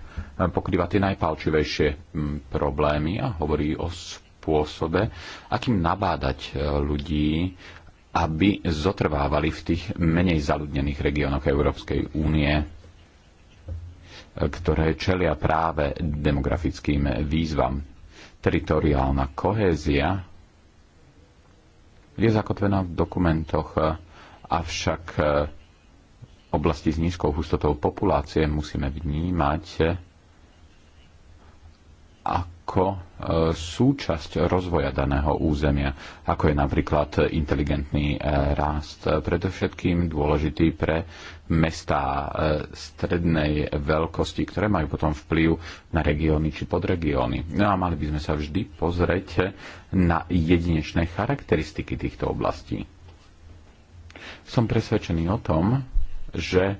Speaker 3: pokrýva tie najpálčivejšie problémy a hovorí o spôsobe, akým nabádať ľudí aby zotrvávali v tých menej zaludnených regiónoch Európskej únie, ktoré čelia práve demografickým výzvam. Teritoriálna kohézia je zakotvená v dokumentoch, avšak e, oblasti s nízkou hustotou populácie musíme vnímať ako ako e, súčasť rozvoja daného územia, ako je napríklad inteligentný e, rast, e, predovšetkým dôležitý pre mestá strednej veľkosti, ktoré majú potom vplyv na regióny či podregióny. No a mali by sme sa vždy pozrieť na jedinečné charakteristiky týchto oblastí. Som presvedčený o tom, že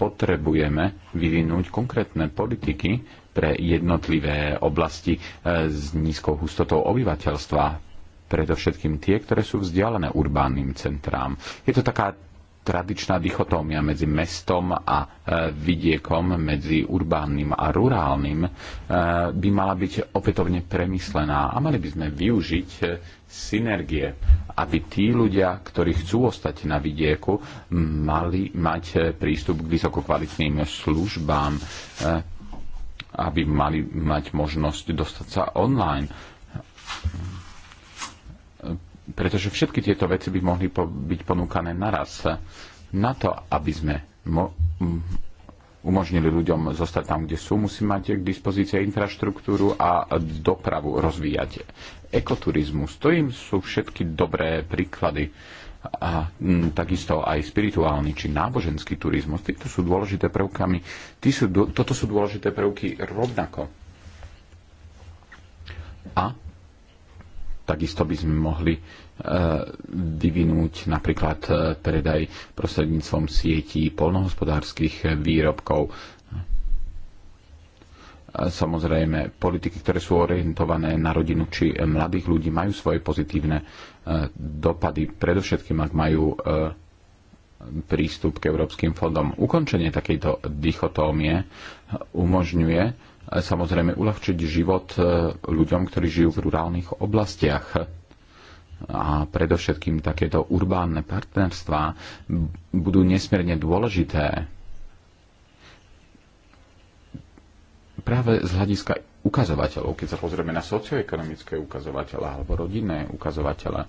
Speaker 3: potrebujeme vyvinúť konkrétne politiky, pre jednotlivé oblasti e, s nízkou hustotou obyvateľstva, predovšetkým tie, ktoré sú vzdialené urbánnym centrám. Je to taká tradičná dichotómia medzi mestom a e, vidiekom, medzi urbánnym a rurálnym, e, by mala byť opätovne premyslená a mali by sme využiť synergie, aby tí ľudia, ktorí chcú ostať na vidieku, mali mať prístup k vysokokvalitným službám aby mali mať možnosť dostať sa online. Pretože všetky tieto veci by mohli po, byť ponúkané naraz. Na to, aby sme umožnili ľuďom zostať tam, kde sú, musí mať k dispozícii infraštruktúru a dopravu rozvíjať. Ekoturizmus, to im sú všetky dobré príklady a m, mm, takisto aj spirituálny či náboženský turizmus. Títo sú dôležité prvkami, tí sú, toto sú dôležité prvky rovnako. A takisto by sme mohli e, vyvinúť napríklad e, predaj prostredníctvom sietí polnohospodárskych výrobkov, e, samozrejme politiky, ktoré sú orientované na rodinu či mladých ľudí, majú svoje pozitívne dopady, predovšetkým ak majú e, prístup k európskym fondom. Ukončenie takejto dichotómie umožňuje e, samozrejme uľahčiť život e, ľuďom, ktorí žijú v rurálnych oblastiach. A predovšetkým takéto urbánne partnerstvá budú nesmierne dôležité práve z hľadiska ukazovateľov. Keď sa pozrieme na socioekonomické ukazovatele alebo rodinné ukazovatele,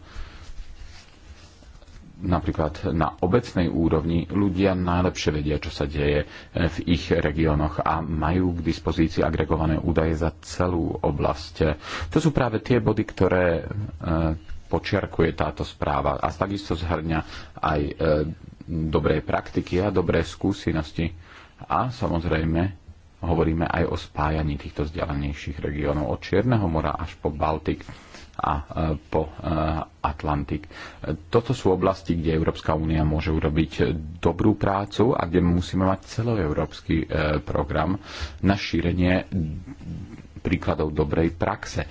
Speaker 3: napríklad na obecnej úrovni ľudia najlepšie vedia, čo sa deje v ich regiónoch a majú k dispozícii agregované údaje za celú oblasť. To sú práve tie body, ktoré e, počiarkuje táto správa a takisto zhrňa aj e, dobré praktiky a dobré skúsenosti a samozrejme hovoríme aj o spájaní týchto vzdialenejších regiónov od Čierneho mora až po Baltik a e, po e, Atlantik. Toto sú oblasti, kde Európska únia môže urobiť dobrú prácu a kde musíme mať celoeurópsky e, program na šírenie príkladov dobrej praxe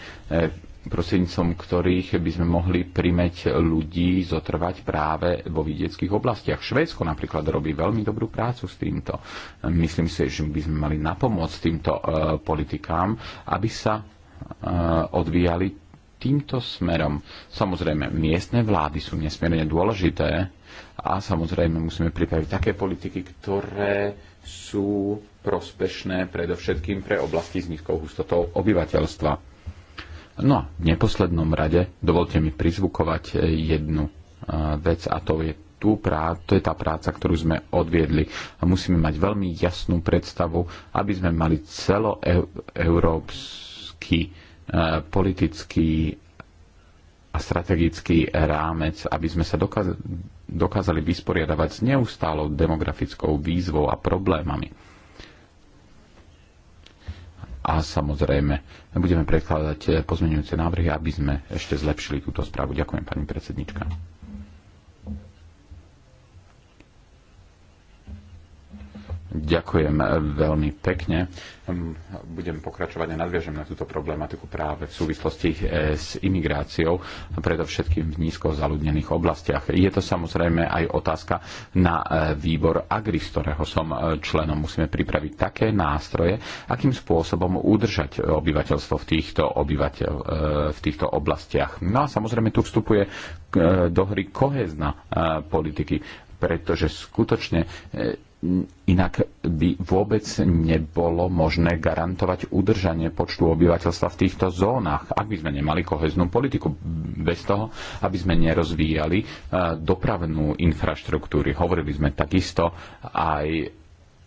Speaker 3: prostredníctvom ktorých by sme mohli primeť ľudí zotrvať práve vo vidieckých oblastiach. Švédsko napríklad robí veľmi dobrú prácu s týmto. Myslím si, že by sme mali napomôcť týmto e, politikám, aby sa e, odvíjali týmto smerom. Samozrejme, miestne vlády sú nesmierne dôležité a samozrejme musíme pripraviť také politiky, ktoré sú prospešné predovšetkým pre oblasti s nízkou hustotou obyvateľstva No a v neposlednom rade dovolte mi prizvukovať eh, jednu eh, vec a to je tú prá- to je tá práca, ktorú sme odviedli. A musíme mať veľmi jasnú predstavu, aby sme mali celoeurópsky e, politický a strategický rámec, aby sme sa dokázali vysporiadavať s neustálou demografickou výzvou a problémami a samozrejme budeme prekladať eh, pozmenujúce návrhy, aby sme ešte zlepšili túto správu. Ďakujem, pani predsednička. Ďakujem veľmi pekne. Budem pokračovať a nadviažem na túto problematiku práve v súvislosti eh, s imigráciou, predovšetkým v nízko zaludnených oblastiach. Je to samozrejme aj otázka na eh, výbor Agri, z ktorého som eh, členom. Musíme pripraviť také nástroje, akým spôsobom udržať obyvateľstvo v týchto, obyvateľ, v týchto oblastiach. No a samozrejme tu vstupuje do hry kohezna politiky, pretože skutočne Inak by vôbec nebolo možné garantovať udržanie počtu obyvateľstva v týchto zónach, ak by sme nemali koheznú politiku, bez toho, aby sme nerozvíjali eh, dopravnú infraštruktúru. Hovorili sme takisto aj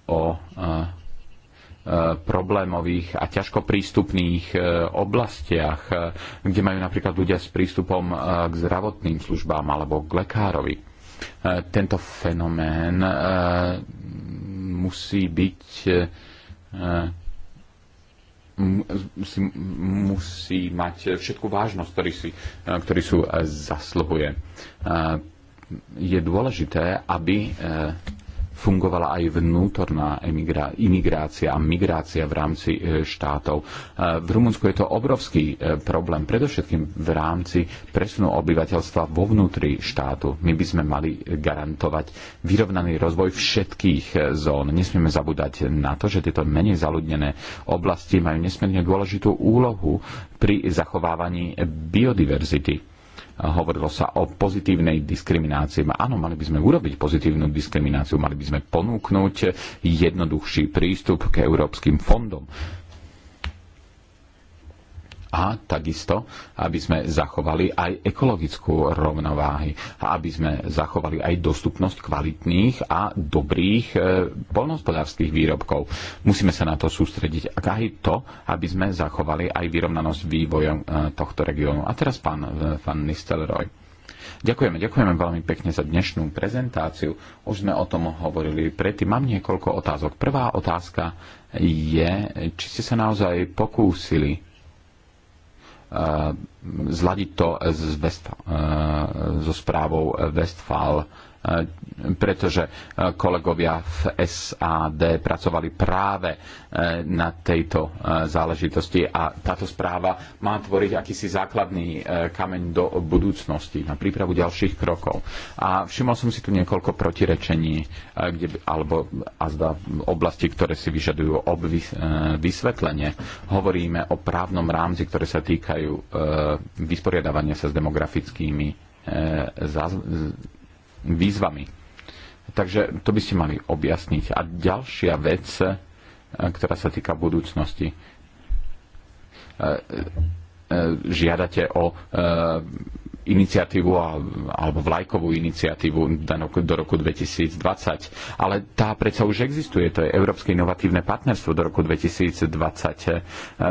Speaker 3: o eh, eh, problémových a ťažko prístupných oblastiach, kde majú napríklad ľudia s prístupom k zdravotným službám alebo k lekárovi. E, tento fenomén e, musí byť e, musí, musí mať všetku vážnosť, ktorý, si, ktorý sú zasluhuje. Je dôležité, aby fungovala aj vnútorná emigra- imigrácia a migrácia v rámci e, štátov. E, v Rumunsku je to obrovský e, problém, predovšetkým v rámci presunu obyvateľstva vo vnútri štátu. My by sme mali garantovať vyrovnaný rozvoj všetkých zón. Nesmieme zabúdať na to, že tieto menej zaludnené oblasti majú nesmierne dôležitú úlohu pri zachovávaní biodiverzity Hovorilo sa o pozitívnej diskriminácii. Áno, mali by sme urobiť pozitívnu diskrimináciu, mali by sme ponúknuť jednoduchší prístup k európskym fondom a takisto, aby sme zachovali aj ekologickú rovnováhy a aby sme zachovali aj dostupnosť kvalitných a dobrých e, polnohospodárských výrobkov. Musíme sa na to sústrediť a aj to, aby sme zachovali aj vyrovnanosť vývojom e, tohto regiónu. A teraz pán Van e, Nistelroj. Ďakujeme, ďakujeme veľmi pekne za dnešnú prezentáciu. Už sme o tom hovorili predtým. Mám niekoľko otázok. Prvá otázka je, či ste sa naozaj pokúsili Eh, zladiť to so eh, správou Westfál E, pretože e, kolegovia v SAD pracovali práve e, na tejto záležitosti a táto správa má tvoriť akýsi základný kameň do budúcnosti na prípravu ďalších krokov. A všimol som si tu niekoľko protirečení kde, alebo azda oblasti, ktoré si vyžadujú obvys, vysvetlenie. Hovoríme o právnom rámci, ktoré sa týkajú vysporiadavania sa s demografickými výzvami. Takže to by ste mali objasniť. A ďalšia vec, e, ktorá sa týka budúcnosti e, E, žiadate o e, iniciatívu alebo vlajkovú iniciatívu do roku 2020, ale tá predsa už existuje, to je Európske inovatívne partnerstvo do roku 2020. E,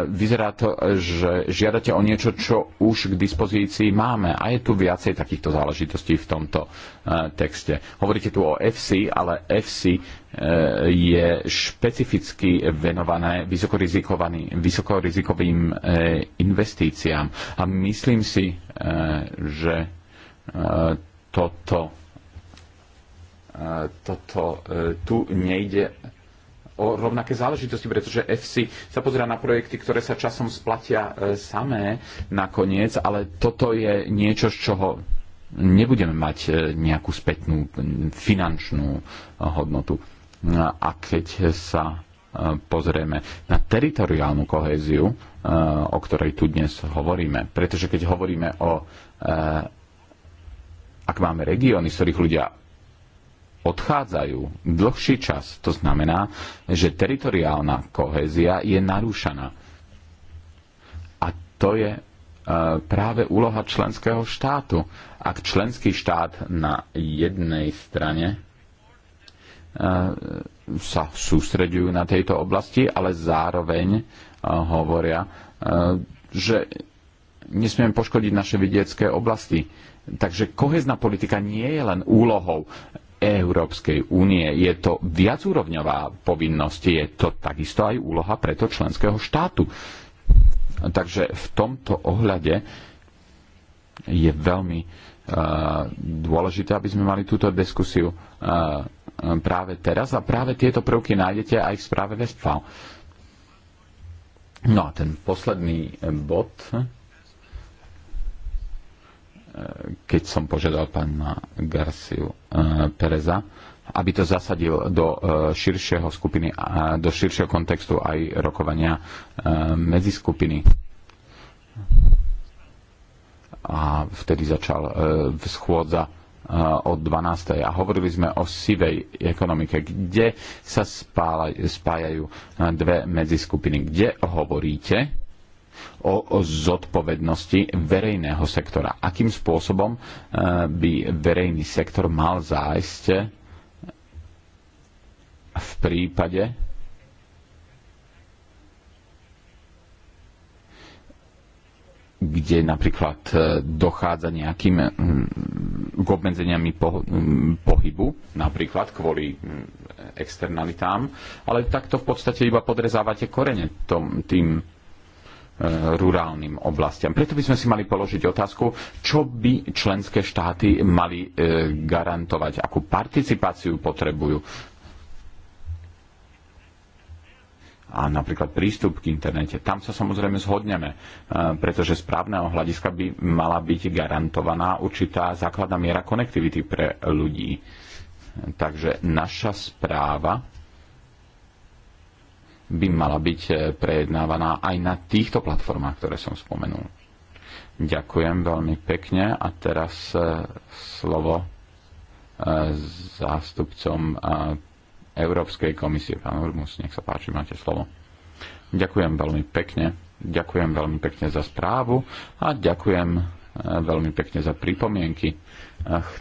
Speaker 3: vyzerá to, že žiadate o niečo, čo už k dispozícii máme a je tu viacej takýchto záležitostí v tomto texte. Hovoríte tu o FC, ale FC je špecificky venované vysokorizikovým e, investíciám. A myslím si, e, že e, toto, toto tu nejde o rovnaké záležitosti, pretože FC sa pozerá na projekty, ktoré sa časom splatia samé nakoniec, ale toto je niečo, z čoho nebudeme mať nejakú spätnú finančnú hodnotu. No a keď sa e, pozrieme na teritoriálnu kohéziu, e, o ktorej tu dnes hovoríme, pretože keď hovoríme o e, ak máme regióny, z ktorých ľudia odchádzajú dlhší čas, to znamená, že teritoriálna kohézia je narúšaná. A to je práve úloha členského štátu. Ak členský štát na jednej strane Eh, sa sústreďujú na tejto oblasti, ale zároveň eh, hovoria, eh, že nesmieme poškodiť naše vidiecké oblasti. Takže kohezná politika nie je len úlohou Európskej únie. Je to viacúrovňová povinnosť, je to takisto aj úloha preto členského štátu. Takže v tomto ohľade je veľmi uh, dôležité, aby sme mali túto diskusiu práve teraz a práve tieto prvky nájdete aj v správe Westfall. No a ten posledný e, bod, e, keď som požiadal pána Garciu e, Pereza, aby to zasadil do širšieho skupiny, do širšieho kontextu aj rokovania medzi skupiny. A vtedy začal schôdza od 12. a hovorili sme o sivej ekonomike, kde sa spájajú dve medziskupiny. Kde hovoríte o, o zodpovednosti verejného sektora? Akým spôsobom by verejný sektor mal zájsť v prípade, kde napríklad e, dochádza nejakým k obmedzeniami pohybu, napríklad kvôli externalitám, ale takto v podstate iba podrezávate korene tom, tým e, rurálnym oblastiam. Preto by sme si mali položiť otázku, čo by členské štáty mali e, garantovať, akú participáciu potrebujú a napríklad prístup k internete. Tam sa samozrejme zhodneme, e, pretože z právneho hľadiska by mala byť garantovaná určitá základná miera konektivity pre ľudí. Takže naša správa by mala byť e, prejednávaná aj na týchto platformách, ktoré som spomenul. Ďakujem veľmi pekne a teraz e, slovo zástupcom Európskej komisie. Pán Urmus, nech sa páči, máte slovo. Ďakujem veľmi pekne. Ďakujem veľmi pekne za správu a ďakujem e, veľmi pekne za pripomienky.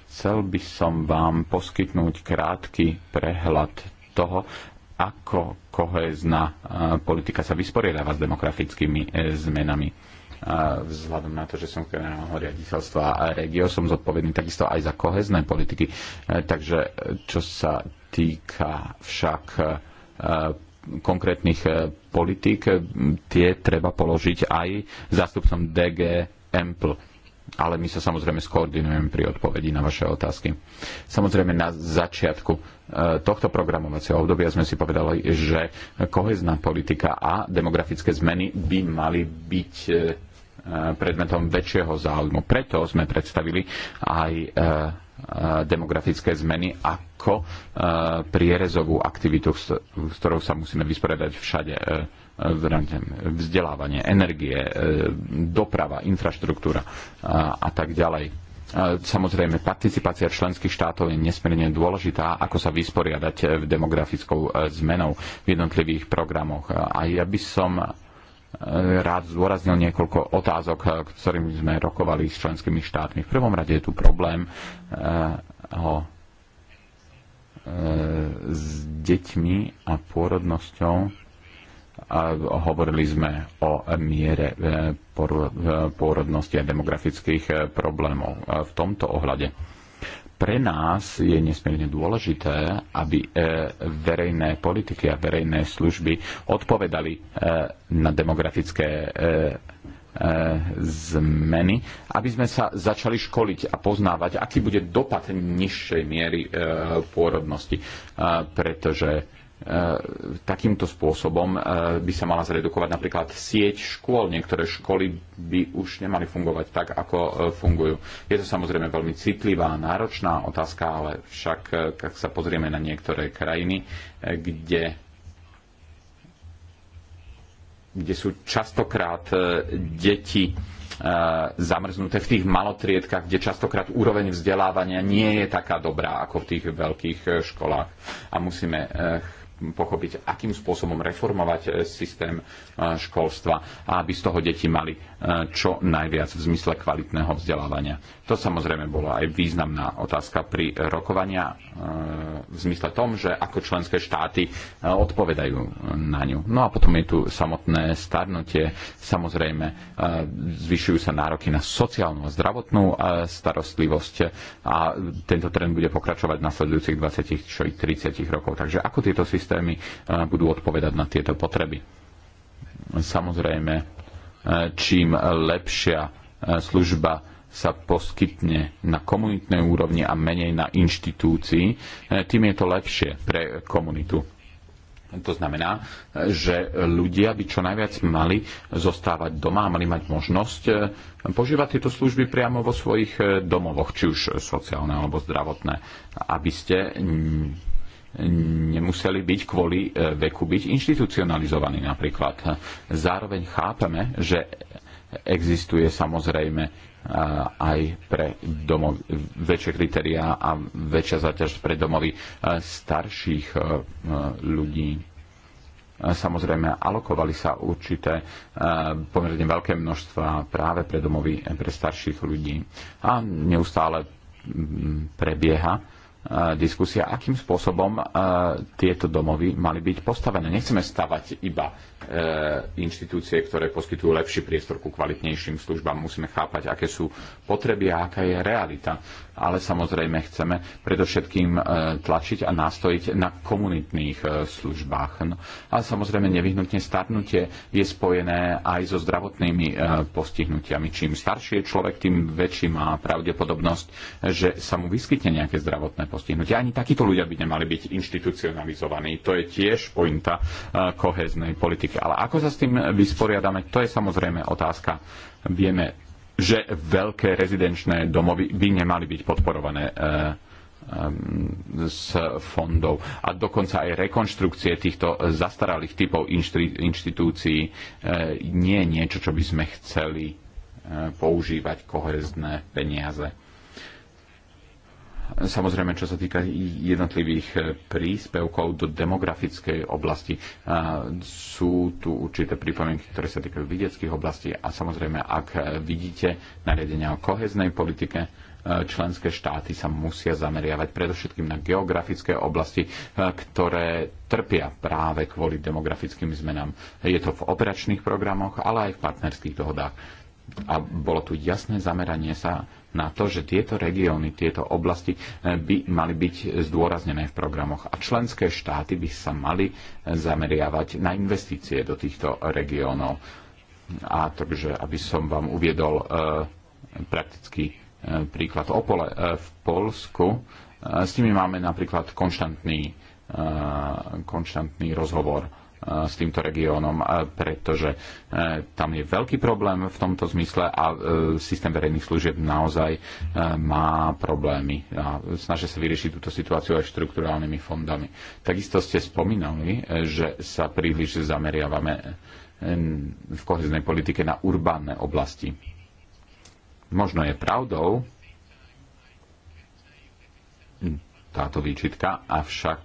Speaker 3: Chcel by som vám poskytnúť krátky prehľad toho, ako kohézna e, politika sa vysporiadáva s demografickými e, zmenami vzhľadom na to, že som generálneho riaditeľstva a regio, som zodpovedný takisto aj za kohezné politiky. Takže čo sa týka však e, konkrétnych e, politík, tie treba položiť aj zástupcom DG EMPL ale my sa samozrejme skoordinujeme pri odpovedi na vaše otázky. Samozrejme na začiatku e, tohto programovacieho obdobia sme si povedali, že kohezná politika a demografické zmeny by mali byť predmetom väčšieho záujmu. Preto sme predstavili aj demografické zmeny ako e, prierezovú aktivitu, s ktorou sa musíme vysporiadať všade e, v vzdelávanie, energie, e, doprava, infraštruktúra a tak ďalej. Samozrejme, participácia členských štátov je nesmierne dôležitá, ako sa vysporiadať demografickou zmenou v jednotlivých programoch. A ja by som E, rád zdôraznil niekoľko otázok, e, ktorými sme rokovali s členskými štátmi. V prvom rade je tu problém uh, s deťmi a pôrodnosťou. A hovorili sme o miere pôrodnosti a demografických problémov v tomto ohľade pre nás je nesmierne dôležité, aby e, verejné politiky a verejné služby odpovedali e, na demografické e, zmeny, aby sme sa začali školiť a poznávať, aký bude dopad nižšej miery pôrodnosti. Pretože E, takýmto spôsobom e, by sa mala zredukovať napríklad sieť škôl. Niektoré školy by už nemali fungovať tak, ako e, fungujú. Je to samozrejme veľmi citlivá, náročná otázka, ale však, ak sa pozrieme na niektoré krajiny, kde kde sú častokrát deti zamrznuté v tých malotriedkach, kde častokrát úroveň vzdelávania nie je taká dobrá ako v tých veľkých školách. A musíme pochopiť, akým spôsobom reformovať e, systém školstva a aby z toho deti mali e, čo najviac v zmysle kvalitného vzdelávania. To samozrejme bola aj významná otázka pri rokovania e, v zmysle tom, že ako členské štáty e, odpovedajú na ňu. No a potom je tu samotné starnutie. Samozrejme, zvyšujú sa nároky na sociálnu a zdravotnú starostlivosť a tento trend bude pokračovať v nasledujúcich 20 30 rokov. Takže ako tieto systémy budú odpovedať na tieto potreby? Samozrejme, e, čím lepšia e, služba sa poskytne na komunitnej úrovni a menej na inštitúcii, e, tým je to lepšie pre komunitu. To znamená, že ľudia by čo najviac mali zostávať doma a mali mať možnosť požívať tieto služby priamo vo svojich domovoch, či už sociálne alebo zdravotné, aby ste nemuseli byť kvôli e, veku byť inštitucionalizovaní napríklad. Zároveň chápeme, že existuje samozrejme e, aj pre domov, väčšie kritériá a väčšia zaťaž pre domovy e, starších ľudí. Samozrejme, alokovali sa určité pomerne veľké množstva práve pre domovy pre starších ľudí. A neustále prebieha diskusia, akým spôsobom tieto domovy mali byť postavené. Nechceme stavať iba e, inštitúcie, ktoré poskytujú lepší priestor ku kvalitnejším službám. Musíme chápať, aké sú potreby a aká je realita ale samozrejme chceme predovšetkým e, tlačiť a nastojiť na komunitných e, službách. No, ale samozrejme nevyhnutne starnutie je spojené aj so zdravotnými e, postihnutiami. Čím starší je človek, tým väčší má pravdepodobnosť, že sa mu vyskytne nejaké zdravotné postihnutie. Ani takíto ľudia by nemali byť inštitucionalizovaní. To je tiež pointa kohéznej politiky. Ale ako sa s tým vysporiadame, to je samozrejme otázka. Vieme že veľké rezidenčné domovy by nemali byť podporované eh, eh, z fondov a dokonca aj rekonštrukcie týchto zastaralých typov inštitúcií eh, nie je niečo, čo by sme chceli používať kohezné peniaze. Samozrejme, čo sa týka jednotlivých eh, príspevkov do demografickej oblasti, eh, sú tu určité pripomienky, ktoré sa týkajú vidieckých oblastí a samozrejme, ak eh, vidíte nariadenia o koheznej politike, členské štáty sa musia zameriavať predovšetkým na geografické oblasti, ktoré trpia práve kvôli demografickým zmenám. Je to v operačných programoch, ale aj v partnerských dohodách a bolo tu jasné zameranie sa na to, že tieto regióny, tieto oblasti eh, by mali byť zdôraznené v programoch a členské štáty by sa mali eh, zameriavať na investície do týchto regiónov. A takže, aby som vám uviedol e, praktický e, príklad Opole e, v Polsku, e, s nimi máme napríklad konštantný, e, konštantný rozhovor s týmto regiónom, pretože e, tam je veľký problém v tomto zmysle a e, systém verejných služieb naozaj e, má problémy a snažia sa vyriešiť túto situáciu aj štruktúrálnymi fondami. Takisto ste spomínali, že sa príliš zameriavame v koheznej politike na urbánne oblasti. Možno je pravdou, táto výčitka, avšak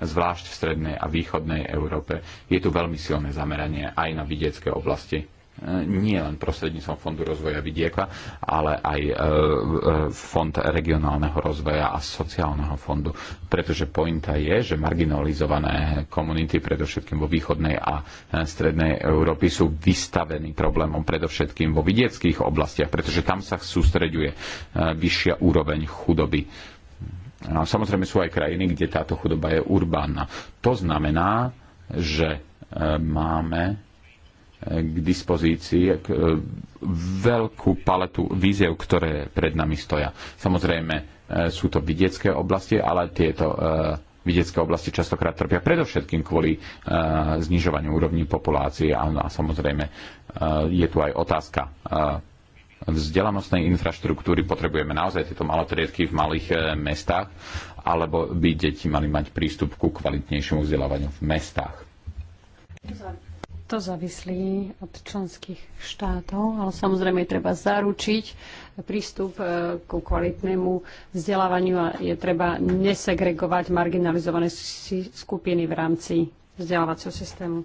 Speaker 3: zvlášť v strednej a východnej Európe je tu veľmi silné zameranie aj na vidiecké oblasti e, nie len prostredníctvom Fondu rozvoja vidieka, ale aj e, e, Fond regionálneho rozvoja a sociálneho fondu. Pretože pointa je, že marginalizované komunity, predovšetkým vo východnej a strednej Európy, sú vystavení problémom predovšetkým vo vidieckých oblastiach, pretože tam sa sústreďuje vyššia úroveň chudoby No, samozrejme sú aj krajiny, kde táto chudoba je urbánna. To znamená, že e, máme e, k dispozícii e, veľkú paletu víziev, ktoré pred nami stoja. Samozrejme sú to vidiecké oblasti, ale tieto vidiecké oblasti častokrát trpia predovšetkým kvôli znižovaniu úrovní populácie a, no a samozrejme je tu aj otázka vzdelanostnej infraštruktúry potrebujeme naozaj tieto malotriedky v malých e, mestách, alebo by deti mali mať prístup ku kvalitnejšiemu vzdelávaniu v mestách?
Speaker 2: To závislí od členských štátov, ale samozrejme treba zaručiť prístup e, ku kvalitnému vzdelávaniu a je treba nesegregovať marginalizované skupiny v rámci vzdelávacieho systému.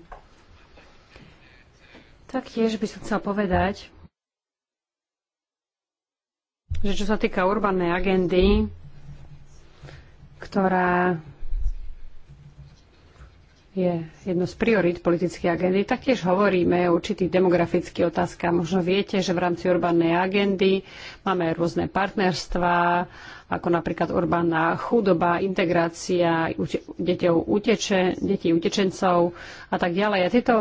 Speaker 2: Taktiež by som chcela povedať, že čo sa týka urbanej agendy, ktorá je jedno z priorit politickej agendy, taktiež hovoríme o určitých demografických otázkach. Možno viete, že v rámci urbanej agendy máme rôzne partnerstvá, ako napríklad urbaná chudoba, integrácia uteče, detí utečencov a tak ďalej. A tieto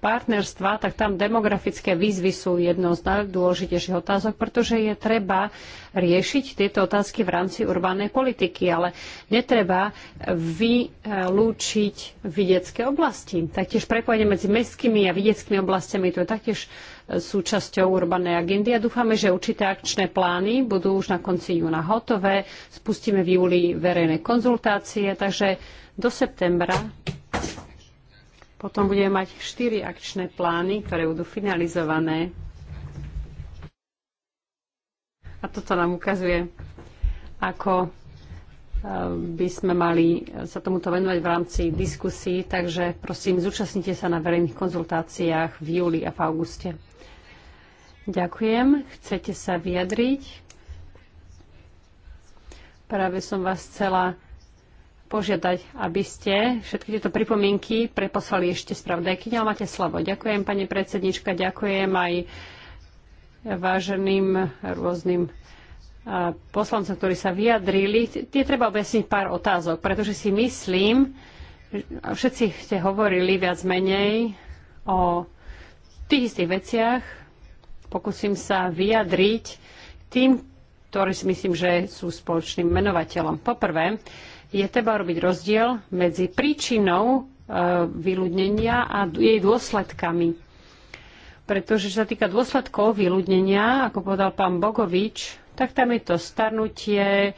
Speaker 2: partnerstva, tak tam demografické výzvy sú jednou z najdôležitejších otázok, pretože je treba riešiť tieto otázky v rámci urbanej politiky, ale netreba vylúčiť vidiecké oblasti. Taktiež prepojenie medzi mestskými a vidieckými oblastiami, to je taktiež e, súčasťou urbanej agendy a dúfame, že určité akčné plány budú už na konci júna hotové. Spustíme v júli verejné konzultácie, takže do septembra potom budeme mať štyri akčné plány, ktoré budú finalizované. A toto nám ukazuje, ako eh, by sme mali sa tomuto venovať v rámci diskusí, takže prosím, zúčastnite sa na verejných konzultáciách v júli a v auguste. Ďakujem. Chcete sa vyjadriť? Práve som vás chcela požiadať, aby ste všetky tieto pripomienky preposlali ešte spravodajky. Ale máte slovo. Ďakujem, pani predsednička, ďakujem aj váženým rôznym poslancom, ktorí sa vyjadrili. Tie treba objasniť pár otázok, pretože si myslím, všetci ste hovorili viac menej o tých istých veciach. Pokúsim sa vyjadriť tým, ktorí si myslím, že sú spoločným menovateľom. Poprvé, je treba robiť rozdiel medzi príčinou e, vyľudnenia a jej dôsledkami. Pretože čo sa týka dôsledkov vyľudnenia, ako povedal pán Bogovič, tak tam je to starnutie, e,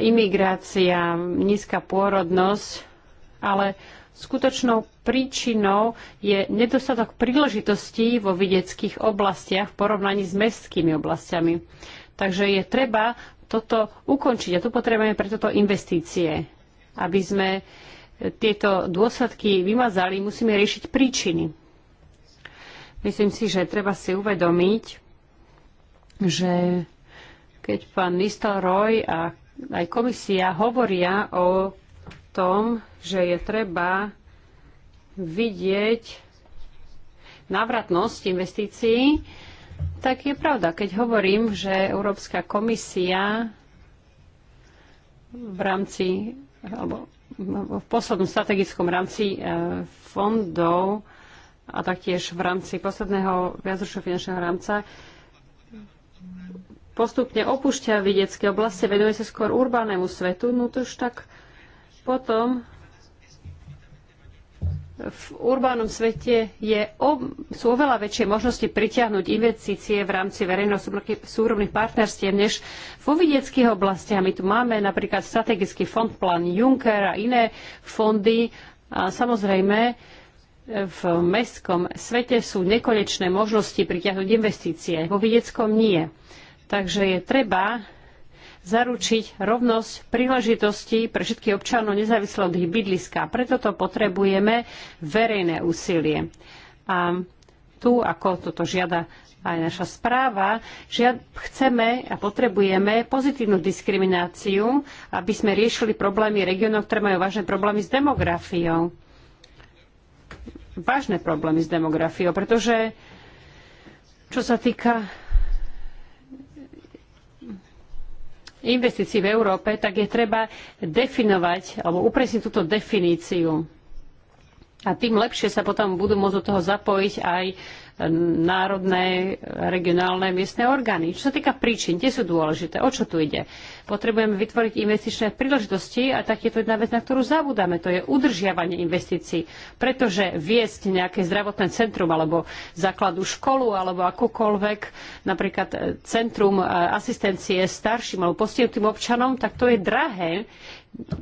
Speaker 2: imigrácia, nízka pôrodnosť, ale skutočnou príčinou je nedostatok príležitostí vo vidieckých oblastiach v porovnaní s mestskými oblastiami. Takže je treba toto ukončiť. A tu potrebujeme pre toto investície. Aby sme tieto dôsledky vymazali, musíme riešiť príčiny. Myslím si, že treba si uvedomiť, že keď pán Roy a aj komisia hovoria o tom, že je treba vidieť návratnosť investícií, tak je pravda, keď hovorím, že Európska komisia v rámci, alebo v poslednom strategickom rámci e, fondov a taktiež v rámci posledného viacročného finančného rámca postupne opúšťa vidiecké oblasti, venuje sa skôr urbánnemu svetu, no to už tak potom v urbánom svete je, sú oveľa väčšie možnosti pritiahnuť investície v rámci verejno súkromných partnerstiev než vo vidieckých oblastiach. My tu máme napríklad strategický fond plán Juncker a iné fondy a samozrejme v mestskom svete sú nekonečné možnosti pritiahnuť investície. Vo vidieckom nie. Takže je treba zaručiť rovnosť príležitostí pre všetkých občanov nezávisle od ich bydliska. Preto to potrebujeme verejné úsilie. A tu, ako toto žiada aj naša správa, že chceme a potrebujeme pozitívnu diskrimináciu, aby sme riešili problémy regionov, ktoré majú vážne problémy s demografiou. Vážne problémy s demografiou, pretože čo sa týka investícií v Európe, tak je treba definovať alebo upresniť túto definíciu. A tým lepšie sa potom budú môcť do toho zapojiť aj národné, regionálne, miestne orgány. Čo sa týka príčin, tie sú dôležité. O čo tu ide? Potrebujeme vytvoriť investičné príležitosti a tak je to jedna vec, na ktorú zabudáme. To je udržiavanie investícií. Pretože viesť nejaké zdravotné centrum alebo základnú školu alebo akúkoľvek, napríklad eh, centrum eh, asistencie starším alebo postihnutým občanom, tak to je drahé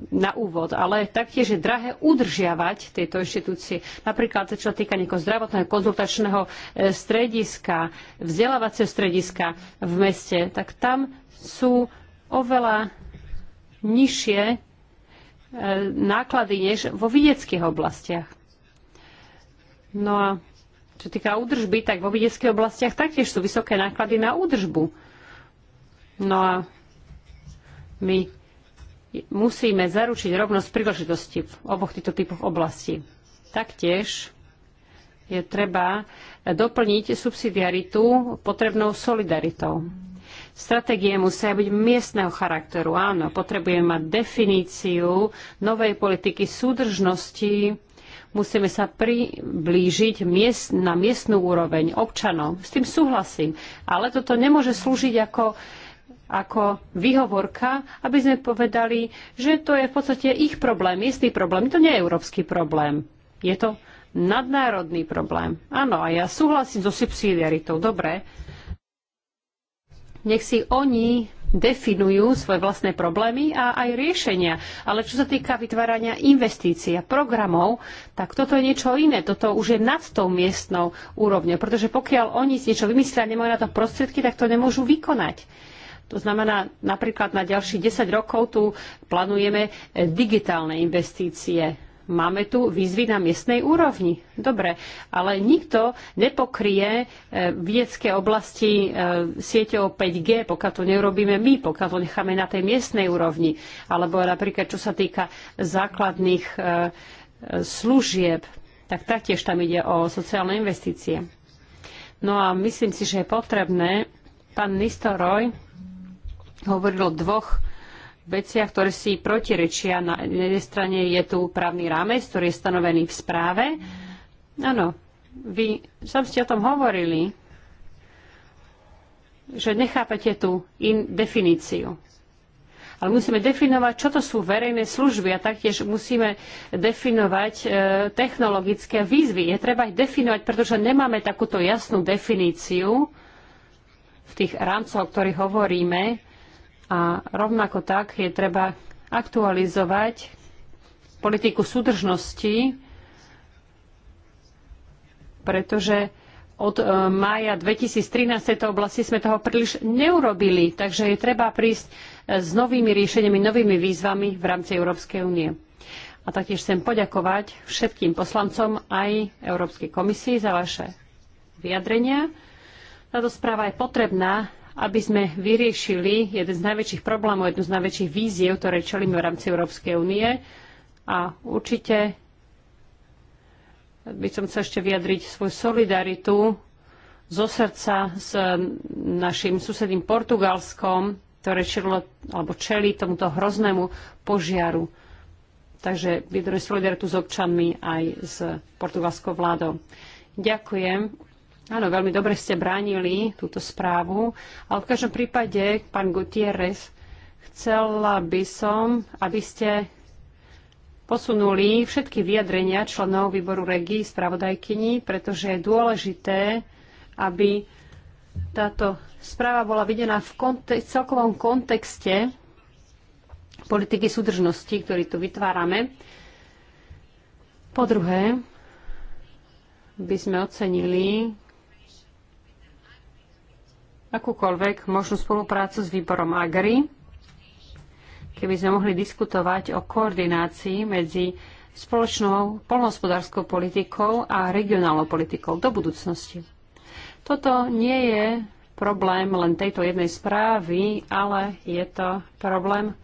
Speaker 2: na úvod, ale taktiež je drahé udržiavať tieto inštitúcie. Napríklad, čo týka nejakého zdravotného konzultačného e, strediska, vzdelávacieho strediska v meste, tak tam sú oveľa nižšie e, náklady než vo vidieckých oblastiach. No a čo týka údržby, tak vo vidieckých oblastiach taktiež sú vysoké náklady na údržbu. No a my musíme zaručiť rovnosť príležitosti v oboch týchto typoch oblastí. Taktiež je treba doplniť subsidiaritu potrebnou solidaritou. Stratégie musia byť miestneho charakteru. Áno, potrebujeme mať definíciu novej politiky súdržnosti, musíme sa priblížiť miest, na miestnú úroveň občanov. S tým súhlasím, ale toto nemôže slúžiť ako ako vyhovorka, aby sme povedali, že to je v podstate ich problém, istý problém. To nie je európsky problém. Je to nadnárodný problém. Áno, a ja súhlasím so subsidiaritou. Dobre. Nech si oni definujú svoje vlastné problémy a aj riešenia. Ale čo sa týka vytvárania investícií a programov, tak toto je niečo iné. Toto už je nad tou miestnou úrovňou. Pretože pokiaľ oni si niečo vymyslia a nemajú na to prostriedky, tak to nemôžu vykonať. To znamená, napríklad na ďalších 10 rokov tu plánujeme e, digitálne investície. Máme tu výzvy na miestnej úrovni. Dobre, ale nikto nepokrie e, vedecké oblasti e, sieťou 5G, pokiaľ to neurobíme my, pokiaľ to necháme na tej miestnej úrovni. Alebo napríklad, čo sa týka základných služieb, tak taktiež tam ide o sociálne investície. No a myslím si, že je potrebné, pán Nistoroj hovoril o dvoch veciach, ktoré si protirečia. Na jednej strane je tu právny rámec, ktorý je stanovený v správe. Áno, vy som ste o tom hovorili, že nechápete tú in definíciu ale musíme definovať, čo to sú verejné služby a taktiež musíme definovať e, technologické výzvy. Je treba ich definovať, pretože nemáme takúto jasnú definíciu v tých rámcoch, o ktorých hovoríme. A rovnako tak je treba aktualizovať politiku súdržnosti, pretože od e, mája 2013 tejto oblasti sme toho príliš neurobili, takže je treba prísť e, s novými riešeniami, novými výzvami v rámci Európskej únie. A taktiež chcem poďakovať všetkým poslancom aj Európskej komisii za vaše vyjadrenia. Táto správa je potrebná aby sme vyriešili jeden z najväčších problémov, jednu z najväčších víziev, ktoré čelíme v rámci Európskej únie. A určite by som chcel ešte vyjadriť svoju solidaritu zo srdca s našim susedným Portugalskom, ktoré čelilo, alebo čelí tomuto hroznému požiaru. Takže vyjadrujem solidaritu s občanmi aj s portugalskou vládou. Ďakujem. Áno, veľmi dobre ste bránili túto správu, ale v každom prípade, pán Gutierrez, chcela by som, aby ste posunuli všetky vyjadrenia členov výboru regí spravodajkyni, pretože je dôležité, aby táto správa bola videná v kontek- celkovom kontexte politiky súdržnosti, ktorý tu vytvárame. Po druhé, by sme ocenili, akúkoľvek možnú spoluprácu s výborom AGRI, keby sme mohli diskutovať o koordinácii medzi spoločnou polnohospodárskou politikou a regionálnou politikou do budúcnosti. Toto nie je problém len tejto jednej správy, ale je to problém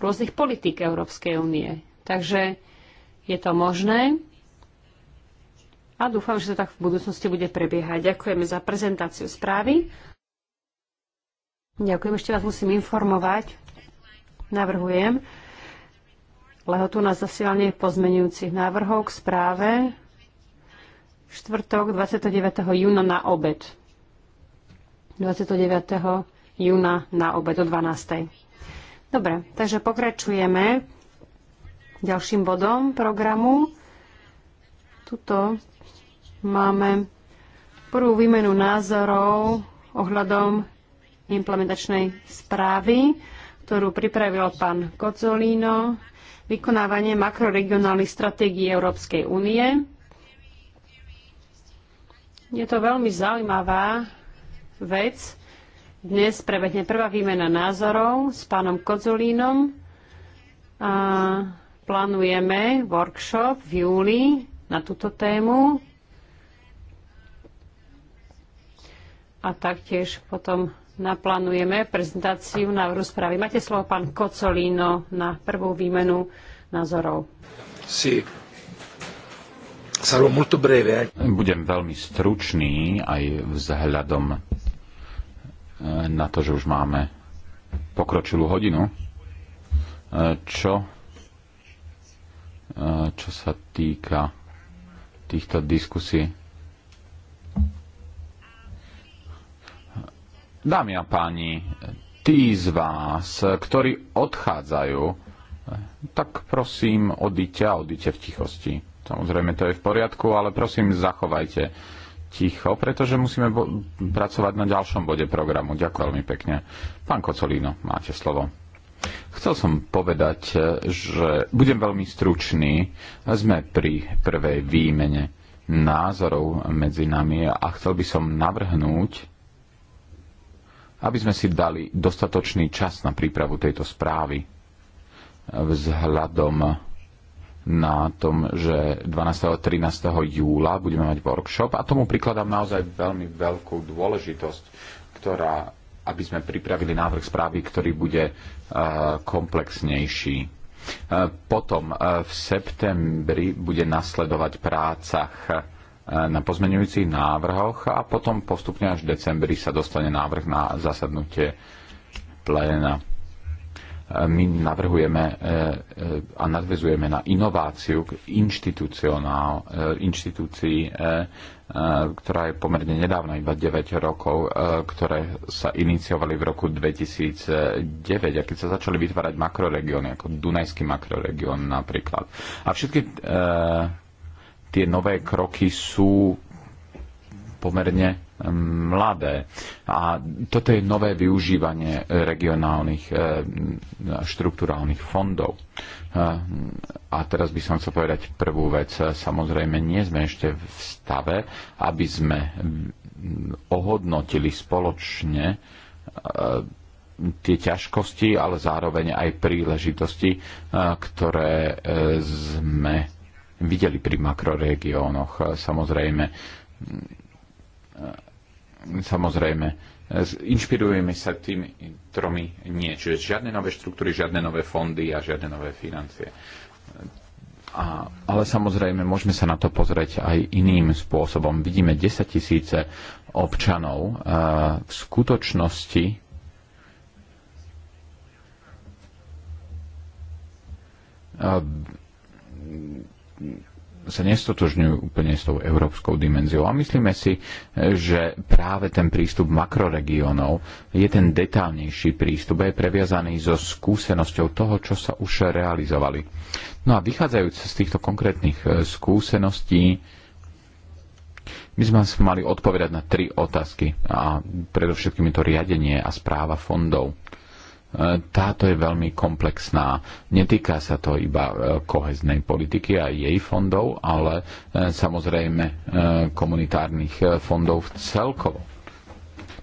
Speaker 2: rôznych politík Európskej únie. Takže je to možné a dúfam, že to tak v budúcnosti bude prebiehať. Ďakujeme za prezentáciu správy. Ďakujem, ešte vás musím informovať. Navrhujem lehotu na zasilanie pozmenujúcich návrhov k správe štvrtok 29. júna na obed. 29. júna na obed o 12. Dobre, takže pokračujeme ďalším bodom programu. Tuto máme prvú výmenu názorov ohľadom implementačnej správy, ktorú pripravil pán Kocolino, vykonávanie makroregionálnych stratégií Európskej únie. Je to veľmi zaujímavá vec. Dnes prebehne prvá výmena názorov s pánom Kozolínom a plánujeme workshop v júli na túto tému a taktiež potom naplánujeme prezentáciu návrhu správy. Máte slovo pán Kocolíno na prvú výmenu názorov.
Speaker 3: Sí. Sarò molto breve. Eh. Budem veľmi stručný aj vzhľadom eh, na to, že už máme pokročilú hodinu. Eh, čo, čo sa týka týchto diskusí, Dámy a páni, tí z vás, ktorí odchádzajú, tak prosím, odíte a odíte v tichosti. Samozrejme, to je v poriadku, ale prosím, zachovajte ticho, pretože musíme pracovať na ďalšom bode programu. Ďakujem veľmi pekne. Pán Kocolíno, máte slovo. Chcel som povedať, že budem veľmi stručný. Sme pri prvej výmene názorov medzi nami a chcel by som navrhnúť, aby sme si dali dostatočný čas na prípravu tejto správy vzhľadom na tom, že 12. a 13. júla budeme mať workshop a tomu prikladám naozaj veľmi veľkú dôležitosť, ktorá, aby sme pripravili návrh správy, ktorý bude eh, komplexnejší. Eh, potom eh, v septembri bude nasledovať práca na pozmeňujúcich návrhoch a potom postupne až v decembri sa dostane návrh na zasadnutie pléna. E, my navrhujeme e, e, a nadvezujeme na inováciu k inštitúcii, ktorá je pomerne nedávna, iba 9 rokov, ktoré sa iniciovali v roku 2009, a keď sa začali vytvárať makroregióny, ako Dunajský makroregión napríklad. A všetky tie nové kroky sú pomerne mladé. A toto je nové využívanie regionálnych štruktúrálnych fondov. A teraz by som chcel povedať prvú vec. Samozrejme, nie sme ešte v stave, aby sme ohodnotili spoločne tie ťažkosti, ale zároveň aj príležitosti, ktoré sme videli pri makroregiónoch. Samozrejme, samozrejme, inšpirujeme sa tými tromi nie. Čiže žiadne nové štruktúry, žiadne nové fondy a žiadne nové financie. A, ale samozrejme, môžeme sa na to pozrieť aj iným spôsobom. Vidíme 10 tisíce občanov a v skutočnosti a, sa nestotožňujú úplne s tou európskou dimenziou. A myslíme si, že práve ten prístup makroregiónov je ten detálnejší prístup a je previazaný so skúsenosťou toho, čo sa už realizovali. No a vychádzajúc z týchto konkrétnych e, skúseností, my sme mali odpovedať na tri otázky a predovšetkým je to riadenie a správa fondov. E, táto je veľmi komplexná. Netýka sa to iba e, koheznej politiky a jej fondov, ale e, samozrejme komunitárnych fondov celkovo.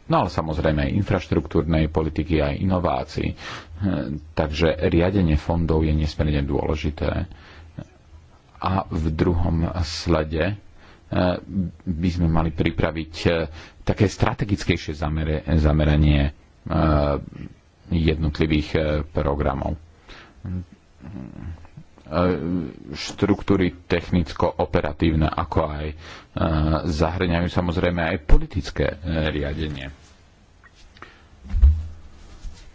Speaker 3: No ale samozrejme aj infraštruktúrnej politiky a inovácií. Takže riadenie fondov je nesmierne dôležité. A v druhom slede by sme mali pripraviť také strategickejšie zameranie jednotlivých e, programov. E, štruktúry technicko-operatívne, ako aj e, zahrňajú samozrejme aj politické riadenie.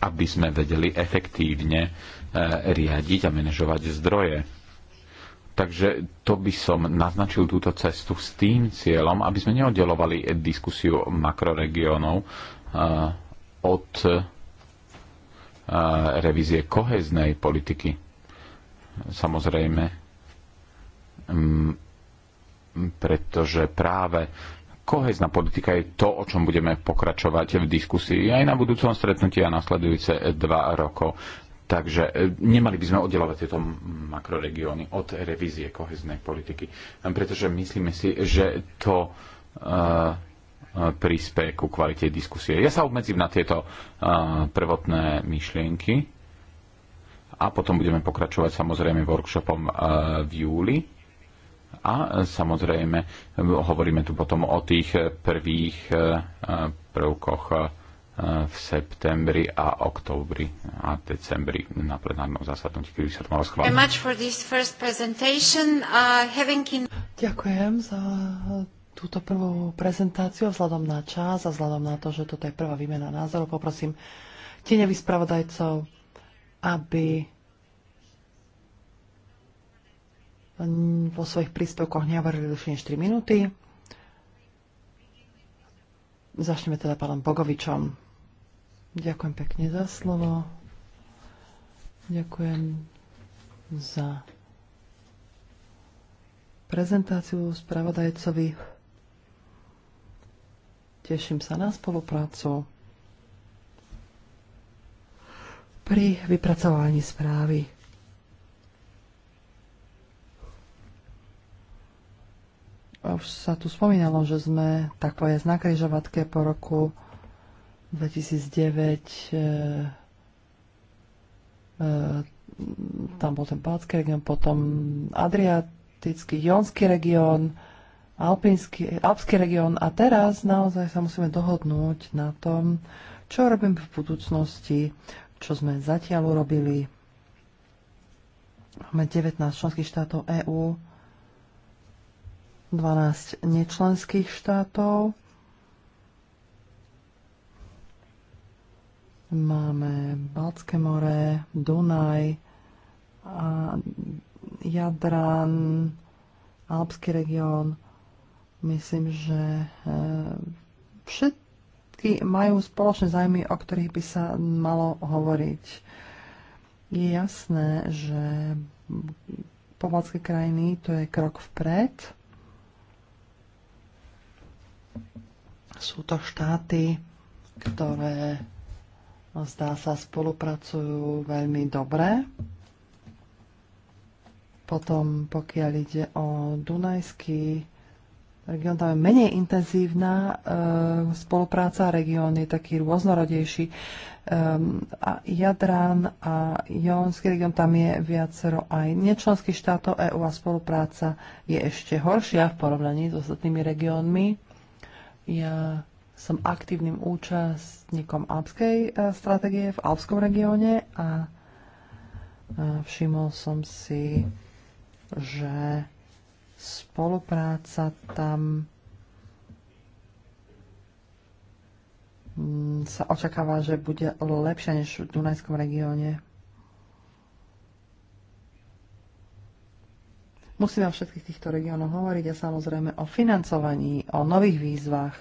Speaker 3: Aby sme vedeli efektívne riadiť a manažovať zdroje. Takže to by som naznačil túto cestu s tým cieľom, aby sme neoddelovali diskusiu makroregiónov od revízie koheznej politiky. Samozrejme, mm, pretože práve kohezná politika je to, o čom budeme pokračovať v diskusii aj na budúcom stretnutí a nasledujúce dva roko. Takže e, nemali by sme oddelovať tieto makroregióny od revízie koheznej politiky, pretože myslíme si, že to uh, prispieje ku kvalite diskusie. Ja sa obmedzím na tieto prvotné myšlienky a potom budeme pokračovať samozrejme workshopom v júli. A samozrejme hovoríme tu potom o tých prvých prvkoch v septembri a októbri a decembri na plenárnom zasadnutí, kedy sa to malo schváliť. Uh,
Speaker 4: Ďakujem za túto prvú prezentáciu. Vzhľadom na čas a vzhľadom na to, že toto je prvá výmena názorov, poprosím tieňových spravodajcov, aby vo svojich príspevkoch nehovorili dlhšie než 3 minúty. Začneme teda pánom Bogovičom. Ďakujem pekne za slovo. Ďakujem za prezentáciu spravodajcovi Teším sa na spoluprácu pri vypracovaní správy. Už sa tu spomínalo, že sme tak povedať na križovatke po roku 2009 e, e, tam bol ten Pátsky región, potom Adriatický, Jonský región, alpínsky, alpský región. A teraz naozaj sa musíme dohodnúť na tom, čo robím v budúcnosti, čo sme zatiaľ urobili. Máme 19 členských štátov EÚ, 12 nečlenských štátov. Máme Balcké more, Dunaj, a Jadran, Alpský región Myslím, že e, všetky majú spoločné zájmy, o ktorých by sa malo hovoriť. Je jasné, že pobalské krajiny to je krok vpred. Sú to štáty, ktoré zdá sa spolupracujú veľmi dobre. Potom, pokiaľ ide o Dunajský región tam je menej intenzívna, e, spolupráca región je taký rôznorodejší. E, a Jadran a Jonský región tam je viacero aj nečlenských štátov EÚ a spolupráca je ešte horšia v porovnaní s ostatnými regiónmi. Ja som aktívnym účastníkom alpskej eh, stratégie v alpskom regióne a eh, všimol som si, že Spolupráca tam mm, sa očakáva, že bude lepšia než v Dunajskom regióne. Musíme o všetkých týchto regiónoch hovoriť a samozrejme o financovaní, o nových výzvach.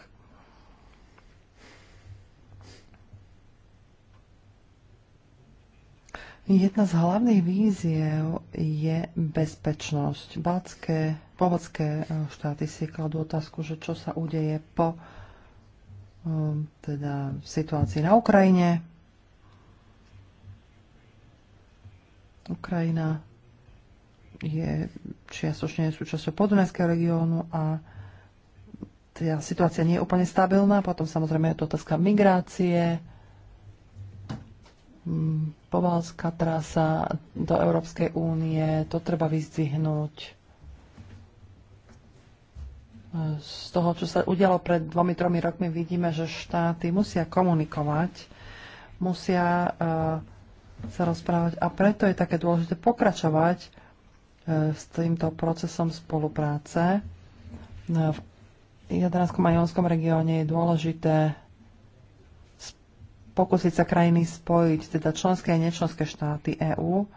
Speaker 4: Jedna z hlavných víziev je bezpečnosť. Balcké povodské e, štáty si kladú otázku, že čo sa udeje po e, teda situácii na Ukrajine. Ukrajina je čiastočne súčasťou podunajského regiónu a tá teda situácia nie je úplne stabilná. Potom samozrejme je to otázka migrácie, mm, povalská trasa do Európskej únie, to treba vyzdvihnúť z toho, čo sa udialo pred dvomi, tromi rokmi, vidíme, že štáty musia komunikovať, musia eh, sa rozprávať a preto je také dôležité pokračovať eh, s týmto procesom spolupráce. Eh, v jadranskom Jonskom regióne je dôležité pokúsiť sa krajiny spojiť, teda členské a nečlenské štáty EÚ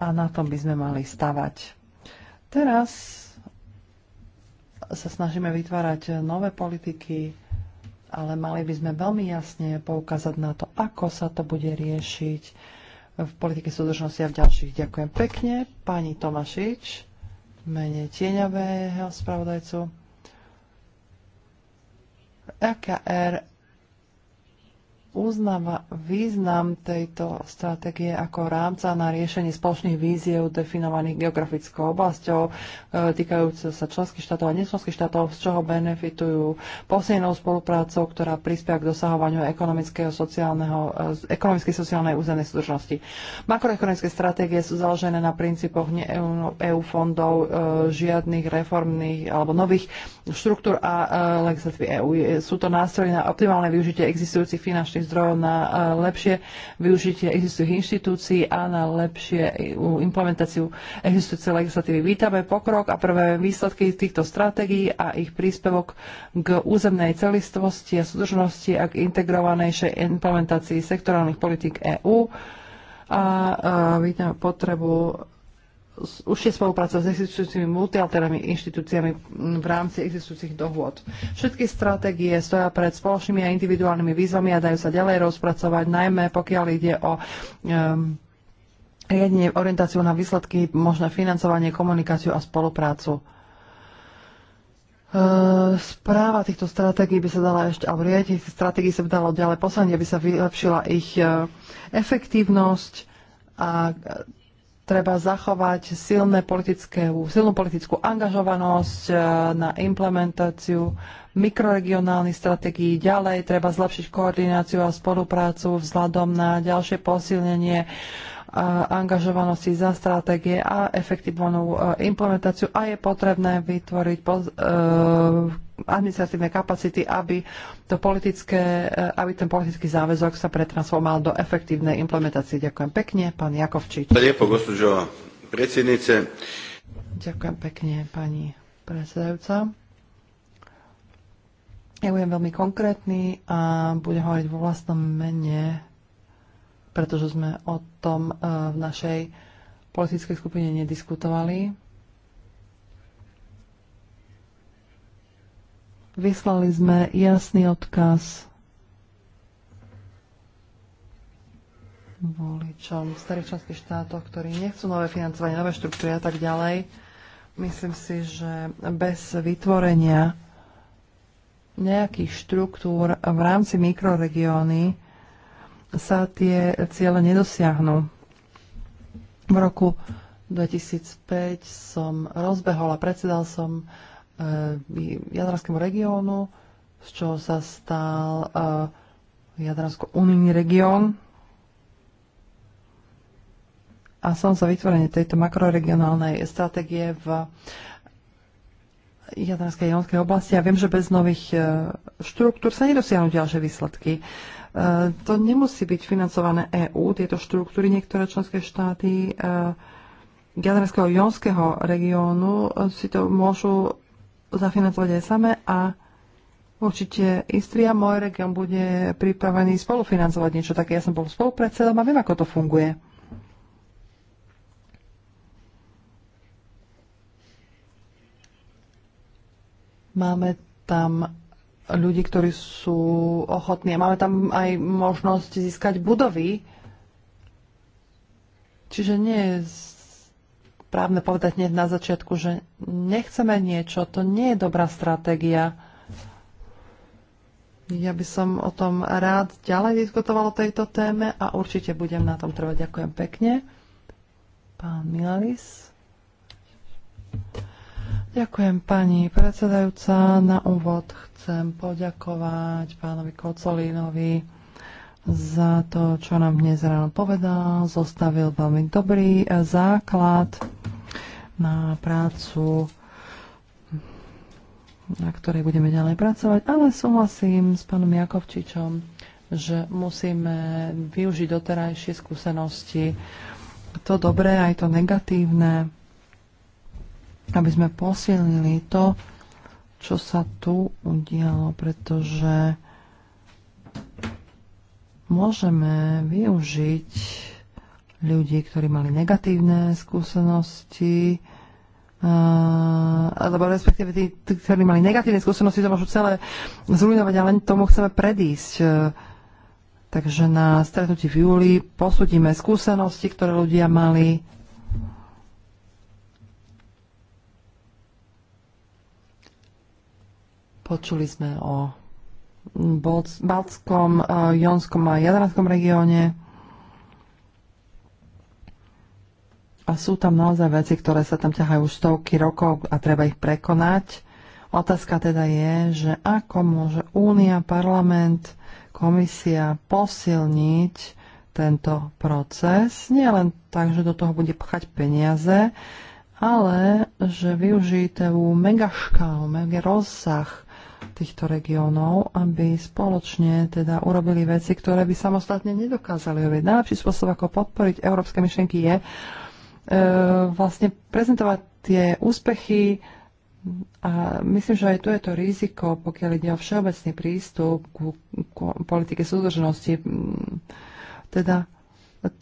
Speaker 4: a na tom by sme mali stavať. Teraz sa snažíme vytvárať nové politiky, ale mali by sme veľmi jasne poukázať na to, ako sa to bude riešiť v politike súdržnosti a v ďalších. Ďakujem pekne. Pani Tomašič, mene tieňového spravodajcu. EKR uznáva význam tejto stratégie ako rámca na riešenie spoločných víziev definovaných geografickou oblasťou, e, týkajúce sa členských štátov a nečlenských štátov, z čoho benefitujú posilnou spoluprácou, ktorá prispia k dosahovaniu ekonomickej, sociálneho, e, ekonomickej sociálnej územnej súdržnosti. Makroekonomické stratégie sú založené na princípoch EU, e EU fondov, žiadnych reformných alebo nových štruktúr a legislatívy EU. Sú to nástroje na optimálne využitie existujúcich finančných našich zdrojov na lepšie využitie existujúcich inštitúcií a na lepšie implementáciu existujúcej legislatívy. Vítame pokrok a prvé výsledky týchto stratégií a ich príspevok k územnej celistvosti a súdržnosti a k integrovanejšej implementácii sektorálnych politík EÚ a, a vítame potrebu je spolupráca s existujúcimi multilaterálnymi inštitúciami v rámci existujúcich dohôd. Všetky stratégie stoja pred spoločnými a individuálnymi výzvami a dajú sa ďalej rozpracovať, najmä pokiaľ ide o um, riadenie orientáciu na výsledky, možné financovanie, komunikáciu a spoluprácu. Uh, správa týchto stratégií by sa dala ešte, alebo riadenie tých stratégií sa by dalo ďalej posadniť, aby sa vylepšila ich uh, efektívnosť a treba zachovať silné politické, silnú politickú angažovanosť e, na implementáciu mikroregionálnych stratégií. Ďalej treba zlepšiť koordináciu a spoluprácu vzhľadom na ďalšie posilnenie uh, angažovanosti za stratégie a efektívnu e, implementáciu a je potrebné vytvoriť e, administratívne kapacity, aby, to politické, e, aby ten politický záväzok sa pretransformoval do efektívnej implementácie. Ďakujem pekne, pán Jakovčič. Lepo, Ďakujem pekne, pani predsedajúca. Ja budem veľmi konkrétny a budem hovoriť vo vlastnom mene pretože sme o tom e, v našej politickej skupine nediskutovali. Vyslali sme jasný odkaz voličom v starých členských štátoch, ktorí nechcú nové financovanie, nové štruktúry a tak ďalej. Myslím si, že bez vytvorenia nejakých štruktúr v rámci mikroregióny sa tie ciele nedosiahnu. V roku 2005 som rozbehol a predsedal som eh, Jadranskému regiónu, z čoho sa stal eh, Jadransko-unijný región. A som za vytvorenie tejto makroregionálnej stratégie v Jadranskej jonskej oblasti a viem, že bez nových eh, štruktúr sa nedosiahnu ďalšie výsledky. E, to nemusí byť financované EÚ, tieto štruktúry. Niektoré členské štáty Galerského e, jonského regiónu e, si to môžu zafinancovať aj same a určite Istria, môj región, bude pripravený spolufinancovať niečo také. Ja som bol spolupredsedom a viem, ako to funguje. Máme tam ľudí, ktorí sú ochotní. A máme tam aj možnosť získať budovy. Čiže nie je právne povedať hneď na začiatku, že nechceme niečo, to nie je dobrá stratégia. Ja by som o tom rád ďalej diskutoval o tejto téme a určite budem na tom trvať. Ďakujem pekne. Pán Milalis. Ďakujem pani predsedajúca. Na úvod chcem poďakovať pánovi Kocolínovi za to, čo nám dnes ráno povedal. Zostavil veľmi dobrý e, základ na prácu, na ktorej budeme ďalej pracovať. Ale súhlasím s pánom Jakovčičom, že musíme využiť doterajšie skúsenosti, to dobré aj to negatívne aby sme posilnili to, čo sa tu udialo, pretože môžeme využiť ľudí, ktorí mali negatívne skúsenosti, alebo respektíve tí, ktorí mali negatívne skúsenosti, to môžu celé zrujnovať a len tomu chceme predísť. Takže na stretnutí v júli posúdime skúsenosti, ktoré ľudia mali Počuli sme o Balckom, e, Jonskom a Jadranskom regióne. A sú tam naozaj veci, ktoré sa tam ťahajú stovky rokov a treba ich prekonať. Otázka teda je, že ako môže Únia, parlament, komisia posilniť tento proces, nie len tak, že do toho bude pchať peniaze, ale že mega škálu, mega rozsah týchto regiónov, aby spoločne teda urobili veci, ktoré by samostatne nedokázali robiť. Najlepší spôsob, ako podporiť európske myšlenky, je e, vlastne prezentovať tie úspechy a myslím, že aj tu je to riziko, pokiaľ ide o všeobecný prístup ku, ku politike súdržnosti. Teda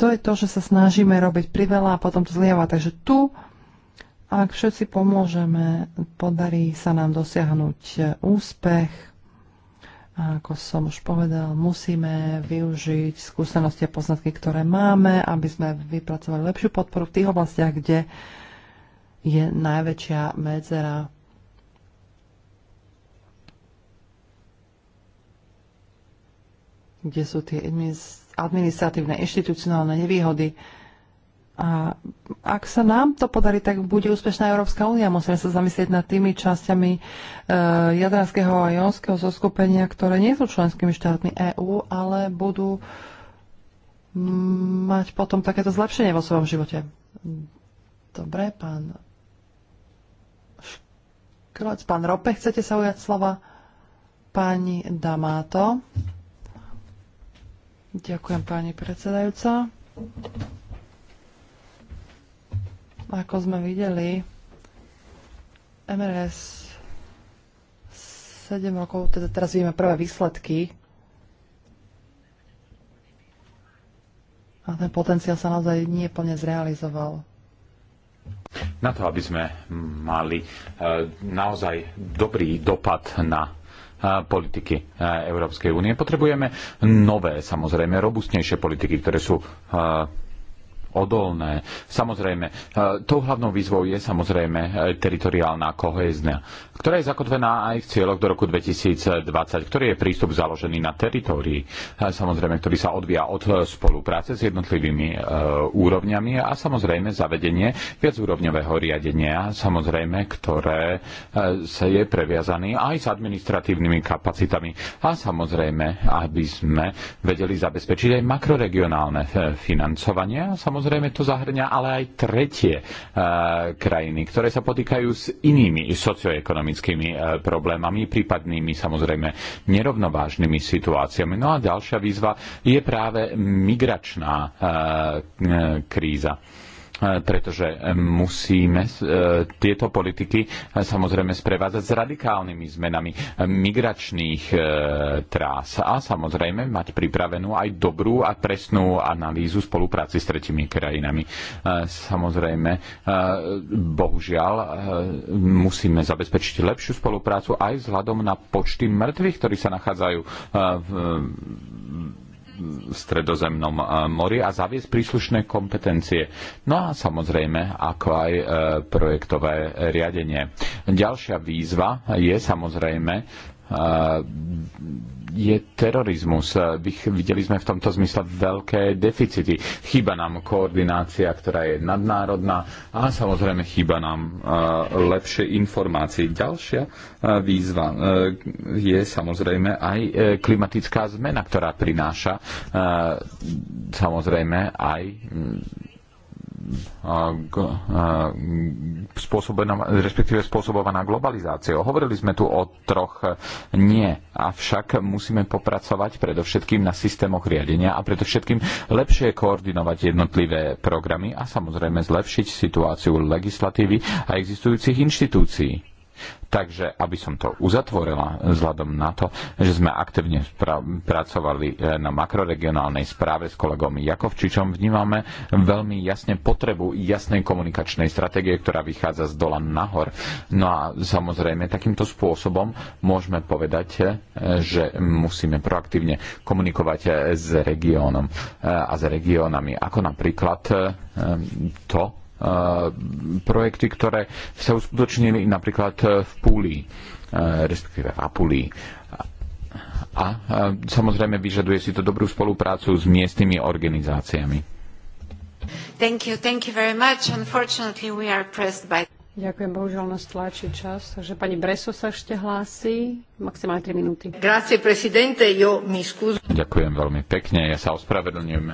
Speaker 4: to je to, že sa snažíme robiť priveľa a potom to zlieva. Takže tu ak všetci pomôžeme, podarí sa nám dosiahnuť úspech. A ako som už povedal, musíme využiť skúsenosti a poznatky, ktoré máme, aby sme vypracovali lepšiu podporu v tých oblastiach, kde je najväčšia medzera kde sú tie administratívne, inštitucionálne nevýhody, a ak sa nám to podarí, tak bude úspešná Európska únia. Musíme sa zamyslieť nad tými časťami uh, Jadranského a Jonského zoskupenia, ktoré nie sú členskými štátmi EÚ, ale budú mm, mať potom takéto zlepšenie vo svojom živote. Dobre, pán Škrolec, pán Rope, chcete sa ujať slova? Pani Damáto. Ďakujem, pani predsedajúca. Ako sme videli, MRS 7 rokov, teda teraz vidíme prvé výsledky a ten potenciál sa naozaj nie plne zrealizoval.
Speaker 3: Na to, aby sme mali e, naozaj dobrý dopad na e, politiky e, Európskej únie, potrebujeme nové, samozrejme, robustnejšie politiky, ktoré sú odolné. Samozrejme, e, tou hlavnou výzvou je samozrejme e, teritoriálna kohézna, ktorá je zakotvená aj v cieľoch do roku 2020, ktorý je prístup založený na teritórii, e, samozrejme, ktorý sa odvíja od spolupráce s jednotlivými úrovňami a samozrejme zavedenie viacúrovňového riadenia, samozrejme, ktoré sa je previazaný aj s administratívnymi kapacitami a samozrejme, aby sme vedeli zabezpečiť aj makroregionálne financovanie a samozrejme samozrejme to zahrňa ale aj tretie e, krajiny, ktoré sa potýkajú s inými socioekonomickými e, problémami, prípadnými samozrejme nerovnovážnymi situáciami. No a ďalšia výzva je práve migračná e, kríza. Eh, pretože eh, musíme eh, tieto politiky samozrejme sprevádzať s radikálnymi zmenami migračných trás a samozrejme mať pripravenú aj dobrú a presnú analýzu spolupráci s tretimi krajinami. Samozrejme, bohužiaľ, musíme zabezpečiť lepšiu spoluprácu aj vzhľadom na počty mŕtvych, ktorí sa nachádzajú v stredozemnom e, mori a zaviesť príslušné kompetencie. No a samozrejme, ako aj e, projektové riadenie. Ďalšia výzva je samozrejme je terorizmus. Videli sme v tomto zmysle veľké deficity. Chýba nám koordinácia, ktorá je nadnárodná a samozrejme chýba nám lepšie informácie. Ďalšia výzva je samozrejme aj e, klimatická zmena, ktorá prináša samozrejme aj spôsobená, respektíve spôsobovaná globalizáciou. Hovorili sme tu o troch nie, avšak musíme popracovať predovšetkým na systémoch riadenia a predovšetkým lepšie koordinovať jednotlivé programy a samozrejme zlepšiť situáciu legislatívy a existujúcich inštitúcií. Takže, aby som to uzatvorila, vzhľadom na to, že sme aktívne pracovali e, na makroregionálnej správe s kolegom Jakovčičom, vnímame veľmi jasne potrebu jasnej komunikačnej stratégie, ktorá vychádza z dola nahor. No a samozrejme, takýmto spôsobom môžeme povedať, e, že musíme proaktívne komunikovať e, s regiónom a s regiónami, ako napríklad to, Eh, projekty, ktoré sa uskutočnili napríklad eh, v Púli, eh, respektíve v Apulí. A samozrejme vyžaduje si to dobrú spoluprácu s miestnymi organizáciami.
Speaker 1: Thank you, thank you very much. Unfortunately, we are pressed by... Ďakujem, bohužiaľ
Speaker 2: nás tlačí čas. Takže pani Breso sa ešte hlási. Maximálne 3 minúty. Grazie,
Speaker 4: presidente, jo mi skúz...
Speaker 3: Ďakujem veľmi pekne. Ja sa ospravedlňujem.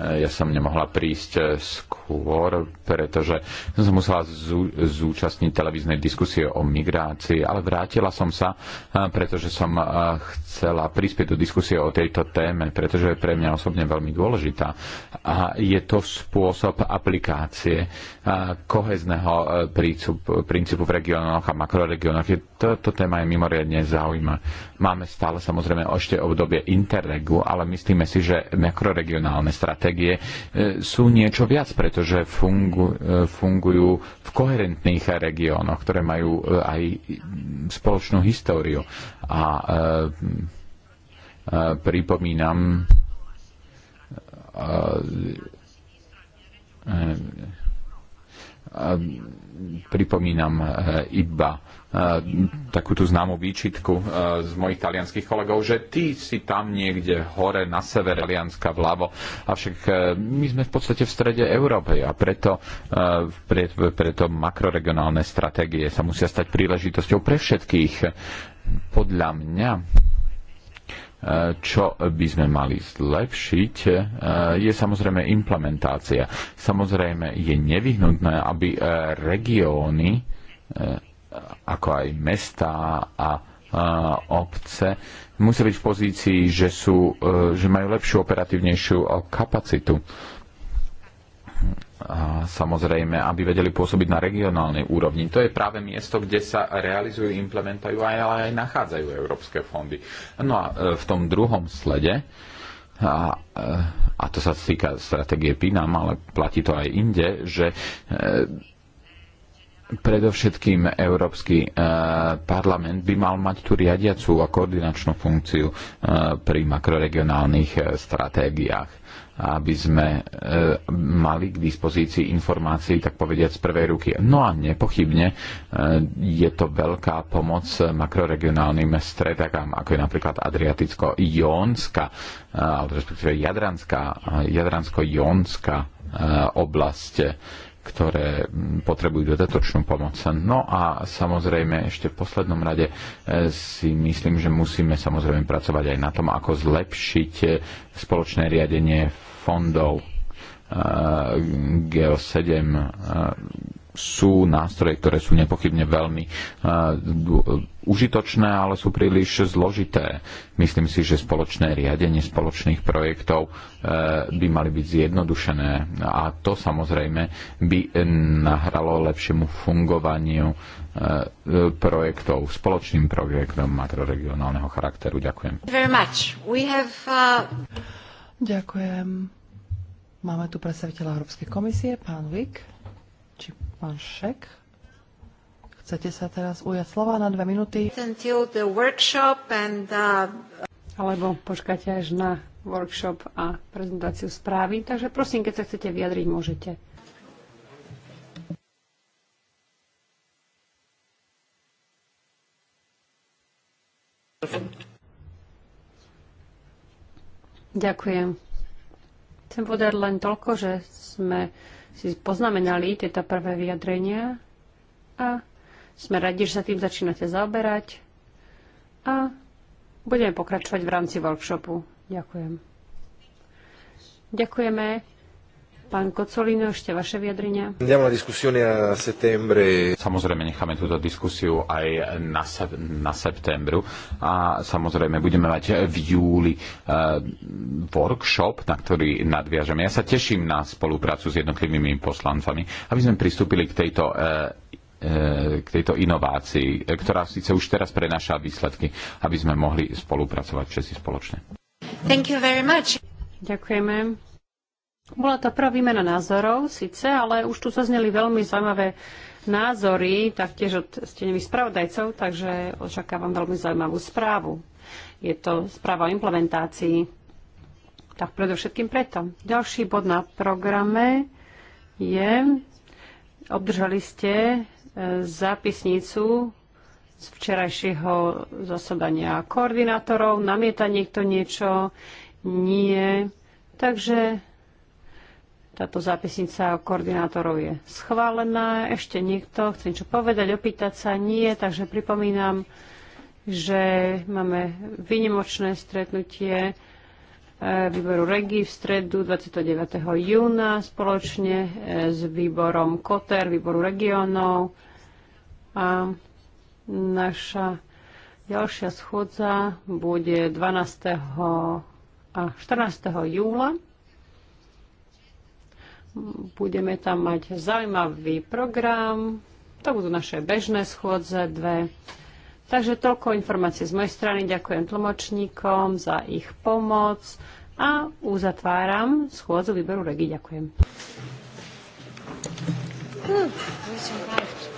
Speaker 3: Ja som nemohla prísť skôr skôr, pretože som sa musela zú, zúčastniť televíznej diskusie o migrácii, ale vrátila som sa, pretože som chcela prispieť do diskusie o tejto téme, pretože je pre mňa osobne veľmi dôležitá. A je to spôsob aplikácie kohezného princípu v regiónoch a makroregiónoch. Toto téma je mimoriadne zaujímavé. Máme stále samozrejme ešte obdobie interregu, ale myslíme si, že makroregionálne stratégie e, sú niečo viac, pretože pretože fungu, e, fungujú v koherentných regiónoch, ktoré majú e, aj spoločnú históriu. A e, pripomínam pripomínam iba Eh, takúto známu výčitku eh, z mojich talianských kolegov, že ty si tam niekde hore na sever Talianska vľavo, avšak eh, my sme v podstate v strede Európy a preto, preto makroregionálne stratégie sa musia stať príležitosťou pre všetkých. Podľa mňa čo by sme mali zlepšiť, je samozrejme implementácia. Samozrejme je nevyhnutné, aby regióny ako aj mestá a obce musia byť v pozícii, že, sú, e, že majú lepšiu operatívnejšiu e, kapacitu. A samozrejme, aby vedeli pôsobiť na regionálnej úrovni. To je práve miesto, kde sa realizujú, implementujú a aj nachádzajú európske fondy. No a e, v tom druhom slede, a, a to sa týka stratégie PINAM, ale platí to aj inde, že Predovšetkým Európsky eh, parlament by mal mať tú riadiacu a koordinačnú funkciu eh, pri makroregionálnych eh, stratégiách, aby sme mali k dispozícii informácií, tak povediať, z prvej ruky. No a nepochybne je to veľká pomoc makroregionálnym stredakám, ako je napríklad Adriaticko-Jónska, alebo respektíve Jadranská, Jadransko-Jónska oblasť ktoré potrebujú dodatočnú pomoc. No a samozrejme ešte v poslednom rade e, si myslím, že musíme samozrejme pracovať aj na tom, ako zlepšiť e, spoločné riadenie fondov e, g 7 sú nástroje, ktoré sú nepochybne veľmi eh, užitočné, ale sú príliš zložité. Myslím si, že spoločné riadenie spoločných projektov eh, by mali byť zjednodušené a to samozrejme by nahralo lepšiemu fungovaniu eh, projektov, spoločným projektom makroregionálneho charakteru. Ďakujem.
Speaker 1: Have, uh...
Speaker 4: Ďakujem. Máme tu predstaviteľa Európskej komisie, pán Vik. Pán Šek, chcete sa teraz ujať slova na dve minúty?
Speaker 2: Alebo počkáte až na workshop a prezentáciu správy. Takže prosím, keď sa chcete vyjadriť, môžete. Ďakujem. Chcem povedať len toľko, že sme si poznamenali tieto prvé vyjadrenia a sme radi, že sa tým začínate zaoberať a budeme pokračovať v rámci workshopu. Ďakujem. Ďakujeme. Pán Kocolino, ešte vaše vyjadrenia.
Speaker 3: Samozrejme, necháme túto diskusiu aj na, se- na septembru a samozrejme budeme mať v júli uh, workshop, na ktorý nadviažeme. Ja sa teším na spoluprácu s jednotlivými poslancami, aby sme pristúpili k tejto uh, k tejto inovácii, ktorá síce už teraz prenáša výsledky, aby sme mohli spolupracovať všetci spoločne.
Speaker 2: Thank you very much. Ďakujeme. Bola to prvá výmena názorov, síce, ale už tu zazneli veľmi zaujímavé názory, taktiež od stenových spravodajcov, takže očakávam veľmi zaujímavú správu. Je to správa o implementácii, tak predovšetkým preto. Ďalší bod na programe je, obdržali ste e, zápisnicu z včerajšieho zasadania koordinátorov, namieta niekto niečo, nie. Takže táto zápisnica koordinátorov je schválená. Ešte niekto chce niečo povedať, opýtať sa? Nie, takže pripomínam, že máme vynimočné stretnutie eh, výboru REGI v stredu 29. júna spoločne eh, s výborom KOTER, výboru regionov. A naša ďalšia schôdza bude 12. a 14. júla Budeme tam mať zaujímavý program. To budú naše bežné schôdze dve. Takže toľko informácie z mojej strany. Ďakujem tlmočníkom za ich pomoc a uzatváram schôdzu výberu regi. Ďakujem.
Speaker 1: Good.